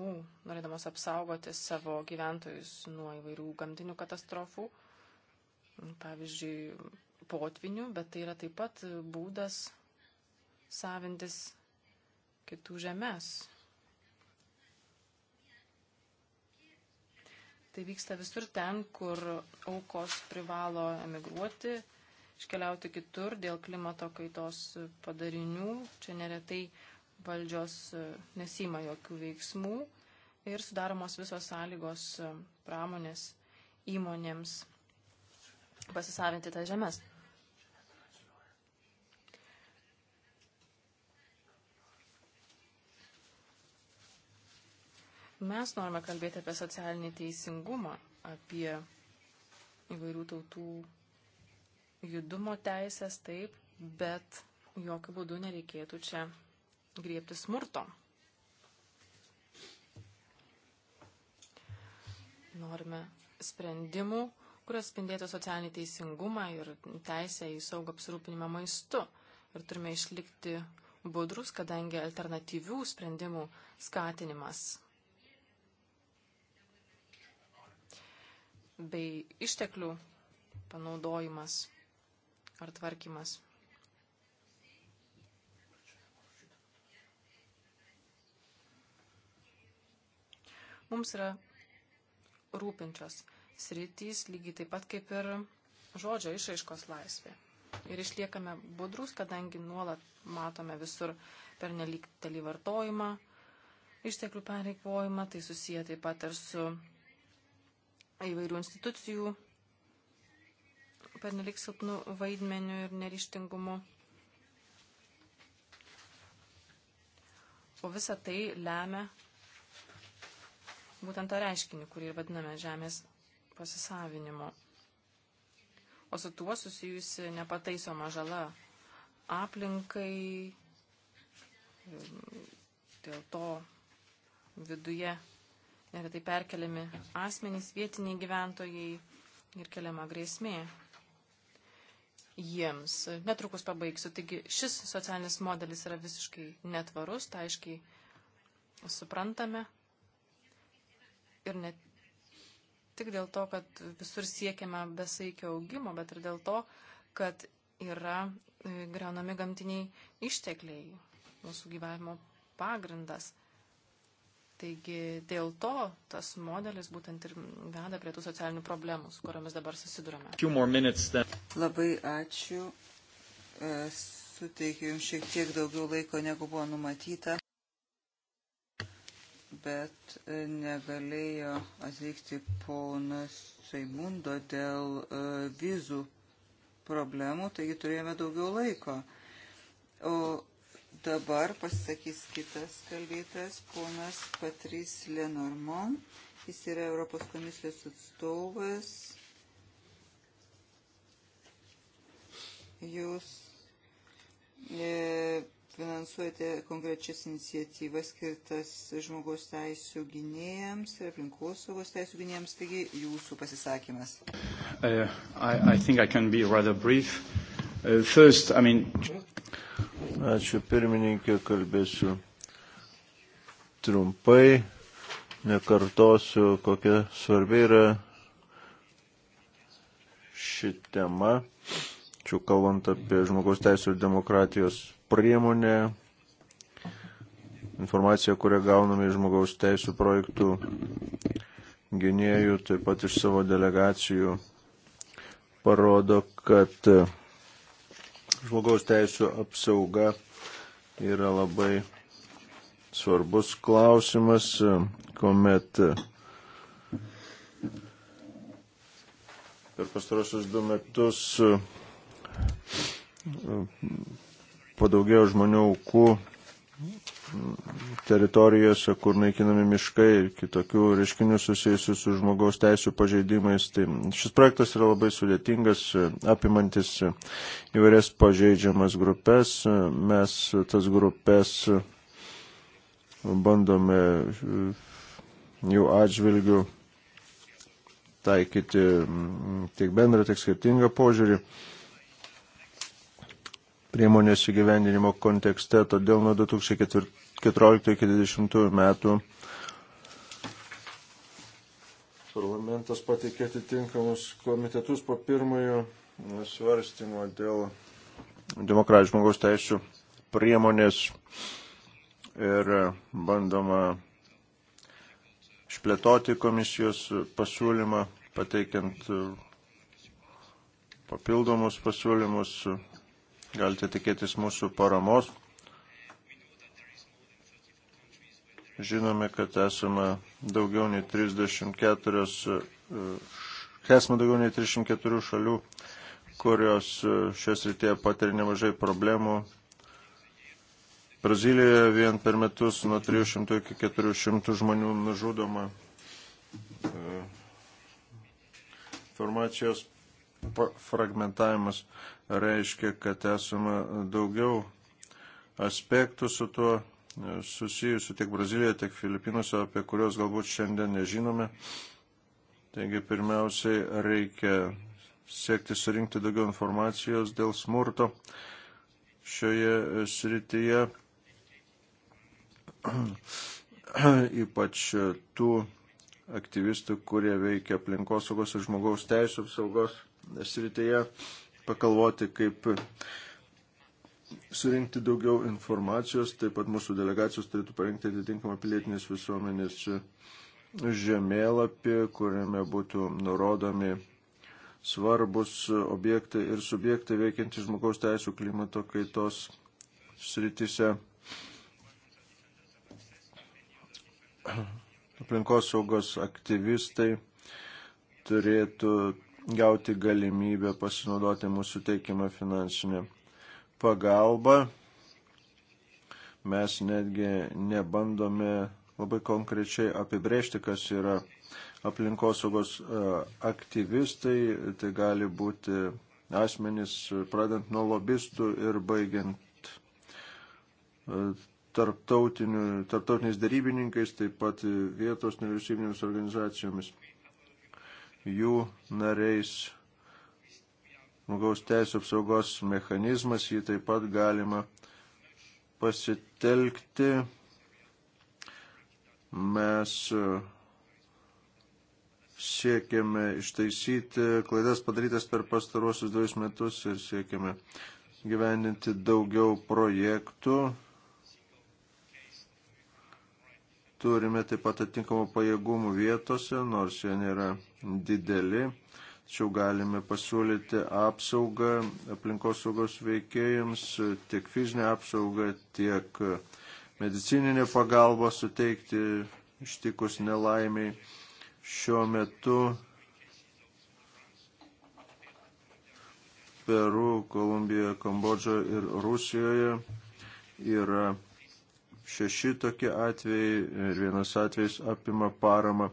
norėdamos apsaugoti savo gyventojus nuo įvairių gamtinių katastrofų, pavyzdžiui, potvinių, bet tai yra taip pat būdas savintis kitų žemės. Tai vyksta visur ten, kur aukos privalo emigruoti iškeliauti kitur dėl klimato kaitos padarinių. Čia neretai valdžios e, nesima jokių veiksmų ir sudaromos visos sąlygos e, pramonės įmonėms pasisavinti tą žemės. Mes norime kalbėti apie socialinį teisingumą, apie įvairių tautų judumo teisės, taip, bet jokių būdų nereikėtų čia griebti smurto. Norime sprendimų, kurios spindėtų socialinį teisingumą ir teisę į saugą apsirūpinimą maistu. Ir turime išlikti budrus, kadangi alternatyvių sprendimų skatinimas bei išteklių panaudojimas pertvarkymas. Mums yra rūpinčios sritys, lygiai taip pat kaip ir žodžio išaiškos laisvė. Ir išliekame budrus, kadangi nuolat matome visur per nelik telį vartojimą, išteklių pereikvojimą, tai susiję taip pat ir su įvairių institucijų pernelik silpnų vaidmenių ir neryštingumu. O visa tai lemia būtent tą reiškinį, kurį ir vadiname žemės pasisavinimu. O su tuo susijusi nepataisoma žala aplinkai, dėl to viduje neretai perkeliami asmenys, vietiniai gyventojai ir keliama grėsmė jiems. Netrukus pabaigsiu. Taigi šis socialinis modelis yra visiškai netvarus, tai aiškiai suprantame. Ir ne tik dėl to, kad visur siekiame besaikio augimo, bet ir dėl to, kad yra e, greunami gamtiniai ištekliai, mūsų gyvenimo pagrindas. Taigi dėl to tas modelis būtent ir veda prie tų socialinių problemų, su kuriomis dabar susidurame. Labai ačiū. E, suteikiu Jums šiek tiek daugiau laiko, negu buvo numatyta, bet e, negalėjo atvykti ponas Saimundo dėl e, vizų problemų, taigi turėjome daugiau laiko. O Dabar pasakys kitas kalbėtas ponas Patrys Lenormon. Jis yra Europos komisijos atstovas. Jūs e, finansuojate konkrečias iniciatyvas skirtas žmogaus teisų gynėjams ir aplinkosaugos teisų gynėjams, taigi jūsų pasisakymas. Uh, I, I think I can be rather brief. Uh, first, I mean... Ačiū pirmininkė, kalbėsiu trumpai, nekartosiu, kokia svarbi yra ši tema. Čia kalbant apie žmogaus teisų ir demokratijos priemonę, informaciją, kurią gauname iš žmogaus teisų projektų gynėjų, taip pat iš savo delegacijų, parodo, kad žmogaus teisų apsauga yra labai svarbus klausimas, kuomet per pastarosius du metus padaugėjo žmonių aukų teritorijose, kur naikinami miškai ir kitokių reiškinių susijusių su žmogaus teisų pažeidimais. Tai šis projektas yra labai sudėtingas, apimantis įvairias pažeidžiamas grupės. Mes tas grupės bandome jų atžvilgių taikyti tiek bendrą, tiek skirtingą požiūrį priemonės įgyvendinimo kontekste, todėl nuo 2014 iki 2020 metų parlamentas pateikė atitinkamus komitetus po pirmojo svarstymo dėl demokratijos žmogaus teisų priemonės ir bandoma išplėtoti komisijos pasiūlymą, pateikiant papildomus pasiūlymus galite tikėtis mūsų paramos. Žinome, kad esame daugiau nei 34, e, esame daugiau nei 34 šalių, kurios e, šios rytėje patiria nemažai problemų. Brazilijoje vien per metus nuo 300 iki 400 žmonių nužudoma e, informacijos fragmentavimas reiškia, kad esame daugiau aspektų su tuo e, susijusių tiek Brazilijoje, tiek Filipinuose, apie kuriuos galbūt šiandien nežinome. Taigi pirmiausiai reikia siekti surinkti daugiau informacijos dėl smurto šioje e, srityje, ypač e, tų aktyvistų, kurie veikia aplinkosaugos ir žmogaus teisų apsaugos srityje pakalvoti, kaip surinkti daugiau informacijos, taip pat mūsų delegacijos turėtų parengti atitinkamą pilietinės visuomenės žemėlapį, kuriame būtų nurodomi svarbus objektai ir subjektai veikiantys žmogaus teisų klimato kaitos sritise. Aplinkosaugos aktyvistai turėtų gauti galimybę pasinaudoti mūsų teikiamą finansinę pagalbą. Mes netgi nebandome labai konkrečiai apibrėžti, kas yra aplinkosaugos e, aktyvistai. Tai gali būti asmenys, pradant nuo lobistų ir baigiant e, tarptautiniais darybininkais, taip pat vietos nevyriausybinėmis organizacijomis jų nariais žmogaus teisų apsaugos mechanizmas, jį taip pat galima pasitelkti. Mes e, siekiame ištaisyti klaidas padarytas per pastaruosius dviejus metus ir siekiame gyvendinti daugiau projektų Turime taip pat atitinkamų pajėgumų vietose, nors jie nėra dideli, tačiau galime pasiūlyti apsaugą aplinkosaugos veikėjams, tiek fizinę apsaugą, tiek medicininę pagalbą suteikti ištikus nelaimiai. Šiuo metu Peru, Kolumbijoje, Kambodžoje ir Rusijoje yra šeši tokie atvejai ir vienas atvejs apima paramą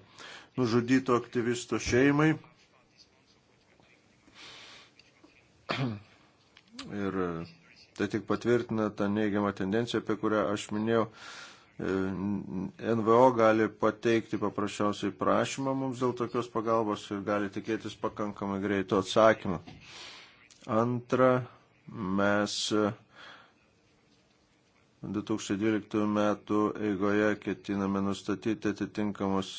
nužudyto aktyvisto šeimai. Ir e, tai tik patvirtina tą neigiamą tendenciją, apie kurią aš minėjau. E, NVO gali pateikti paprasčiausiai prašymą mums dėl tokios pagalbos ir gali tikėtis pakankamai greito atsakymo. Antra, mes e, 2012 metų eigoje ketiname nustatyti atitinkamus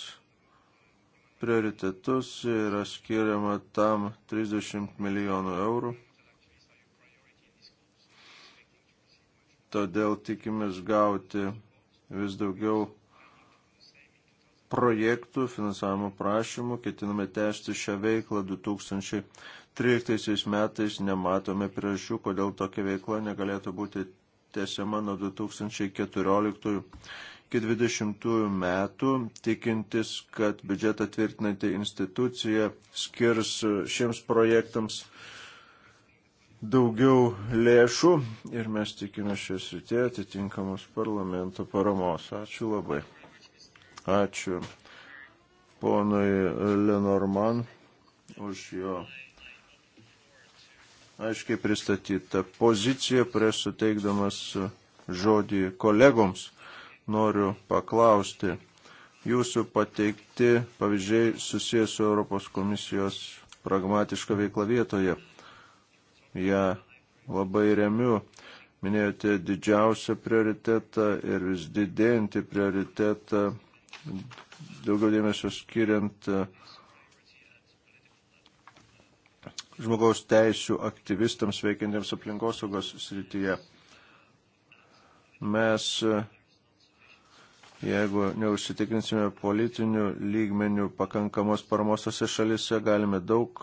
prioritetus yra skiriama tam 30 milijonų eurų. Todėl tikimės gauti vis daugiau projektų finansavimo prašymų. Ketiname tęsti šią veiklą 2013 metais. Nematome priežasčių, kodėl tokia veikla negalėtų būti tęsiama nuo 2014 iki 2020 metų, tikintis, kad biudžetą tvirtinanti institucija skirs šiems projektams daugiau lėšų ir mes tikime šioje srityje atitinkamos parlamento paramos. Ačiū labai. Ačiū ponui Lenorman už jo aiškiai pristatyta pozicija, prieš suteikdamas žodį kolegoms noriu paklausti. Jūsų pateikti pavyzdžiai susijęs su Europos komisijos pragmatiška veikla vietoje. Ja labai remiu. Minėjote didžiausią prioritetą ir vis didėjantį prioritetą, daugiau dėmesio skiriant uh, žmogaus teisų aktyvistams veikiantiems aplinkosaugos srityje. Mes, jeigu neužsitikrinsime politinių lygmenių pakankamos paramos tose šalise, galime daug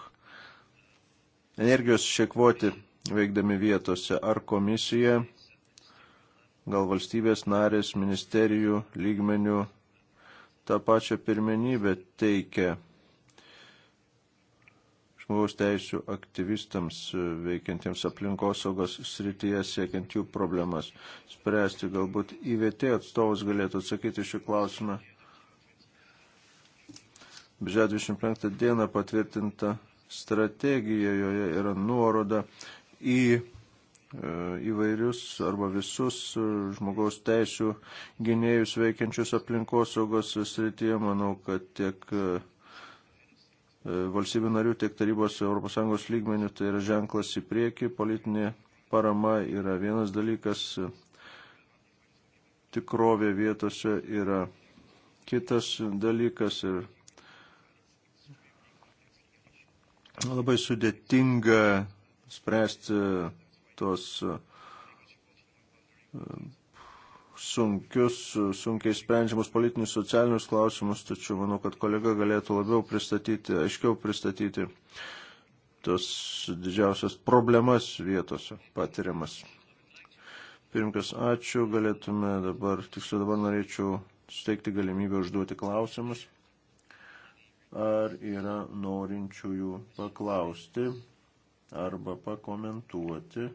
energijos šiekvoti veikdami vietose. Ar komisija, gal valstybės narės, ministerijų lygmenių tą pačią pirmenybę teikia žmogaus teisų aktyvistams e, veikiantiems aplinkosaugos srityje siekiant jų problemas spręsti. Galbūt IVT atstovas galėtų atsakyti šį klausimą. Birželio 25 dieną patvirtinta strategija, joje yra nuoroda į e, įvairius arba visus e, žmogaus teisų gynėjus veikiančius aplinkosaugos srityje. Manau, kad tiek valstybių narių, tiek tarybos ES lygmenių, tai yra ženklas į priekį, politinė parama yra vienas dalykas, tikrovė vietose yra kitas dalykas ir labai sudėtinga spręsti tos sunkius, sunkiai sprendžiamus politinius socialinius klausimus, tačiau manau, kad kolega galėtų labiau pristatyti, aiškiau pristatyti tos didžiausias problemas vietose patiriamas. Pirmkas, ačiū, galėtume dabar, tiksliau dabar norėčiau suteikti galimybę užduoti klausimus. Ar yra norinčiųjų paklausti arba pakomentuoti?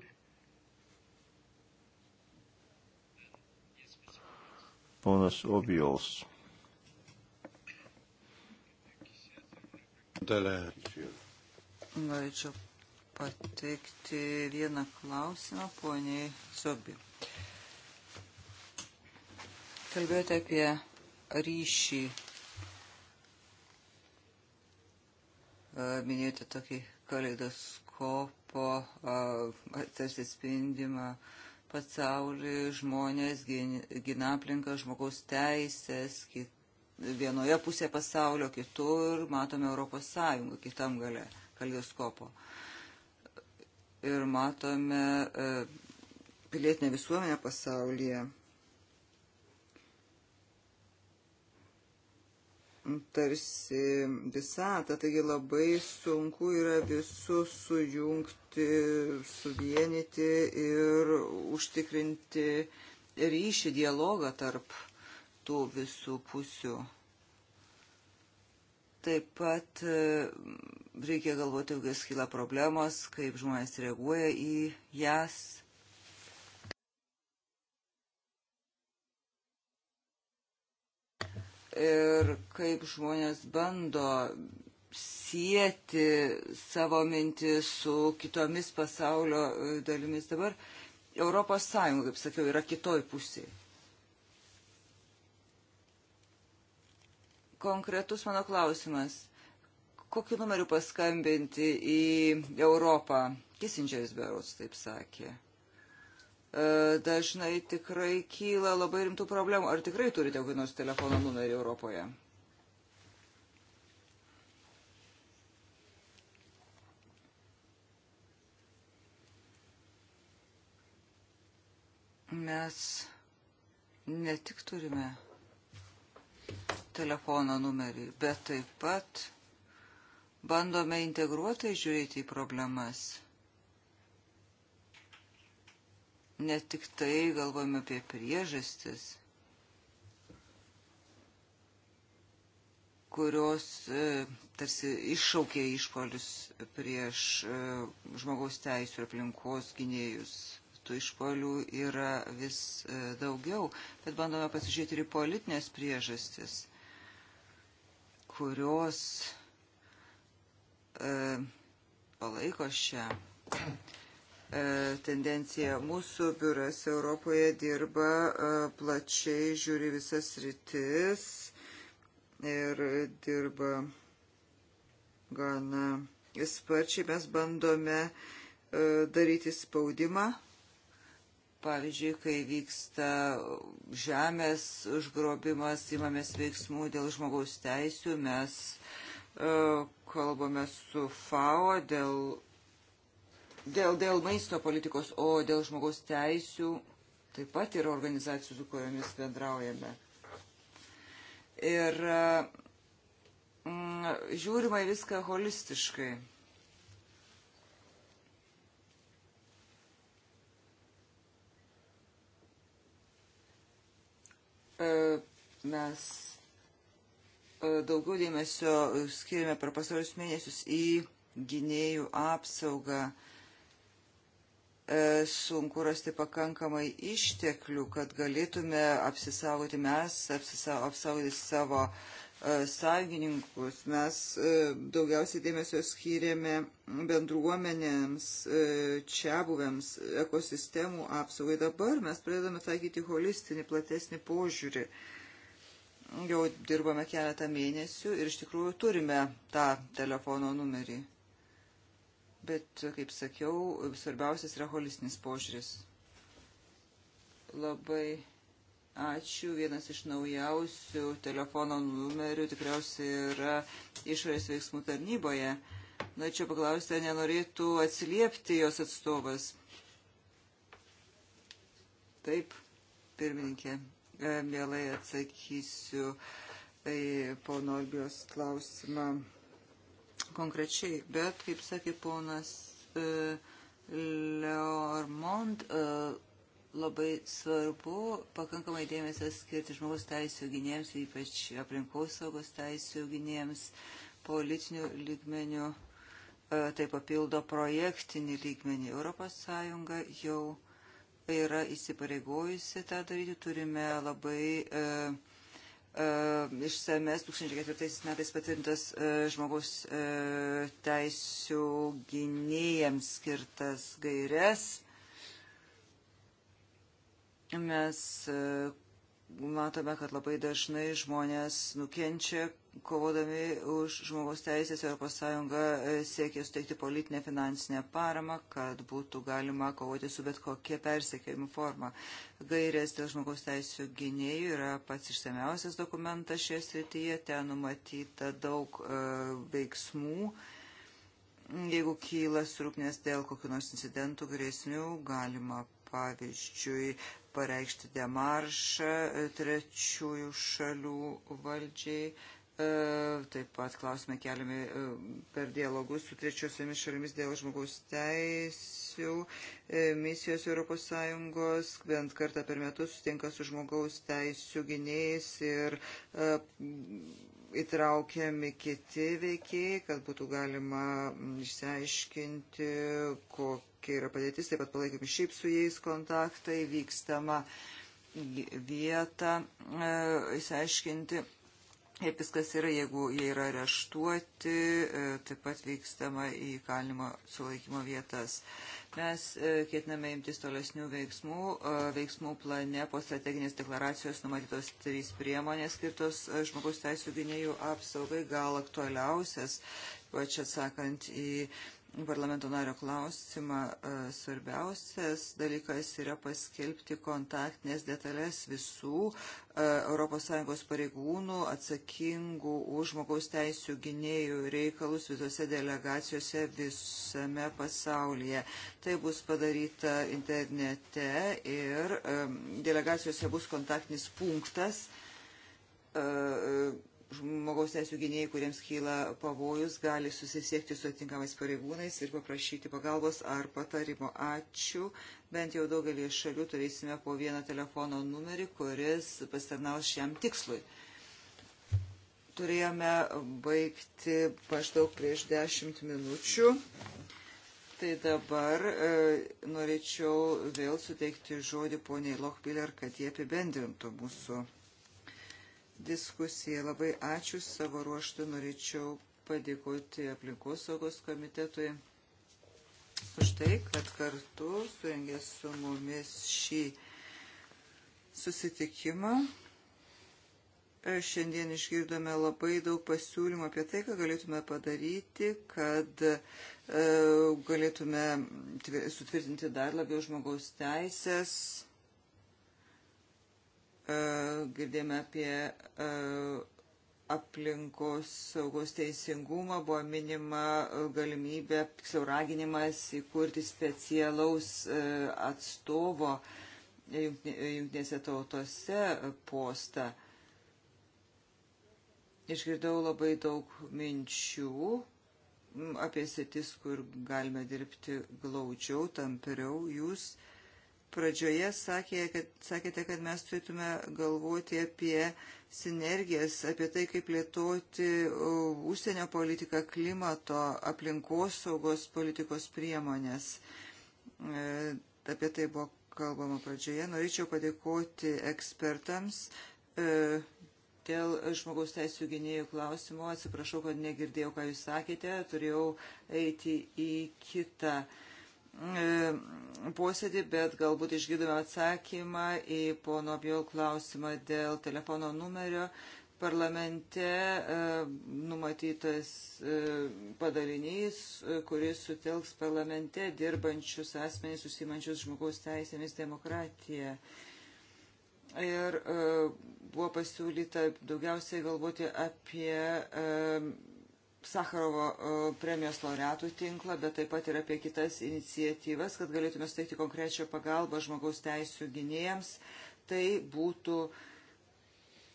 ponas Obijols. Norėčiau pateikti vieną klausimą poniai Zobi. Kalbėjote apie ryšį. Minėjote tokį kaleidoskopą, tarsi spindimą, pasaulį, žmonės gina aplinką, žmogaus teisės, kit, vienoje pusėje pasaulio, kitur matome Europos Sąjungą, kitam gale kalioskopo. Ir matome e, pilietinę visuomenę pasaulyje tarsi visatą, taigi labai sunku yra visus sujungti, suvienyti ir užtikrinti ryšį, dialogą tarp tų visų pusių. Taip pat e, reikia galvoti, kokios kyla problemos, kaip žmonės reaguoja į jas ir kaip žmonės bando sieti savo mintis su kitomis pasaulio e, dalimis. Dabar Europos Sąjunga, kaip sakiau, yra kitoj pusėje. Konkretus mano klausimas. Kokiu numeriu paskambinti į Europą? Kissingeris Beros taip sakė. 1-800-222-1222. E, dažnai tikrai kyla labai rimtų problemų. Ar tikrai turite kokį nors telefono numerį Europoje? Mes ne tik turime telefono numerį, bet taip pat bandome integruotai žiūrėti į problemas. Ne tik tai galvojame apie priežastis, kurios e, tarsi iššaukė išpolius prieš e, žmogaus teisų ir aplinkos gynėjus. Tų išpolių yra vis e, daugiau, bet bandome pasižiūrėti ir į politinės priežastis, kurios e, palaiko šią E, tendencija. Mūsų biuras Europoje dirba e, plačiai, žiūri visas rytis ir dirba gana sparčiai. Mes bandome e, daryti spaudimą. Pavyzdžiui, kai vyksta žemės užgrobimas, imamės veiksmų dėl žmogaus teisių, mes kalbame su FAO dėl dėl, dėl maisto politikos, o dėl žmogaus teisių taip pat yra organizacijų, su kuriomis bendraujame. Ir mm, žiūrima į viską holistiškai. E, mes e, daugiau dėmesio skiriame per pasarus mėnesius į gynėjų apsaugą, E, sunku rasti pakankamai išteklių, kad galėtume apsisaugoti mes, apsisaugoti savo e, sąjungininkus. Mes e, daugiausiai dėmesio skyrėme bendruomenėms, čia buvėms, ekosistemų apsaugai. Dabar mes pradedame taikyti holistinį, platesnį požiūrį. Jau dirbame keletą mėnesių ir iš tikrųjų turime tą telefono numerį bet, kaip sakiau, svarbiausias yra holistinis požiūris. Labai ačiū. Vienas iš naujausių telefono numerių tikriausiai yra išorės veiksmų tarnyboje. Norėčiau paklausti, ar nenorėtų atsiliepti jos atstovas. Taip, pirmininkė, mielai atsakysiu į pono Albijos klausimą konkrečiai, bet, kaip sakė ponas e, Leormond, e, labai svarbu pakankamai dėmesio skirti žmogus teisų gynėjams, ypač aplinkos saugos teisų gynėjams, politinių lygmenių, e, tai papildo projektinį lygmenį. Europos Sąjunga jau yra įsipareigojusi tą daryti, turime labai e, E, išsames 2004 metais patvirtintas e, žmogaus e, teisų gynėjams skirtas gairias. Mes matome, kad labai dažnai žmonės nukenčia, kovodami už žmogaus teisės ES e, siekia suteikti politinę finansinę paramą, kad būtų galima kovoti su bet kokia persiekėjimo forma. Gairės dėl žmogaus teisų gynėjų yra pats išsamiausias dokumentas šioje srityje, ten numatyta daug e, veiksmų. Jeigu kyla surūpnės dėl kokių nors incidentų grėsmių, galima pavyzdžiui pareikšti demaršą e, trečiųjų šalių valdžiai E, taip pat klausimai keliami e, per dialogus su trečiosiomis šalimis dėl žmogaus teisių. E, misijos ES bent kartą per metus sutinka su žmogaus teisų gynėjais ir įtraukiami kiti veikiai, kad būtų galima išsiaiškinti, kokia yra padėtis. Taip pat palaikėme šiaip su jais kontaktai, vykstama vietą, įsiaiškinti Kaip viskas yra, jeigu jie yra areštuoti, e, taip pat vykstama į kalinimo sulaikymo vietas. Mes e, ketiname imtis tolesnių veiksmų. E, veiksmų plane po strateginės deklaracijos numatytos trys priemonės skirtos žmogaus teisų gynėjų apsaugai, gal aktualiausias, pač atsakant į parlamento nario klausimą, e, svarbiausias dalykas yra paskelbti kontaktinės detalės visų e, ES pareigūnų atsakingų už žmogaus teisų gynėjų reikalus visose delegacijose visame pasaulyje. Tai bus padaryta internete ir e, delegacijose bus kontaktinis punktas žmogaus teisų gynėjai, kuriems kyla pavojus, gali susisiekti su atinkamais pareigūnais ir paprašyti pagalbos ar patarimo. Ačiū. Bent jau daugelį šalių turėsime po vieną telefono numerį, kuris pasitarnaus šiam tikslui. Turėjome baigti maždaug prieš 10 minučių. Tai dabar e, norėčiau vėl suteikti žodį poniai Lochbiller, kad jie apibendrintų mūsų diskusiją. Labai ačiū savo ruoštų, norėčiau padėkoti aplinkosaugos komitetui už tai, kad kartu surengė su mumis šį susitikimą. E, šiandien išgirdome labai daug pasiūlymų apie tai, ką galėtume padaryti, kad e, galėtume sutvirtinti dar labiau žmogaus teisės E, girdėjome apie e, aplinkos saugos teisingumą, buvo minima e, galimybė, tiksliau raginimas įkurti specialaus atstovo jungtinėse tautose postą. Išgirdau labai daug minčių apie sėtis, kur galime dirbti glaudžiau, tampiriau. Jūs uh, pradžioje sakė, kad, sakėte, kad mes turėtume galvoti apie sinergijas, apie tai, kaip lietoti užsienio politiką, klimato, aplinkosaugos politikos priemonės. E, apie tai buvo kalbama pradžioje. Norėčiau padėkoti ekspertams. E, dėl žmogaus teisų gynėjų klausimo atsiprašau, kad negirdėjau, ką jūs sakėte, turėjau eiti į kitą uh, E, posėdį, bet galbūt išgirdome atsakymą į pono Bjol klausimą dėl telefono numerio. Parlamente e, numatytas e, padalinys, kuris sutelks parlamente dirbančius asmenys susimančius žmogaus teisėmis demokratiją. Ir buvo pasiūlyta daugiausiai galvoti apie Sakarovo e, premijos laureatų tinklą, bet taip pat ir apie kitas iniciatyvas, kad galėtume steigti konkrečią pagalbą žmogaus teisų gynėjams. Tai būtų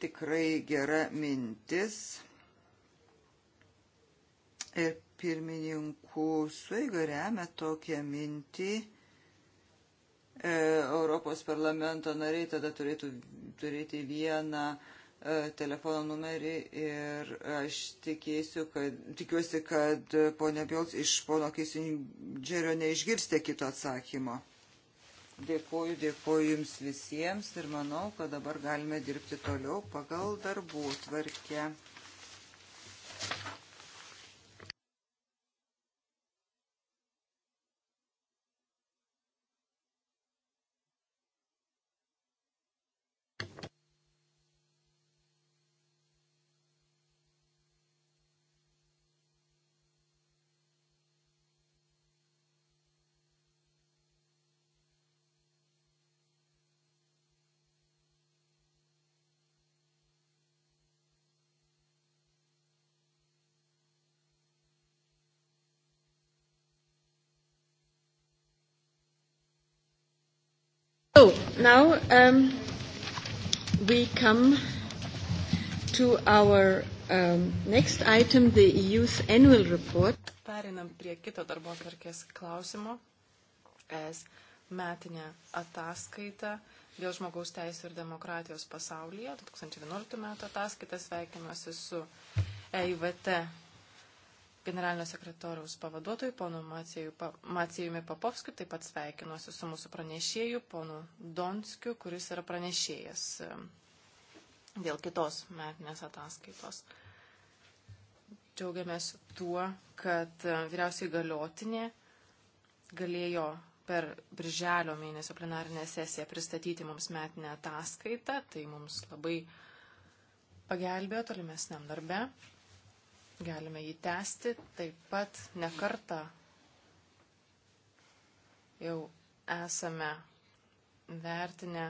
tikrai gera mintis. Ir pirmininkų suiga remia tokią mintį. E, Europos parlamento nariai tada turėtų turėti vieną uh, E, telefono numerį ir aš tikėsiu, kad, tikiuosi, kad e, ponia Biols iš pono Kisindžerio neišgirstė kito atsakymo. Dėkuoju, dėkuoju Jums visiems ir manau, kad dabar galime dirbti toliau pagal darbų tvarkę. now um, we come to our um, next item, the EU's annual report. Perinam prie kito darbo atvarkės klausimo. Es metinė ataskaita dėl žmogaus teisų ir demokratijos pasaulyje. 2011 metų ataskaita sveikinuosi su EIVT generalinio sekretoriaus pavaduotojui, ponu Macijumi Papovskiu, taip pat sveikinuosi su mūsų pranešėju, ponu Donskiu, kuris yra pranešėjas e, dėl kitos metinės ataskaitos. Džiaugiamės tuo, kad e, vyriausiai galiotinė galėjo per Birželio mėnesio plenarinę sesiją pristatyti mums metinę ataskaitą, tai mums labai pagelbėjo tolimesniam darbe. Galime jį tęsti, taip pat nekarta jau esame vertinę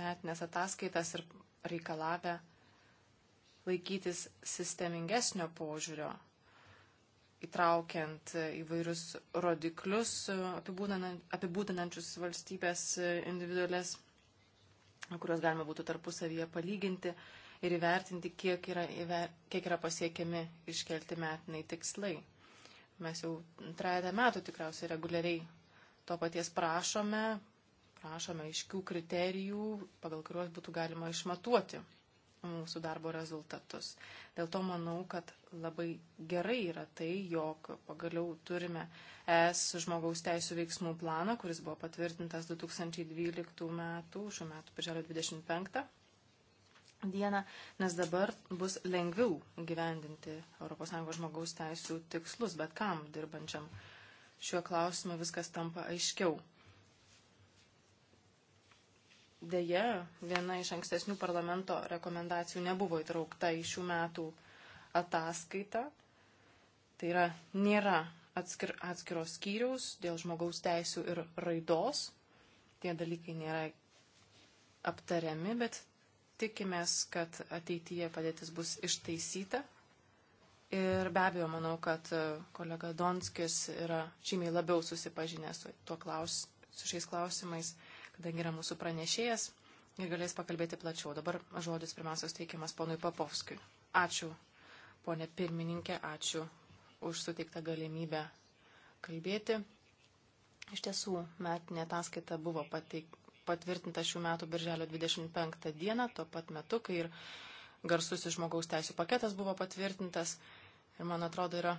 metinės ataskaitas ir reikalavę laikytis sistemingesnio požiūrio, įtraukiant įvairius rodiklius apibūdinančius valstybės individualės, kuriuos galima būtų tarpusavyje palyginti ir įvertinti, kiek yra, įver, kiek yra pasiekiami iškelti metiniai tikslai. Mes jau trejata metų tikriausiai reguliariai to paties prašome, prašome aiškių kriterijų, pagal kuriuos būtų galima išmatuoti mūsų darbo rezultatus. Dėl to manau, kad labai gerai yra tai, jog pagaliau turime ES žmogaus teisų veiksmų planą, kuris buvo patvirtintas 2012 m. šiuo metu, birželio 25 dieną, nes dabar bus lengviau gyvendinti ES žmogaus teisų tikslus, bet kam dirbančiam šiuo klausimu viskas tampa aiškiau. Deja, viena iš ankstesnių parlamento rekomendacijų nebuvo įtraukta į šių metų ataskaitą. Tai yra, nėra atskir, atskiros skyriaus dėl žmogaus teisų ir raidos. Tie dalykai nėra aptariami, bet tikimės, kad ateityje padėtis bus ištaisyta. Ir be abejo, manau, kad e, kolega Donskis yra žymiai labiau susipažinęs su, klaus, su šiais klausimais, kadangi yra mūsų pranešėjas ir galės pakalbėti plačiau. Dabar žodis pirmiausia suteikiamas ponui Papovskiui. Ačiū, ponė pirmininkė, ačiū už suteiktą galimybę kalbėti. Iš tiesų, metinė ataskaita buvo pateikta patvirtinta šių metų birželio 25 dieną, tuo pat metu, kai ir garsusis žmogaus teisų paketas buvo patvirtintas. Ir man atrodo yra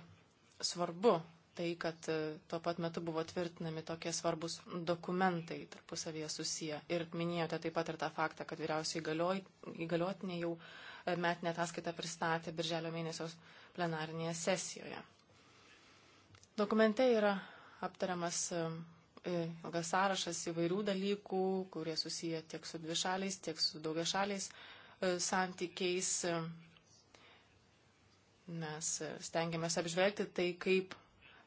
svarbu tai, kad e, tuo pat metu buvo tvirtinami tokie svarbus dokumentai tarpusavėje susiję. Ir minėjote taip pat ir tą faktą, kad vyriausiai įgaliotinė jau e, metinę ataskaitą pristatė birželio mėnesios plenarinėje sesijoje. Dokumente yra aptariamas e, ilgas mm, sąrašas įvairių dalykų, kurie susiję tiek su dvišaliais, tiek su daugiašaliais e, santykiais. E, mes e, stengiamės apžvelgti tai, kaip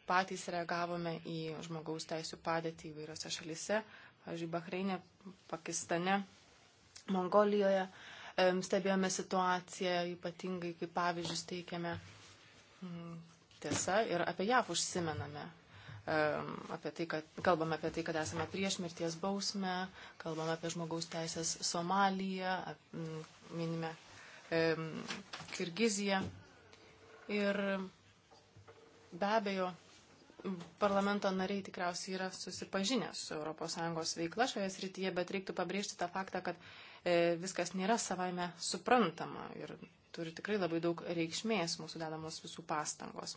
patys reagavome į žmogaus teisų padėtį įvairiose šalise, pavyzdžiui, Bahreinė, Pakistane, Mongolijoje. Stebėjome situaciją, ypatingai kaip pavyzdžius teikiame mm, tiesa ir apie JAV užsimename apie tai, kad, kalbame apie tai, kad esame prieš mirties bausmę, kalbame apie žmogaus teisės Somaliją, minime Kirgiziją. Ir be abejo, parlamento nariai tikriausiai yra susipažinę su ES veikla šioje srityje, bet reiktų pabrėžti tą faktą, kad e, viskas nėra savaime suprantama ir turi tikrai labai daug reikšmės mūsų dedamos visų pastangos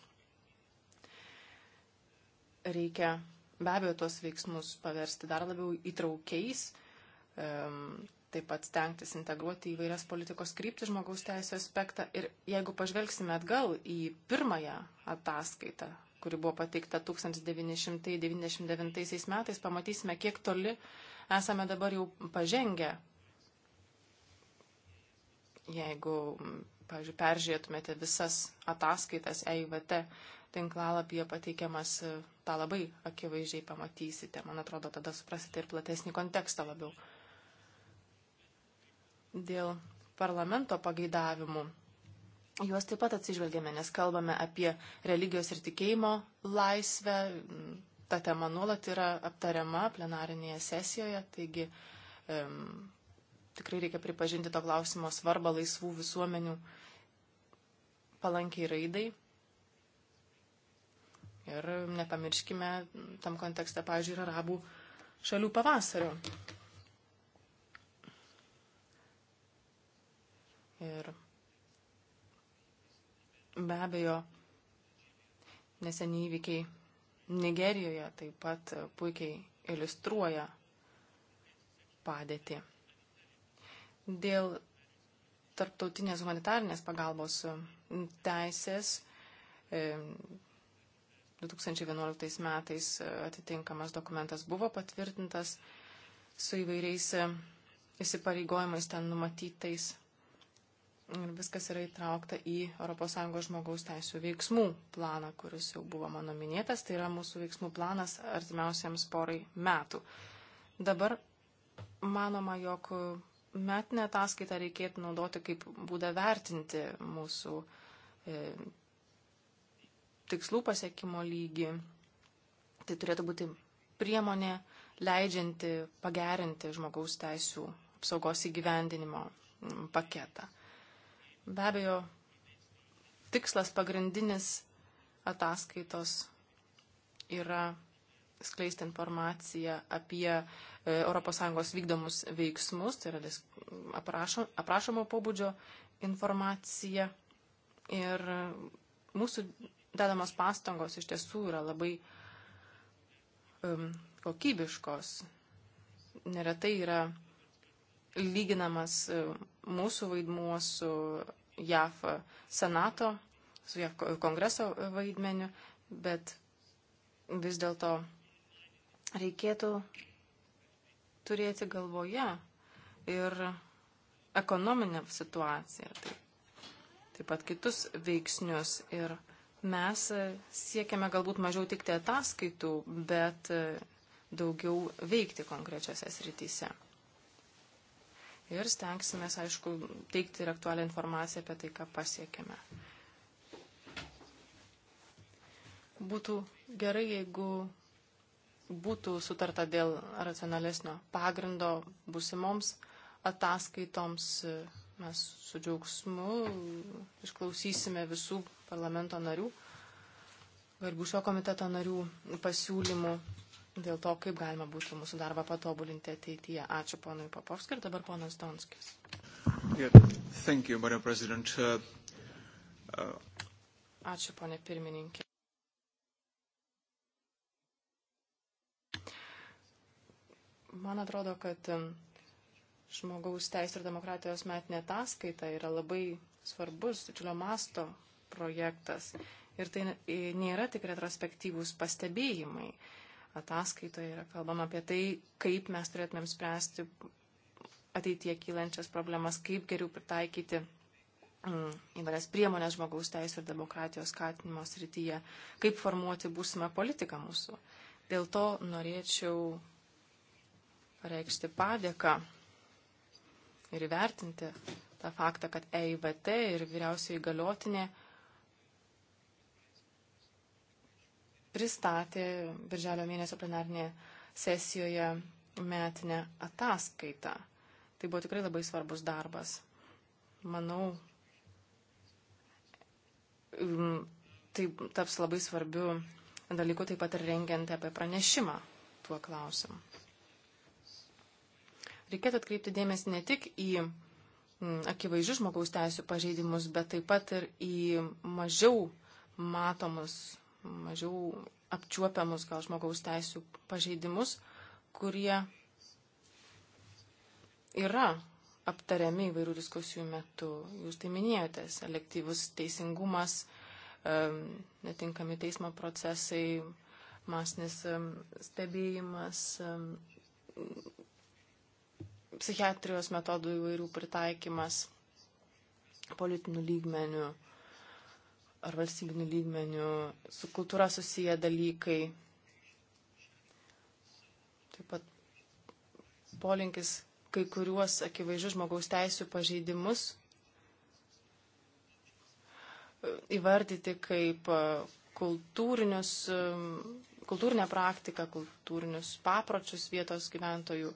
reikia be abejo tuos veiksmus paversti dar labiau įtraukiais, taip pat stengtis integruoti įvairias politikos kryptį žmogaus teisų aspektą. Ir jeigu pažvelgsime atgal į pirmąją ataskaitą, kuri buvo pateikta 1999 metais, pamatysime, kiek toli esame dabar jau pažengę. Jeigu, pavyzdžiui, peržiūrėtumėte visas ataskaitas EIVT tinklalapyje pateikiamas, e, tą labai akivaizdžiai pamatysite. Man atrodo, tada suprasite ir platesnį kontekstą labiau. Dėl parlamento pageidavimų. Juos taip pat atsižvelgėme, nes kalbame apie religijos ir tikėjimo laisvę. Ta tema nuolat yra aptariama plenarinėje sesijoje, taigi um, tikrai reikia pripažinti to klausimo svarbą laisvų visuomenių palankiai raidai Ir nepamirškime tam kontekste, pavyzdžiui, ir arabų šalių pavasario. Ir be abejo, neseniai įvykiai Nigerijoje taip pat puikiai iliustruoja padėtį. Dėl tarptautinės humanitarnės pagalbos teisės 2011 metais e, atitinkamas dokumentas buvo patvirtintas su įvairiais e, įsipareigojimais ten numatytais. Ir viskas yra įtraukta į ES žmogaus teisų veiksmų planą, kuris jau buvo mano minėtas. Tai yra mūsų veiksmų planas artimiausiams porai metų. Dabar manoma, jog metinę ataskaitą reikėtų naudoti kaip būdą vertinti mūsų e, tikslų pasiekimo lygį. Tai turėtų būti priemonė leidžianti pagerinti žmogaus teisų apsaugos įgyvendinimo paketą. Be abejo, tikslas pagrindinis ataskaitos yra skleisti informaciją apie e, ES vykdomus veiksmus, tai yra aprašo, aprašomo pobūdžio informacija. Ir mūsų dedamos pastangos iš tiesų yra labai um, kokybiškos. Neretai yra lyginamas um, mūsų vaidmuo su JAF senato, su JAF kongreso vaidmeniu, bet vis dėlto reikėtų turėti galvoje ir ekonominę situaciją, taip, taip pat kitus veiksnius ir mes e, siekiame galbūt mažiau tikti ataskaitų, bet e, daugiau veikti konkrečiose srityse. Ir stengsime, aišku, teikti ir aktualią informaciją apie tai, ką pasiekėme. Būtų gerai, jeigu būtų sutarta dėl racionalesnio pagrindo busimoms ataskaitoms Mes su džiaugsmu išklausysime visų parlamento narių, garbių šio komiteto narių pasiūlymų dėl to, kaip galima būtų mūsų darbą patobulinti ateityje. Ačiū ponui Papovskiu ir dabar ponas Donskis. Yeah. You, uh, uh... Ačiū, ponė pirmininkė. Man atrodo, kad um, žmogaus teisų ir demokratijos metinė ataskaita yra labai svarbus, didžiulio masto projektas. Ir tai nėra tik retrospektyvūs pastebėjimai. Ataskaitoje yra kalbama apie tai, kaip mes turėtumėm spręsti ateitie kylančias problemas, kaip geriau pritaikyti mm, įvairias priemonės žmogaus teisų ir demokratijos skatinimo srityje, kaip formuoti būsimą politiką mūsų. Dėl to norėčiau reikšti padėką ir įvertinti tą faktą, kad EIVT ir vyriausioji galiotinė pristatė birželio mėnesio plenarnėje sesijoje metinę ataskaitą. Tai buvo tikrai labai svarbus darbas. Manau, tai taps labai svarbiu dalyku taip pat ir rengiant apie pranešimą tuo klausimu reikėtų atkreipti dėmesį ne tik į mm, akivaizdžius žmogaus teisų pažeidimus, bet taip pat ir į mažiau matomus, mažiau apčiuopiamus gal žmogaus teisų pažeidimus, kurie yra aptariami įvairių diskusijų metu. Jūs tai minėjote, selektyvus teisingumas, netinkami teismo procesai, masinis stebėjimas, psichiatrijos metodų įvairių pritaikymas politinių lygmenių ar valstybinių lygmenių, su kultūra susiję dalykai. Taip pat polinkis kai kuriuos akivaizdžius žmogaus teisų pažeidimus įvardyti kaip e, kultūrinę praktiką, kultūrinius papročius vietos gyventojų.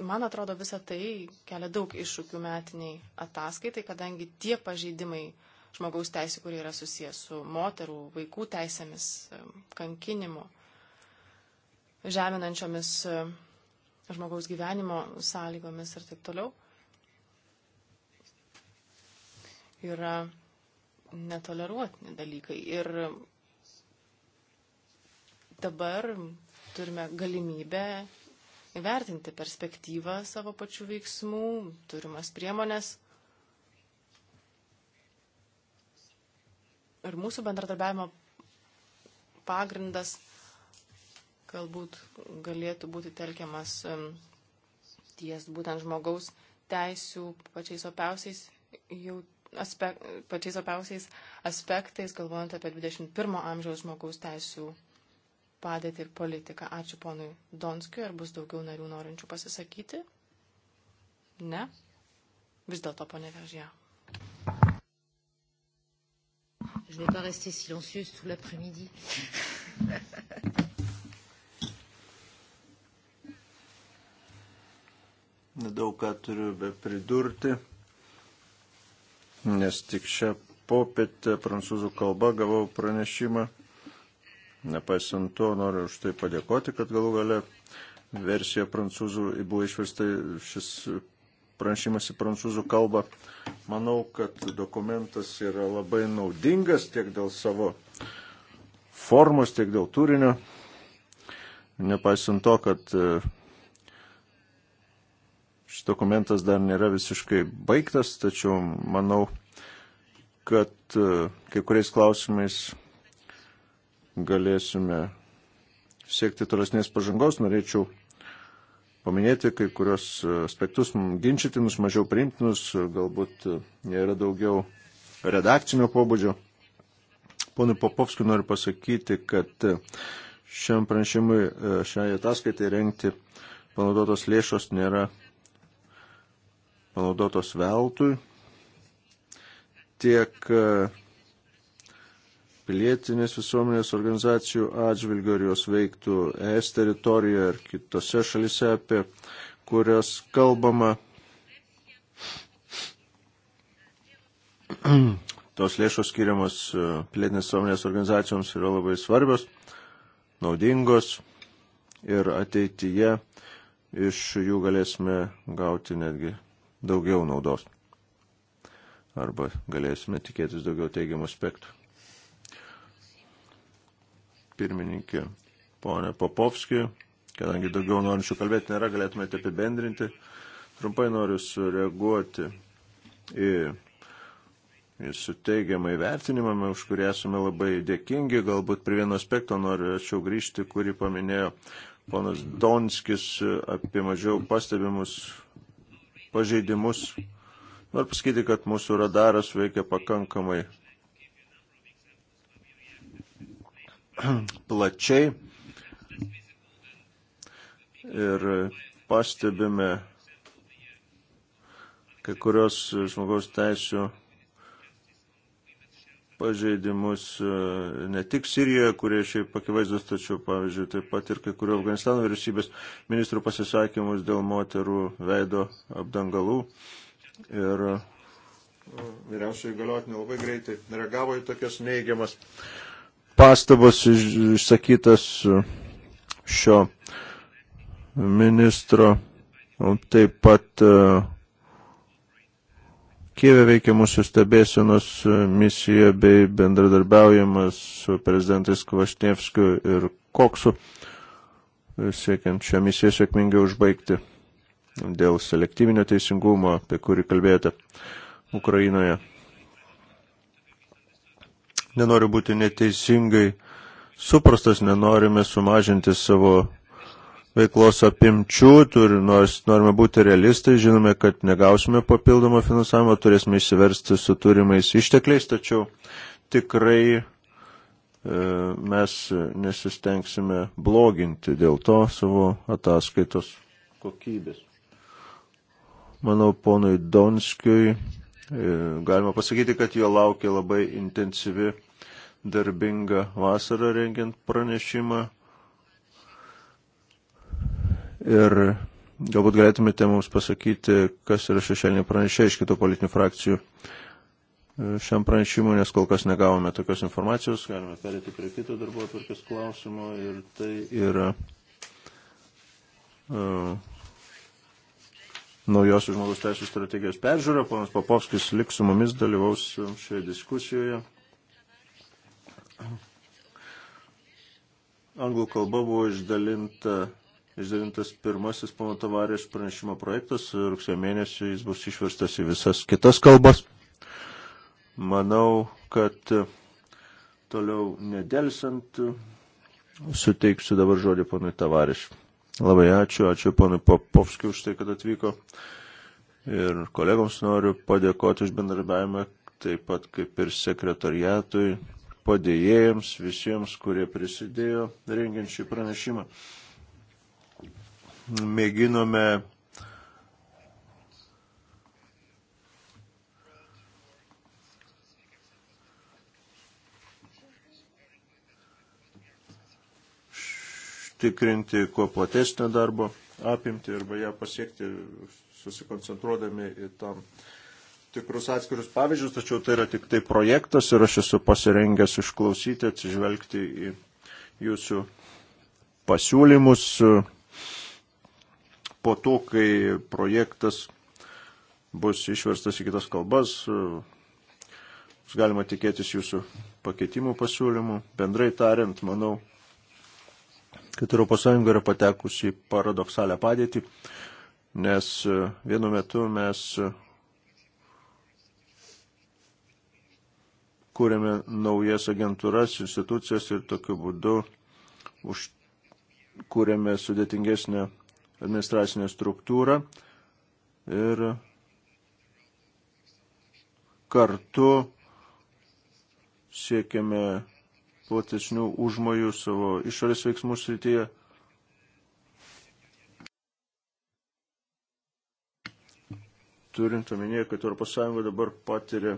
Man atrodo, visa tai kelia daug iššūkių metiniai ataskaitai, kadangi tie pažeidimai žmogaus teisų, kurie yra susijęs su moterų, vaikų teisėmis, kankinimu, žeminančiomis žmogaus gyvenimo sąlygomis ir taip toliau, yra netoleruotini dalykai. Ir dabar turime galimybę įvertinti perspektyvą savo pačių veiksmų, turimas priemonės. Ir mūsų bendradarbiavimo pagrindas galbūt galėtų būti telkiamas ties būtent žmogaus teisų pačiais opiausiais, jau, aspek, pačiais opiausiais aspektais, galvojant apie 21 amžiaus žmogaus teisų padėtį ir politiką. Ačiū ponui Donskiu. Ar bus daugiau narių norinčių pasisakyti? Ne? Vis dėlto, ponė Veržė. Je vais pas rester silencieuse tout l'après-midi. Nedaug ką turiu be pridurti, nes tik šią popietę prancūzų kalba gavau pranešimą Nepaisant to, noriu už tai padėkoti, kad galų gale versija prancūzų buvo išversta šis pranešimas į prancūzų kalbą. Manau, kad dokumentas yra labai naudingas tiek dėl savo formos, tiek dėl turinio. Nepaisant to, kad e, šis dokumentas dar nėra visiškai baigtas, tačiau manau, kad e, kai kuriais klausimais galėsime siekti tolesnės pažangos. Norėčiau paminėti kai kurios aspektus ginčytinus, mažiau priimtinus, galbūt jie yra daugiau redakcinio pobūdžio. Ponui Popovskiu noriu pasakyti, kad šiam pranešimui, šiai ataskaitai renkti panaudotos lėšos nėra panaudotos veltui. Tiek pilietinės visuomenės organizacijų atžvilgių, ar jos veiktų ES teritorijoje ar kitose šalise, apie kurias kalbama. Tos lėšos skiriamos e, pilietinės visuomenės organizacijoms yra labai svarbios, naudingos ir ateityje iš jų galėsime gauti netgi daugiau naudos arba galėsime tikėtis daugiau teigiamų aspektų pirmininkė, ponė Popovski, kadangi daugiau norinčių kalbėti nėra, galėtumėte apibendrinti. Trumpai noriu sureaguoti į jūsų teigiamą įvertinimą, už kurį esame labai dėkingi. Galbūt prie vieno aspekto noriu ačiū grįžti, kurį paminėjo ponas Donskis apie mažiau pastebimus pažeidimus. Noriu pasakyti, kad mūsų radaras veikia pakankamai plačiai ir pastebime kai kurios žmogaus teisų pažeidimus e, ne tik Sirijoje, kurie šiaip akivaizdus, tačiau, pavyzdžiui, taip pat ir kai kurių Afganistano vyriausybės ministrų pasisakymus dėl moterų veido apdangalų. Ir e, vyriausiai galiotinė labai greitai reagavo į tokias neigiamas pastabos išsakytas e, šio ministro, taip pat e, Kievė veikia mūsų stebėsenos e, misija bei bendradarbiaujamas su prezidentais Kvašnievskiu ir Koksu, siekiant šią misiją sėkmingai užbaigti dėl selektyvinio teisingumo, apie kurį kalbėjote Ukrainoje nenoriu būti neteisingai suprastas, nenorime sumažinti savo veiklos apimčių, turi, nors norime būti realistai, žinome, kad negausime papildomą finansavimą, turėsime išsiversti su turimais ištekliais, tačiau tikrai e, mes nesistengsime bloginti dėl to savo ataskaitos kokybės. Manau, ponui Donskiui E, galima pasakyti, kad jo laukia labai intensyvi darbinga vasara rengiant pranešimą. Ir galbūt galėtumėte mums pasakyti, kas yra šešėlinė pranešė iš kitų politinių frakcijų e, šiam pranešimui, nes kol kas negavome tokios informacijos. Galime perėti prie kito darbo atvarkės klausimo ir tai yra. Uh, naujosios žmogaus teisų strategijos peržiūrą. Ponas Popovskis liks su mumis, dalyvaus šioje diskusijoje. Anglų kalba buvo išdalinta, išdalintas pirmasis pono tavarės pranešimo projektas ir rugsėjo mėnesį jis bus išverstas į visas kitas kalbas. Manau, kad toliau nedelsant suteiksiu dabar žodį ponui tavarėšui. Labai ačiū, ačiū ponui Popovskiu už tai, kad atvyko. Ir kolegoms noriu padėkoti už bendradarbiavimą, taip pat kaip ir sekretariatui, padėjėjams, visiems, kurie prisidėjo rengiant šį pranešimą. Mėginome užtikrinti kuo platesnę darbo apimti arba ją pasiekti susikoncentruodami į tam tikrus atskirius pavyzdžius, tačiau tai yra tik tai projektas ir aš esu pasirengęs išklausyti, atsižvelgti į jūsų pasiūlymus po to, kai projektas bus išverstas į kitas kalbas, galima tikėtis jūsų pakeitimų pasiūlymų. Bendrai tariant, manau, kad ES yra patekusi į paradoksalę padėtį, nes e, vienu metu mes e, kūrėme naujas agentūras, institucijas ir tokiu būdu už, kūrėme sudėtingesnę administracinę struktūrą ir kartu siekiame platesnių užmojų savo išorės veiksmų srityje. Turint omenyje, kad ES dabar patiria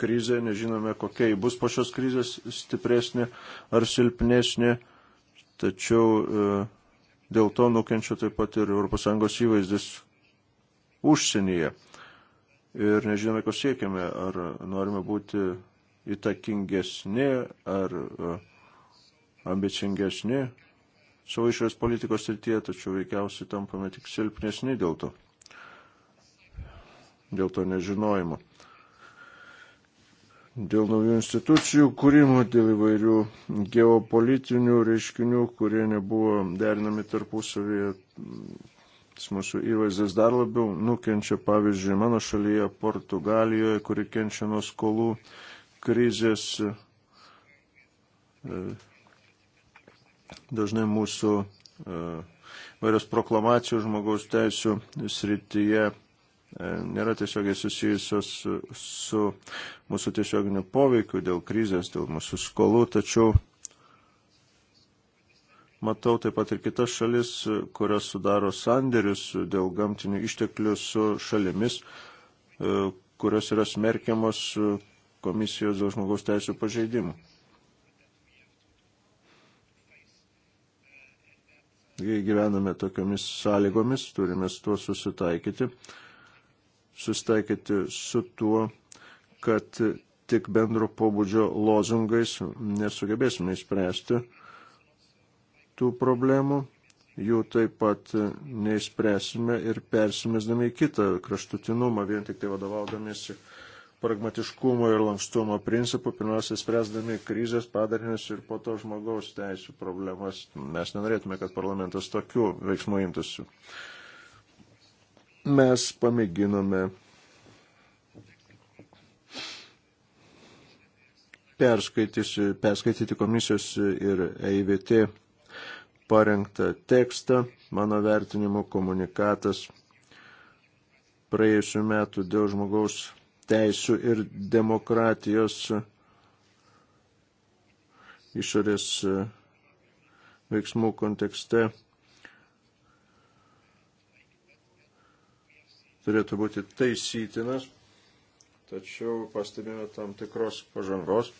krizę, nežinome kokia bus po šios krizės stipresnė ar silpnesnė, tačiau e, dėl to nukenčia taip pat ir ES įvaizdis užsienyje. Ir nežinome, ko siekiame, ar norime būti įtakingesni ar e, ambicingesni savo išorės politikos srityje, tačiau veikiausiai tampame tik silpnesni dėl to, dėl to nežinojimo, dėl naujų institucijų kūrimo, dėl įvairių geopolitinių reiškinių, kurie nebuvo derinami tarpusavėje. Mūsų įvaizdis dar labiau nukenčia, pavyzdžiui, mano šalyje, Portugalijoje, kuri kenčia nuo skolų krizės e, dažnai mūsų e, vairios proklamacijos žmogaus teisų srityje e, nėra tiesiogiai susijusios su mūsų tiesioginiu poveikiu dėl krizės, dėl mūsų skolų, tačiau matau taip pat ir kitas šalis, kurios sudaro sandėrius dėl gamtinių išteklių su šalimis, kurios yra smerkiamos komisijos dėl žmogaus teisų pažeidimų. Jei gyvename tokiamis sąlygomis, turime su tuo susitaikyti, susitaikyti su tuo, kad tik bendro pobūdžio lozungais nesugebėsime įspręsti tų problemų, jų taip pat neįspręsime ir persimesdami į kitą kraštutinumą, vien tik tai vadovaudamiesi uh, pragmatiškumo ir lankstumo principų, pirmiausia, spręsdami krizės padarinius ir po to žmogaus teisų problemas. Mes nenorėtume, kad parlamentas tokių veiksmų imtųsi. Mes pamėginome perskaityti komisijos ir EIVT parengtą tekstą. Mano vertinimo komunikatas praėjusiu metu dėl žmogaus teisų ir demokratijos išorės veiksmų kontekste turėtų būti taisytinas, tačiau pastebėjome tam tikros pažangos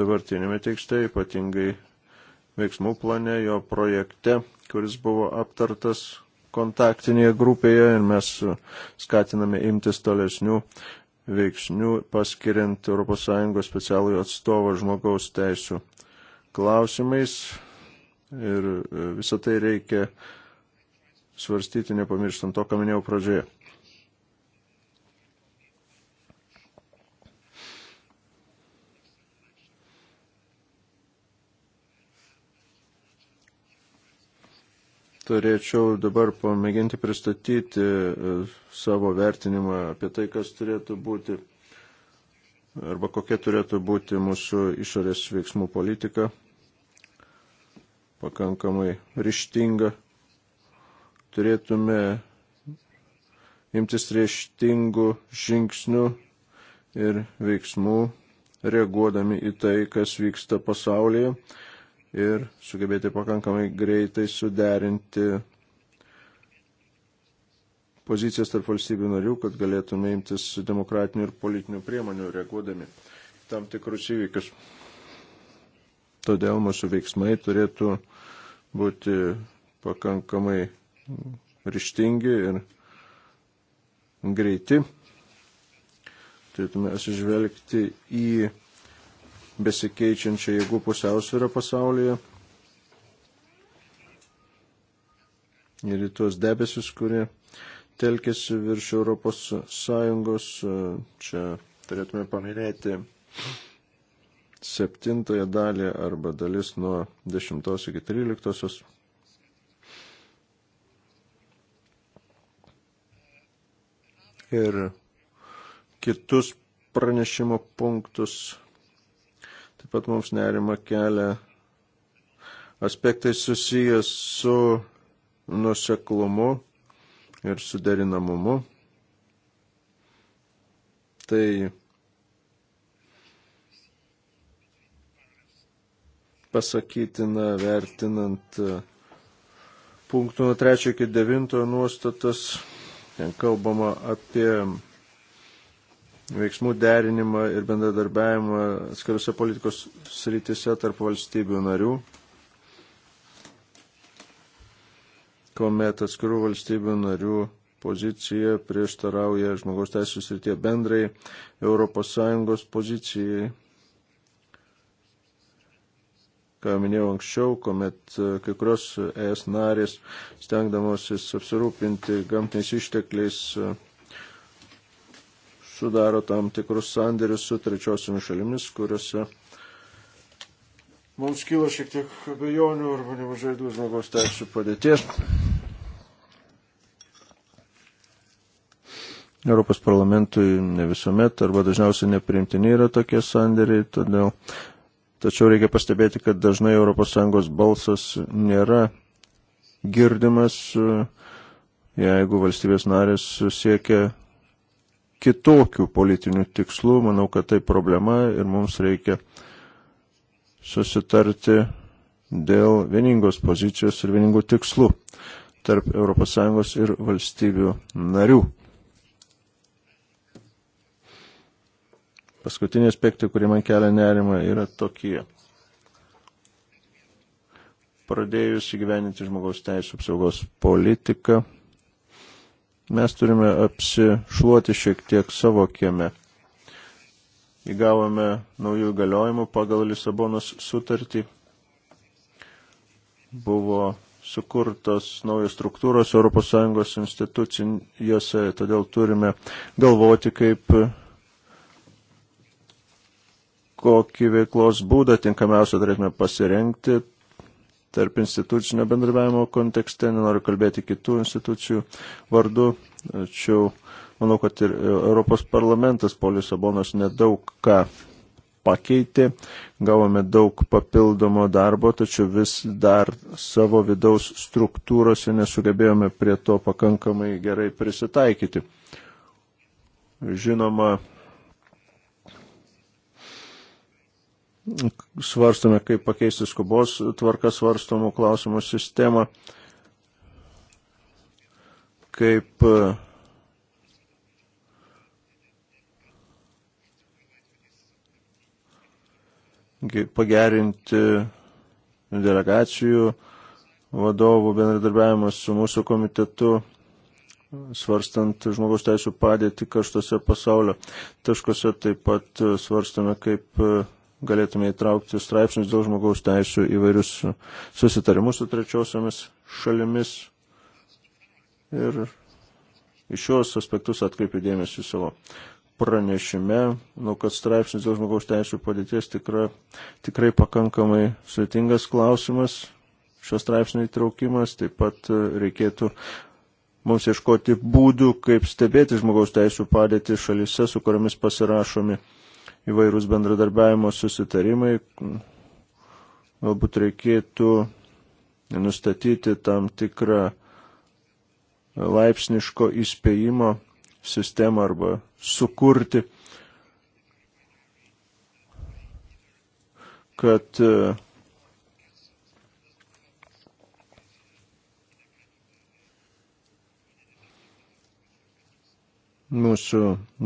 dabartinėme tekste, ypatingai veiksmų plane, jo projekte, kuris buvo aptartas kontaktinėje grupėje ir mes skatiname imtis tolesnių veiksnių, paskiriant ES specialų atstovą žmogaus teisų klausimais. Ir e, visą tai reikia svarstyti, nepamirštant to, ką minėjau pradžioje. turėčiau dabar pamėginti pristatyti e, savo vertinimą apie tai, kas turėtų būti arba kokia turėtų būti mūsų išorės veiksmų politika. Pakankamai ryštinga. Turėtume imtis ryštingų žingsnių ir veiksmų, reaguodami į tai, kas vyksta pasaulyje ir sugebėti pakankamai greitai suderinti pozicijas tarp valstybių narių, kad galėtume imtis demokratinių ir politinių priemonių reaguodami tam tikrus įvykius. Todėl mūsų veiksmai turėtų būti pakankamai ryštingi ir greiti. Turėtume atsižvelgti į besikeičiančią jėgų pusiausvyrą pasaulyje. Ir į tuos debesis, kurie telkėsi virš Europos Sąjungos, čia turėtume paminėti septintąją dalį arba dalis nuo 10 iki 13. Ir kitus pranešimo punktus Taip pat mums nerima kelia aspektai susijęs su nuseklumu ir suderinamumu. Tai pasakytina vertinant punktų nuo 3 iki 9 nuostatas. Ten kalbama apie veiksmų derinimą ir bendradarbiavimą atskirose politikos srityse tarp valstybių narių, kuomet atskirų valstybių narių pozicija prieštarauja žmogaus teisų srityje bendrai ES pozicijai. Ką minėjau anksčiau, kuomet e, kai kurios ES narės stengdamosis apsirūpinti gamtiniais ištekliais e, sudaro tam tikrus sandėrius su trečiosiomis šalimis, kuriuose mums kyla šiek tiek abejonių arba nemažai dėl žmogaus teisų padėties. Europos parlamentui ne visuomet arba dažniausiai neprimtini yra tokie sandėriai, todėl. Tačiau reikia pastebėti, kad dažnai ES balsas nėra girdimas, jeigu valstybės narės siekia kitokių politinių tikslų. Manau, kad tai problema ir mums reikia susitarti dėl vieningos pozicijos ir vieningų tikslų tarp ES ir valstybių narių. Paskutiniai aspektai, kurie man kelia nerimą, yra tokie. Pradėjus įgyveninti žmogaus teisų apsaugos politiką, Mes turime apsišluoti šiek tiek savo kieme. Įgavome naujų galiojimų pagal Lisabonos sutartį. Buvo sukurtos naujos struktūros ES institucijose, todėl turime galvoti, kaip kokį veiklos būdą tinkamiausia turėtume pasirengti tarp institucinio bendradarbiavimo kontekste, nenoriu kalbėti kitų institucijų vardu, tačiau manau, kad ir Europos parlamentas po Lisabonos nedaug ką pakeitė, gavome daug papildomo darbo, tačiau vis dar savo vidaus struktūrose nesugebėjome prie to pakankamai gerai prisitaikyti. Žinoma, svarstame, kaip pakeisti skubos tvarką svarstomų klausimų sistemą, kaip pagerinti delegacijų vadovų bendradarbiavimas su mūsų komitetu, svarstant žmogaus teisų padėti karštose pasaulio taškose, taip pat e, svarstame, kaip e, galėtume įtraukti straipsnius dėl žmogaus teisų įvairius susitarimus su trečiosiomis šalimis. Ir iš šios aspektus atkreipiu dėmesį savo pranešime, nu, kad straipsnis dėl žmogaus teisų padėties tikra, tikrai pakankamai sveitingas klausimas, šios straipsnio įtraukimas, taip pat reikėtų mums ieškoti būdų, kaip stebėti žmogaus teisų padėtį šalise, su kuriamis pasirašomi įvairūs bendradarbiavimo susitarimai. Galbūt reikėtų nustatyti tam tikrą laipsniško įspėjimo sistemą arba sukurti, kad mūsų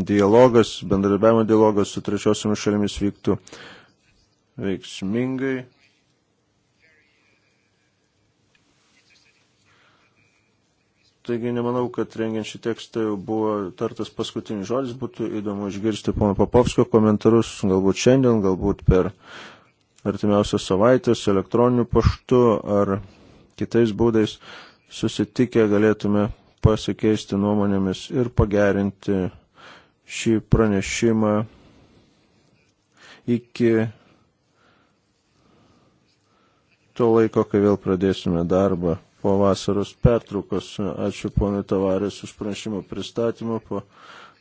dialogas, bendradarbiavimo dialogas su trečiosiomis šalimis vyktų veiksmingai. Taigi nemanau, kad rengiant šį tekstą jau buvo tartas paskutinis žodis, būtų įdomu išgirsti pono Papovskio komentarus, galbūt šiandien, galbūt per artimiausias savaitės elektroniniu paštu ar kitais būdais susitikę galėtume pasikeisti nuomonėmis ir pagerinti šį pranešimą iki to laiko, kai vėl pradėsime darbą po vasaros pertraukos. Ačiū ponui Tavarės už pranešimo pristatymą. Po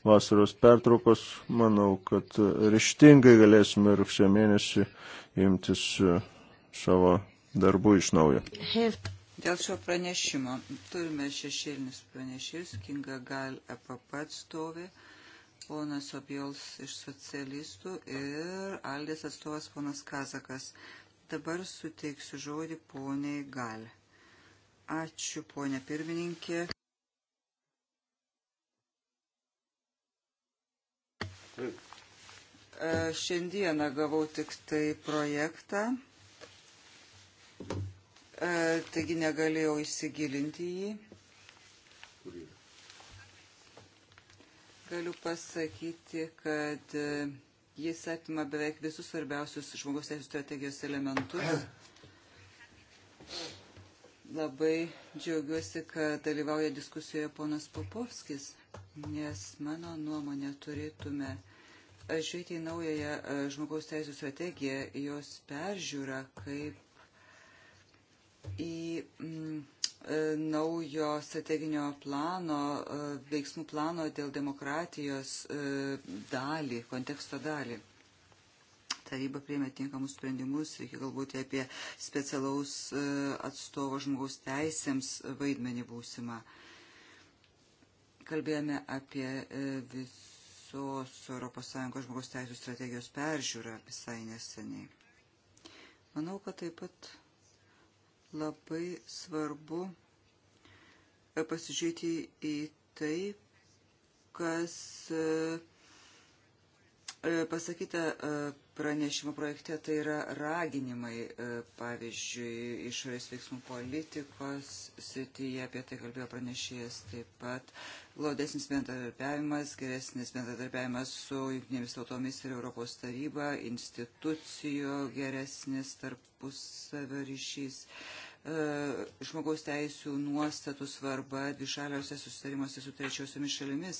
vasaros pertraukos manau, kad ryštingai galėsime rugsėjo mėnesį imtis savo darbų iš naujo. Dėl šio pranešimo turime šešėlinius pranešėjus, Kinga Gal EPP atstovė, ponas Obiols iš socialistų ir Aldės atstovas ponas Kazakas. Dabar suteiksiu žodį poniai Gal. Ačiū, ponė pirmininkė. E, šiandieną gavau tik tai projektą E, taigi negalėjau įsigilinti jį. Galiu pasakyti, kad e, jis apima beveik visus svarbiausius žmogaus teisų strategijos elementus. Labai džiaugiuosi, kad dalyvauja diskusijoje ponas Popovskis, nes mano nuomonė turėtume žiūrėti į naująją e, žmogaus teisų strategiją, jos peržiūrą kaip į mm, e, naujo strateginio plano, e, veiksmų plano dėl demokratijos e, dalį, konteksto dalį. Taryba priėmė tinkamus sprendimus, reikia galvoti apie specialaus atstovo žmogaus teisėms vaidmenį būsimą. Kalbėjome apie visos ES žmogaus teisų strategijos peržiūrą visai neseniai. Manau, kad taip pat labai svarbu e, pasižiūrėti į tai, kas uh, E, pasakyta e, pranešimo projekte tai yra raginimai, e, pavyzdžiui, išorės veiksmų politikos srityje, apie tai kalbėjo pranešėjas taip pat, glaudesnis bendradarbiavimas, geresnis bendradarbiavimas su jungtinėmis tautomis ir Europos taryba, institucijų geresnis tarpusavio ryšys. E, E, žmogaus teisų nuostatų svarba dvišaliuose susitarimuose su trečiosiomis šalimis.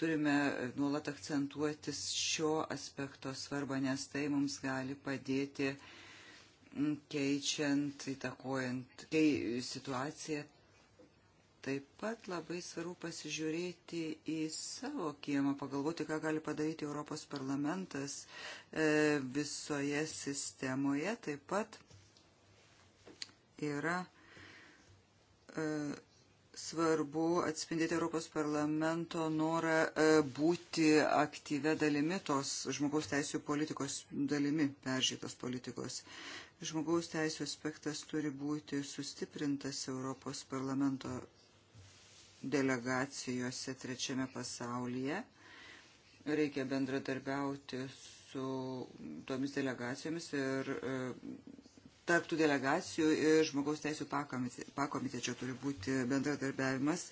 Turime nuolat akcentuoti šio aspekto svarbą, nes tai mums gali padėti keičiant, įtakojant kei, situaciją. Taip pat labai svarbu pasižiūrėti į savo kiemą, pagalvoti, ką gali padaryti Europos parlamentas e, visoje sistemoje. Taip pat Tai yra e, svarbu atspindėti Europos parlamento norą e, būti aktyvę dalimi tos žmogaus teisų politikos dalimi, peržiūrėtos politikos. Žmogaus teisų aspektas turi būti sustiprintas Europos parlamento delegacijose trečiame pasaulyje. Reikia bendradarbiauti su tomis delegacijomis ir e, tarptų delegacijų ir žmogaus teisų pakomitečio turi būti bendradarbiavimas.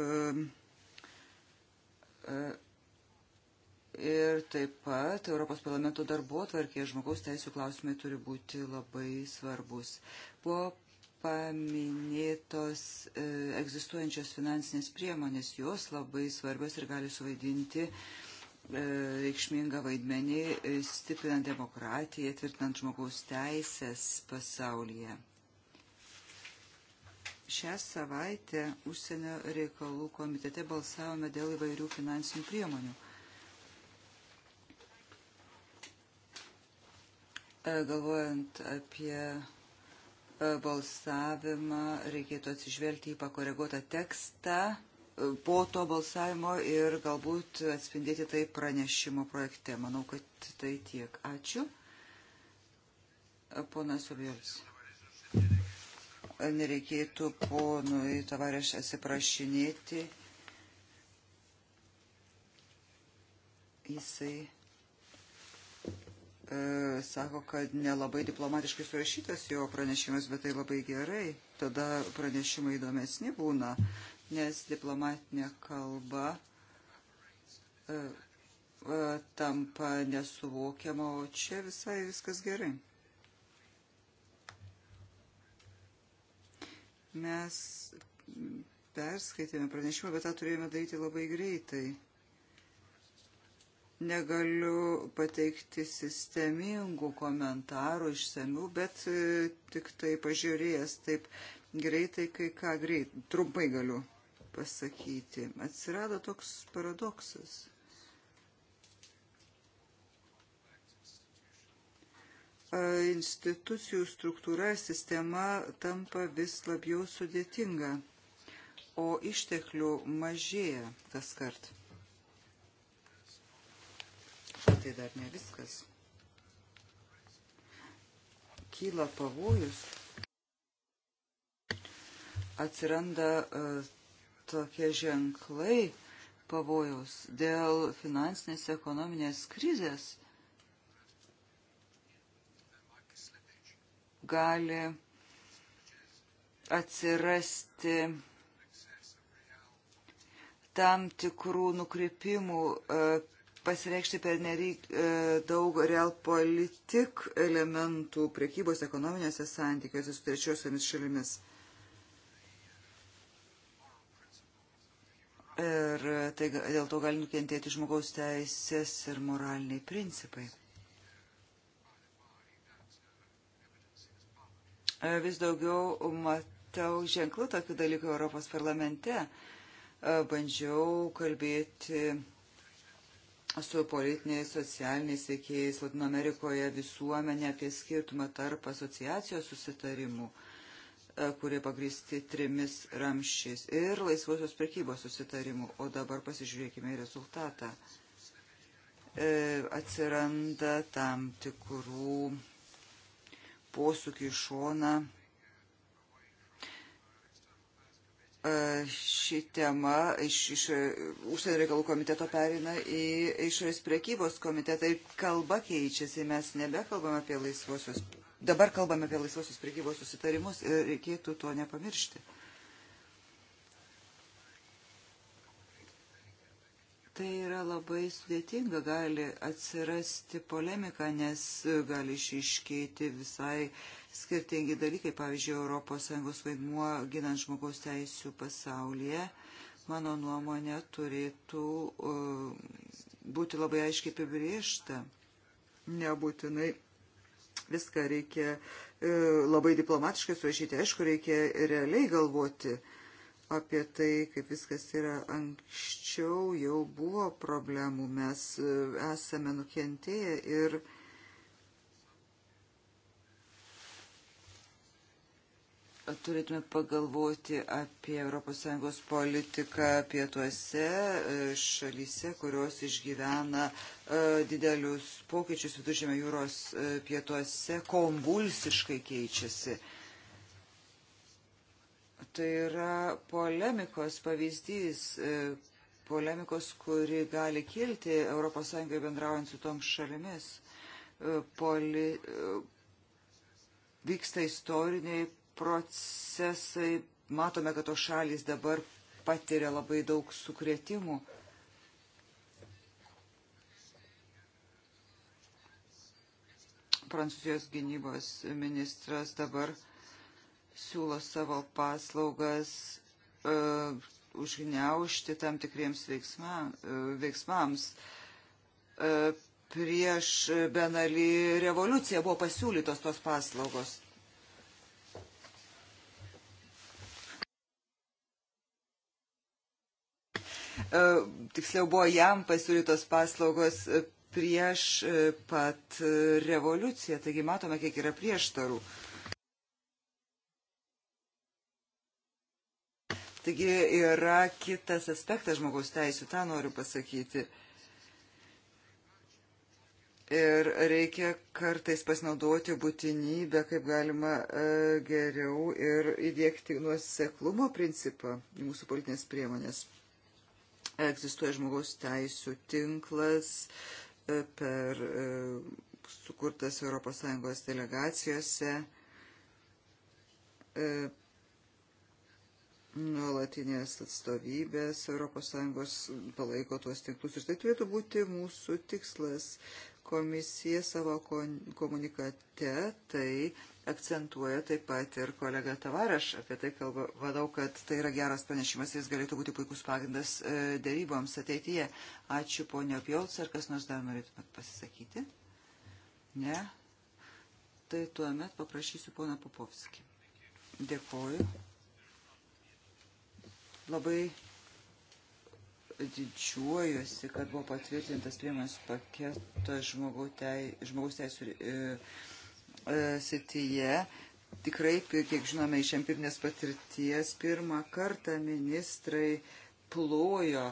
Ehm, e, ir taip pat Europos parlamento darbo tvarkė žmogaus teisų klausimai turi būti labai svarbus. Buvo paminėtos e, egzistuojančios finansinės priemonės, jos labai svarbios ir gali suvaidinti uh, E, reikšmingą vaidmenį e, stiprinant demokratiją, tvirtinant žmogaus teisės pasaulyje. Šią savaitę užsienio reikalų komitete balsavome dėl įvairių finansinių priemonių. E, galvojant apie balsavimą, reikėtų atsižvelgti į pakoreguotą tekstą po to balsavimo ir galbūt atspindėti tai pranešimo projekte. Manau, kad tai tiek. Ačiū. Ponas Ovėlis. Nereikėtų ponui tavarėš atsiprašinėti. Jisai e, sako, kad nelabai diplomatiškai surašytas jo pranešimas, bet tai labai gerai. Tada pranešimai įdomesni būna. E, nes diplomatinė kalba e, e, tampa nesuvokiama, o čia visai viskas gerai. Mes perskaitėme pranešimą, bet tą turėjome daryti labai greitai. Negaliu pateikti sistemingų komentarų išsamių, bet e, tik tai pažiūrėjęs taip greitai, kai ką greit, trumpai galiu pasakyti. Atsirado toks paradoksas. Institucijų struktūra, sistema tampa vis labiau sudėtinga, o išteklių mažėja tas kart. Tai dar ne viskas. Kyla pavojus atsiranda tokie ženklai pavojaus dėl finansinės ekonominės krizės gali atsirasti tam tikrų nukrypimų e, pasireikšti per nereik e, daug real politik elementų priekybos ekonominėse santykiuose su trečiosiomis šalimis. Ir tai, dėl to gali nukentėti žmogaus teisės ir moraliniai principai. E, vis daugiau matau ženklų tokių dalykų Europos parlamente. E, bandžiau kalbėti su politiniais, socialiniais veikėjais Latino Amerikoje visuomenė apie skirtumą tarp asociacijos susitarimų. Uh, E, kurie pagristi trimis ramšiais ir laisvosios prekybos susitarimu. O dabar pasižiūrėkime į rezultatą. E, atsiranda tam tikrų posūkių į šoną. E, ši tema iš, iš užsienio reikalų komiteto perina į išorės priekybos komitetą ir kalba keičiasi. Mes nebekalbame apie laisvosios Dabar kalbame apie laisvosios prekybos susitarimus ir reikėtų to nepamiršti. Tai yra labai sudėtinga, gali atsirasti polemika, nes gali išiškėti visai skirtingi dalykai, pavyzdžiui, ES vaidmuo ginant žmogaus teisų pasaulyje, mano nuomonė, turėtų uh, būti labai aiškiai apibriešta. Nebūtinai viską reikia e, labai diplomatiškai surašyti. Aišku, reikia realiai galvoti apie tai, kaip viskas yra anksčiau, jau buvo problemų, mes e, esame nukentėję ir turėtume pagalvoti apie ES politiką pietuose e, šalyse, kurios išgyvena e, didelius pokyčius viduržėmio jūros e, pietuose, konvulsiškai keičiasi. Tai yra polemikos pavyzdys, polemikos, kuri gali kilti ES bendraujant su toms šalimis. Poli, vyksta istoriniai procesai, matome, kad tos šalys dabar patiria labai daug sukretimų. Prancūzijos gynybos ministras dabar siūlo savo paslaugas uh, e, užgneušti tam tikriems veiksma, uh, veiksmams. Uh, prieš Benalį revoliuciją buvo pasiūlytos tos paslaugos. E, tiksliau buvo jam pasiūlytos paslaugos e, prieš e, pat revoliuciją, taigi matome, kiek yra prieštarų. Taigi yra kitas aspektas žmogaus teisų, tą noriu pasakyti. Ir reikia kartais pasinaudoti būtinybę, kaip galima geriau ir įdėkti nuoseklumo principą į mūsų politinės priemonės. Egzistuoja žmogaus teisų tinklas e, per e, sukurtas ES delegacijose e, nuolatinės atstovybės ES palaiko tuos tinklus. Ir tai turėtų būti mūsų tikslas. Komisija savo komunikate tai akcentuoja taip pat ir kolega Tavaraš, apie tai kalba, vadau, kad tai yra geras pranešimas ir jis galėtų būti puikus pagrindas e, dėryboms ateityje. Ačiū ponio Pjolts, ar kas nors dar norėtumėt pasisakyti? Ne? Tai tuomet paprašysiu poną Popovskį. Dėkoju. Labai didžiuojuosi, kad buvo patvirtintas priemonės paketas žmogaus teisų. Žmogu e, E, sityje. Tikrai, kiek žinome iš empirinės patirties, pirmą kartą ministrai plojo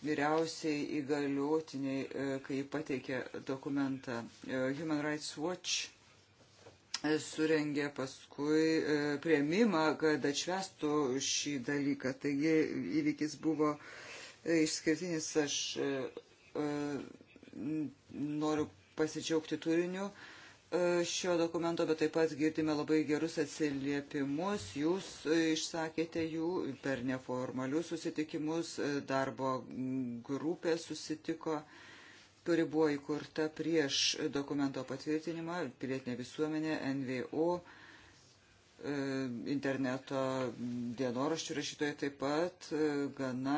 vyriausiai įgaliotiniai, e, kai pateikė dokumentą. E, Human Rights Watch surengė paskui prieimimą, kad atšvestų šį dalyką. Taigi įvykis buvo išskirtinis. Aš noriu pasidžiaugti turiniu. Uh, E, šio dokumento, bet taip pat girdime labai gerus atsiliepimus. Jūs e, išsakėte jų per neformalius susitikimus, e, darbo grupė susitiko, kuri buvo įkurta prieš dokumento patvirtinimą, pilietinė visuomenė, NVO, interneto dienoraščių rašytojai taip pat gana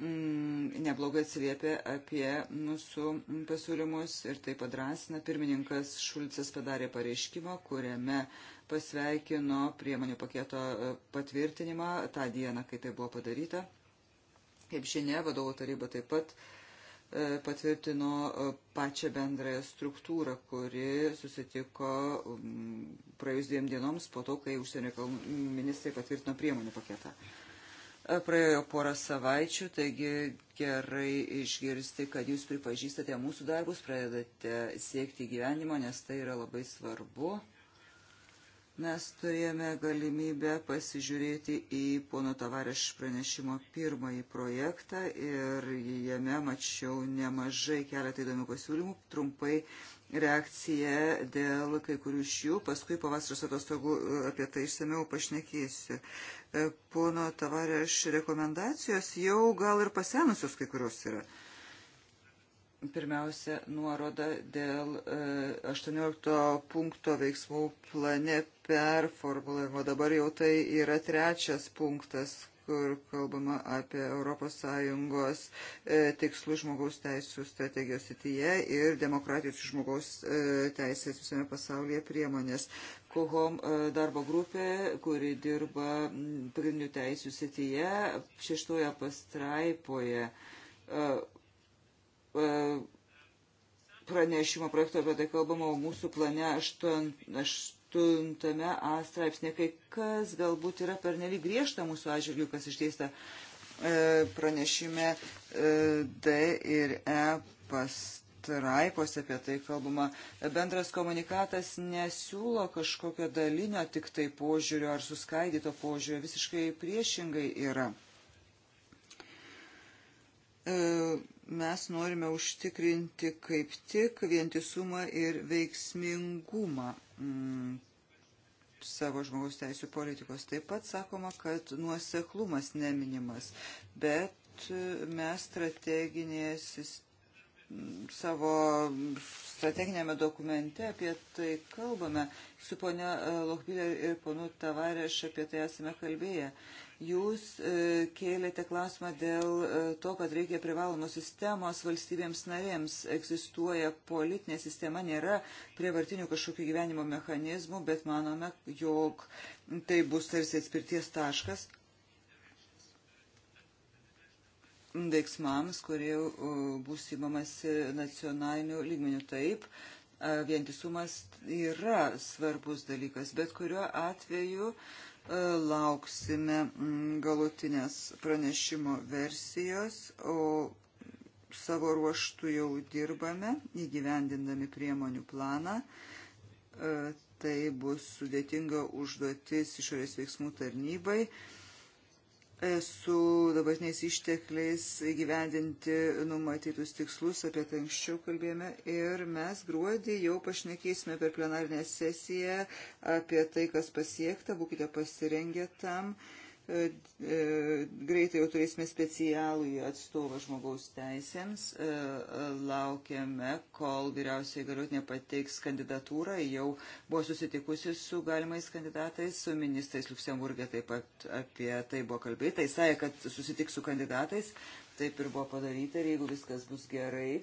Mm, neblogai atsiliepia apie mūsų pasiūlymus ir tai padrasina. Pirmininkas Šulcas padarė pareiškimą, kuriame pasveikino priemonių paketo e, patvirtinimą tą dieną, kai tai buvo padaryta. Kaip žinia, vadovo taryba taip pat e, patvirtino e, pačią bendrąją struktūrą, kuri susitiko mm, praėjus dviem dienoms po to, kai užsienio ministrai patvirtino priemonių paketą. E, praėjo porą savaičių, taigi gerai išgirsti, kad jūs pripažįstate mūsų darbus, pradedate siekti gyvenimo, nes tai yra labai svarbu. Mes turėjome galimybę pasižiūrėti į pono Tavareš pranešimo pirmąjį projektą ir jame mačiau nemažai keletą įdomių pasiūlymų. Trumpai reakciją dėl kai kurių iš jų. Paskui po vasaros atostogų e, apie tai išsameu pašnekėsiu. E, pono tavarėš rekomendacijos jau gal ir pasenusios kai kurios yra. Pirmiausia, nuoroda dėl 18 e, punkto veiksmų plane performulavimo. Dabar jau tai yra trečias punktas, kur kalbama apie ES e, tikslų žmogaus teisų strategijos sityje ir demokratijos žmogaus e, teisės visame pasaulyje priemonės. KOHOM e, darbo grupė, kuri dirba pagrindinių teisų sityje, šeštoje pastraipoje pranešimo projekto apie tai kalbama, o mūsų plane aštuon, aš, aštuntame A straipsnė, kai kas galbūt yra pernelyg griežta mūsų atžvilgių, kas išteista e, pranešime e, D ir E pastraipos apie tai kalbama. Bendras komunikatas nesiūlo kažkokio dalinio tik tai požiūrio ar suskaidyto požiūrio, visiškai priešingai yra. E, mes norime užtikrinti kaip tik vientisumą ir veiksmingumą mm, savo žmogaus teisų politikos. Taip pat sakoma, kad nuoseklumas neminimas, bet e, mes strateginėje savo strateginėme dokumente apie tai kalbame. Su ponia e, Lochbilė ir ponu Tavarėš apie tai esame kalbėję. Uh, Jūs e, kėlėte klausimą dėl e, to, kad reikia privalomos sistemos valstybėms narėms. Egzistuoja politinė sistema, nėra prievartinių kažkokių gyvenimo mechanizmų, bet manome, jog tai bus tarsi atspirties taškas veiksmams, kurie e, bus įmamasi nacionaliniu lygmeniu. Taip, vientisumas yra svarbus dalykas, bet kuriuo atveju uh, E, lauksime mm, galutinės pranešimo versijos, o savo ruoštų jau dirbame, įgyvendindami priemonių planą. E, tai bus sudėtinga užduotis išorės veiksmų tarnybai su dabartiniais ištekliais įgyvendinti numatytus tikslus, apie tai anksčiau kalbėjome. Ir mes gruodį jau pašnekėsime per plenarinę sesiją apie tai, kas pasiekta, būkite pasirengę tam. Uh, E, e, greitai jau turėsime specialų atstovą žmogaus teisėms. E, laukiame, kol vyriausiai galiotinė pateiks kandidatūrą. Jau buvo susitikusi su galimais kandidatais, su ministrais Luksemburgė taip pat apie tai buvo kalbėta. Jis sakė, kad susitiks su kandidatais. Taip ir buvo padaryta ir jeigu viskas bus gerai,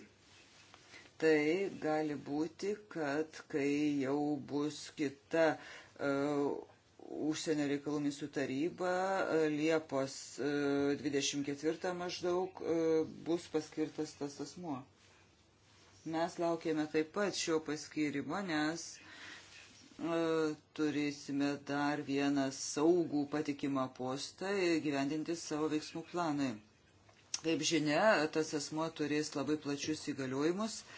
tai gali būti, kad kai jau bus kita. Uh, užsienio reikalų ministrų taryba e, Liepos 24 e, maždaug e, bus paskirtas tas asmuo. Mes laukėme taip pat šio paskirimo, nes turėsime dar vieną saugų patikimą postą gyvendinti savo veiksmų planai. Kaip žinia, tas asmo turės labai plačius įgaliojimus. Uh,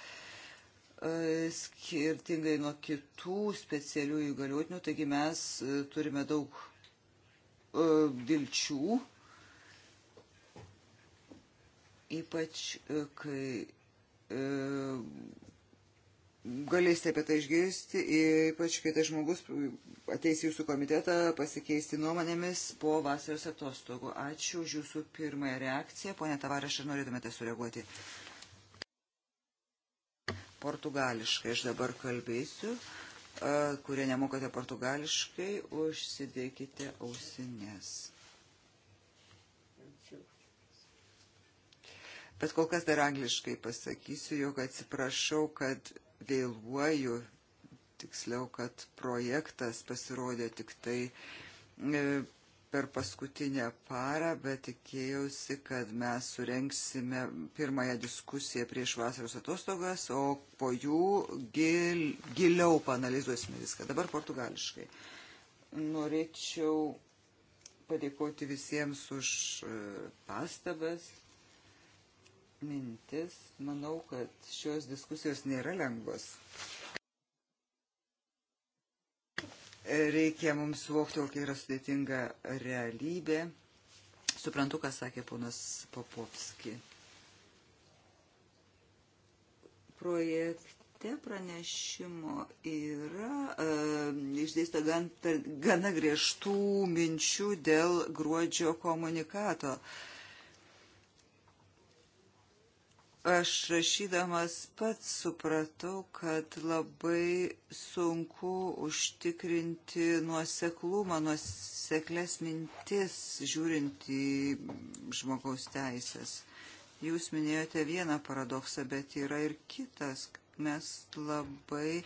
skirtingai nuo kitų specialių įgaliotinių, taigi mes e, turime daug e, vilčių, ypač e, kai galėsite apie tai išgirsti, ypač kai tas žmogus ateis į jūsų komitetą pasikeisti nuomonėmis po vasaros atostogų. Ačiū už jūsų pirmąją reakciją. Pone Tavareš, ar norėtumėte sureaguoti? Portugališkai aš dabar kalbėsiu. Kurie nemokate portugališkai, užsidėkite ausinės. Bet kol kas dar angliškai pasakysiu, jog atsiprašau, kad vėluoju, tiksliau, kad projektas pasirodė tik tai e, per paskutinę parą, bet tikėjausi, kad mes surenksime pirmąją diskusiją prieš vasaros atostogas, o po jų gil, giliau panalizuosime viską. Dabar portugališkai. Norėčiau padėkoti visiems už e, pastabas, mintis. Manau, kad šios diskusijos nėra lengvos. Reikia mums suvokti, kokia yra sudėtinga realybė. Suprantu, ką sakė ponas Popovski. Projektas te pranešimo yra e, išdėsta gan, per, gana griežtų minčių dėl gruodžio komunikato. E, Aš rašydamas pats supratau, kad labai sunku užtikrinti nuoseklumą, nuoseklės mintis žiūrint į žmogaus teisės. Jūs minėjote vieną paradoksą, bet yra ir kitas. Mes labai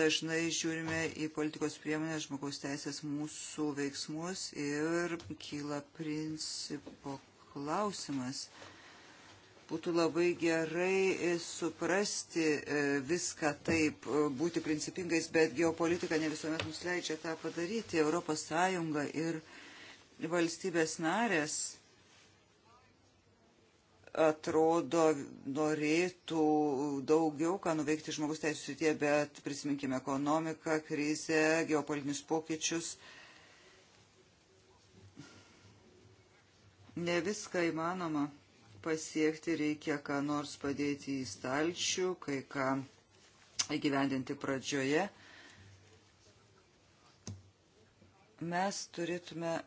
dažnai žiūrime į politikos priemonės žmogaus teisės mūsų veiksmus ir kyla principo klausimas būtų labai gerai e, suprasti e, viską taip, e, būti principingais, bet geopolitika ne visuomet mums leidžia tą padaryti. Europos Sąjunga ir valstybės narės atrodo norėtų daugiau ką nuveikti žmogus teisų srityje, bet prisiminkime ekonomiką, krizę, geopolitinius pokyčius. Ne viską įmanoma pasiekti, reikia ką nors padėti į stalčių, kai ką įgyvendinti pradžioje. Mes turėtume e,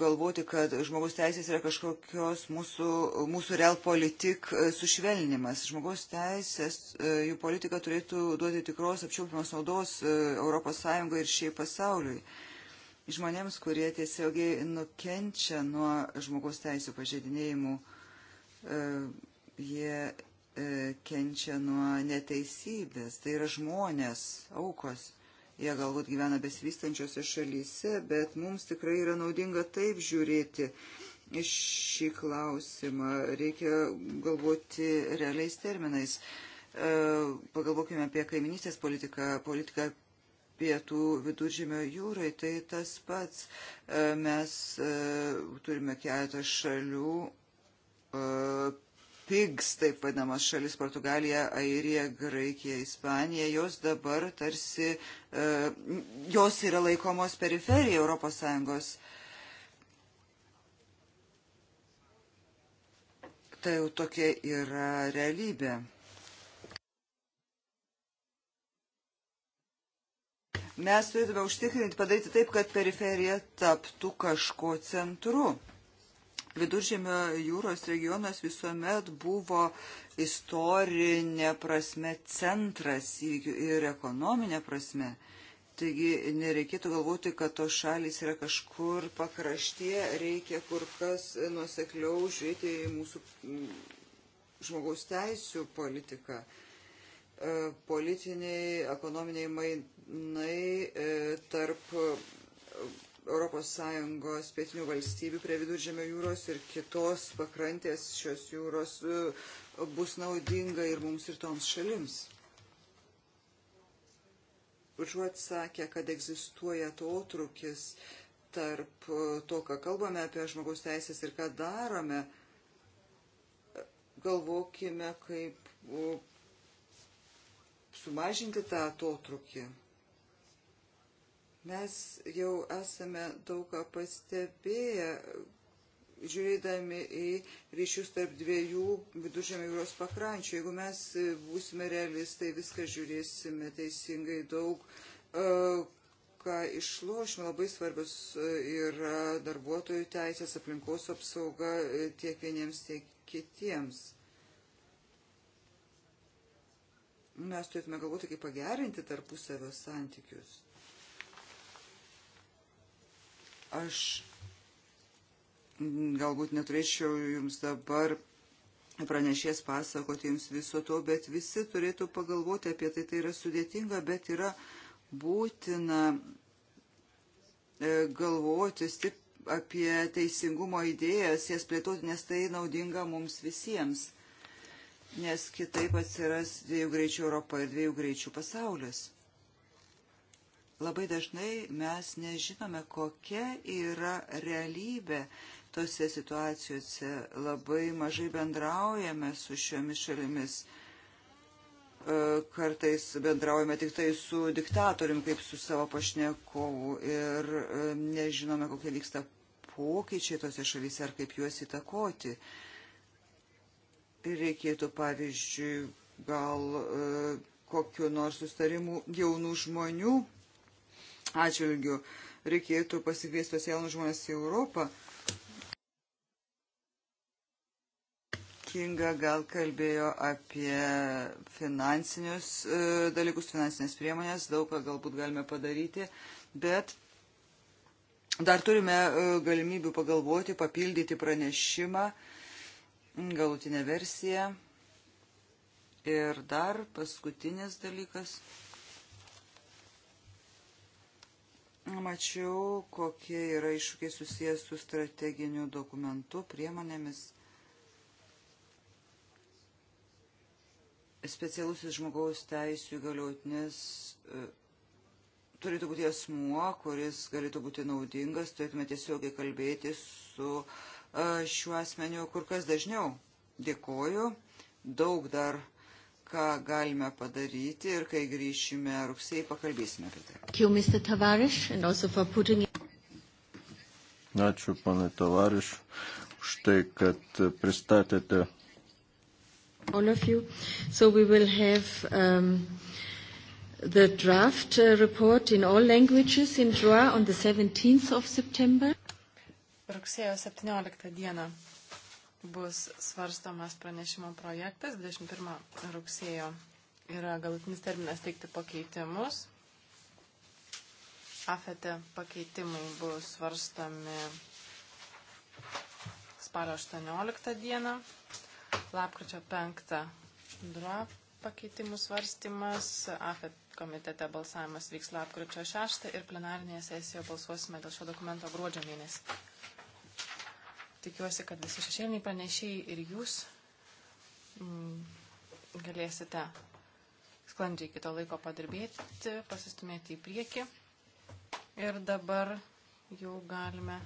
galvoti, kad žmogaus teisės yra kažkokios mūsų, mūsų real politik e, sušvelnimas. Žmogaus teisės, e, jų politika turėtų duoti tikros apčiūpimas naudos ES ir šiai pasauliui žmonėms, kurie tiesiogiai nukenčia nuo žmogaus teisų pažeidinėjimų. E, jie e, kenčia nuo neteisybės. Tai yra žmonės, aukos. Jie galbūt gyvena besivystančiose šalyse, bet mums tikrai yra naudinga taip žiūrėti šį klausimą. Reikia galvoti realiais terminais. E, pagalvokime apie kaiminystės politiką, politiką pietų viduržymio jūrai, tai tas pats. E, mes e, turime keletą šalių, e, pigs, taip vadinamas šalis Portugalija, Airija, Graikija, Ispanija, jos dabar tarsi, jos yra laikomos periferija Europos Sąjungos. Tai jau tokia yra realybė. Mes turėtume užtikrinti, padaryti taip, kad periferija taptų kažko centru. Viduržėmio jūros regionas visuomet buvo istorinė prasme centras ir ekonominė prasme. Taigi nereikėtų galvoti, kad tos šalis yra kažkur pakraštie, reikia kur kas nusekliau žiūrėti į mūsų mm, žmogaus teisų politiką. E, politiniai, ekonominiai mainai e, tarp ES pietinių valstybių prie viduržėmio jūros ir kitos pakrantės šios jūros e, bus naudinga ir mums ir toms šalims. Užuot sakė, kad egzistuoja atotrukis tarp to, ką kalbame apie žmogaus teisės ir ką darome, galvokime, kaip sumažinti tą atotrukį. Mes jau esame daug ką pastebėję, žiūrėdami į ryšius tarp dviejų viduržėmio jūros pakrančių. Jeigu mes būsime realistai, viską žiūrėsime teisingai daug, e, ką išlošime. Labai svarbios e, yra darbuotojų teisės, aplinkos apsauga e, tiek vieniems, tiek kitiems. mes turėtume galvoti, kaip pagerinti tarpusavio santykius. Aš galbūt neturėčiau jums dabar pranešės pasakoti jums viso to, bet visi turėtų pagalvoti apie tai. Tai yra sudėtinga, bet yra būtina e, galvoti stip, apie teisingumo idėjas, jas plėtoti, nes tai naudinga mums visiems nes kitaip atsiras dviejų greičių Europa ir dviejų greičių pasaulis. Labai dažnai mes nežinome, kokia yra realybė tose situacijose. Labai mažai bendraujame su šiomis šalimis e, kartais bendraujame tik tai su diktatorium, kaip su savo pašnekovu ir e, nežinome, kokie vyksta pokyčiai tose šalyse ar kaip juos įtakoti. Tai reikėtų, pavyzdžiui, gal e, kokiu nors sustarimu jaunų žmonių atžvilgių. Reikėtų pasikviesti tos jaunus žmonės į Europą. Kinga gal kalbėjo apie finansinius e, dalykus, finansinės priemonės, daug ką galbūt galime padaryti, bet dar turime e, galimybių pagalvoti, papildyti pranešimą galutinę versiją. Ir dar paskutinis dalykas. Mačiau, kokie yra iššūkiai susijęs su strateginiu dokumentu, priemonėmis. Specialusis žmogaus teisų įgaliotinis e, turėtų būti asmuo, kuris galėtų būti naudingas, turėtume tiesiogiai kalbėti su uh, šiuo asmeniu kur kas dažniau. Dėkoju, daug dar ką galime padaryti ir kai grįšime rugsėjai pakalbėsime apie tai. Ačiū, panai Tavariš, už tai, kad pristatėte. All of you. So we will have um, the draft uh, report in all languages in DROA on the 17th of September. Rugsėjo 17 dieną bus svarstomas pranešimo projektas, 21 rugsėjo yra galutinis terminas teikti pakeitimus. Afete pakeitimai bus svarstami spalio 18 dieną, lapkričio 5 dra pakeitimų svarstymas, AFET komitete balsavimas vyks lapkričio 6 ir plenarinėje sesijoje balsuosime dėl šio dokumento gruodžio mėnesį. Tikiuosi, kad visi šešėliniai pranešėjai ir jūs mm, galėsite sklandžiai kito laiko padirbėti, pasistumėti į priekį. Ir dabar jau galime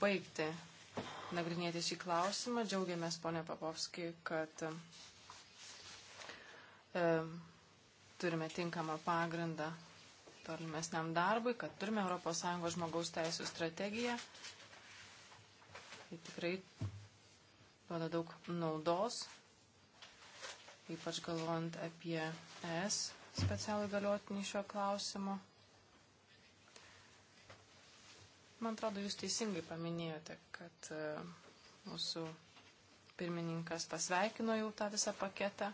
baigti nagrinėti šį klausimą. Džiaugiamės, ponė Papovski, kad e, turime tinkamą pagrindą tolimesniam darbui, kad turime ES žmogaus teisų strategiją Tai tikrai duoda daug naudos, ypač galvojant apie ES specialų galiotinį šio klausimo. Man atrodo, jūs teisingai paminėjote, kad e, mūsų pirmininkas pasveikino jau tą visą paketą,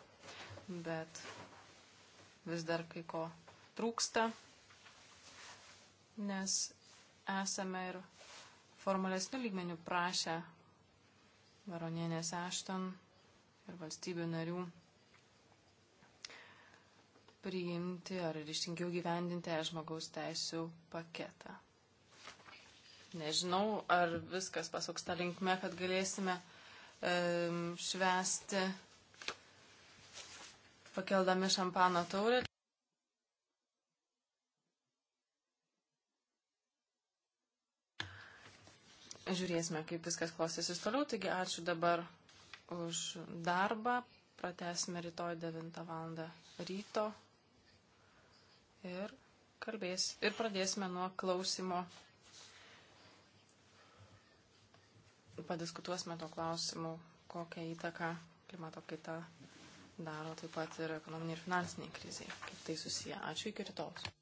bet vis dar kai ko trūksta, nes esame ir formalesnių lygmenių prašę varonienės Ašton ir valstybių narių priimti ar ryštingiau gyvendinti e žmogaus teisų paketą. Nežinau, ar viskas pasuks tą linkmę, kad galėsime um, švęsti pakeldami šampano taurę. žiūrėsime, kaip viskas klostysis toliau. Taigi ačiū dabar už darbą. Pratesime rytoj 9 val. ryto. Ir kalbės. Ir pradėsime nuo klausimo. Padiskutuosime to klausimu, kokią įtaką klimato kaita daro taip pat ir ekonominiai ir finansiniai kriziai, kaip tai susiję. Ačiū iki rytojus.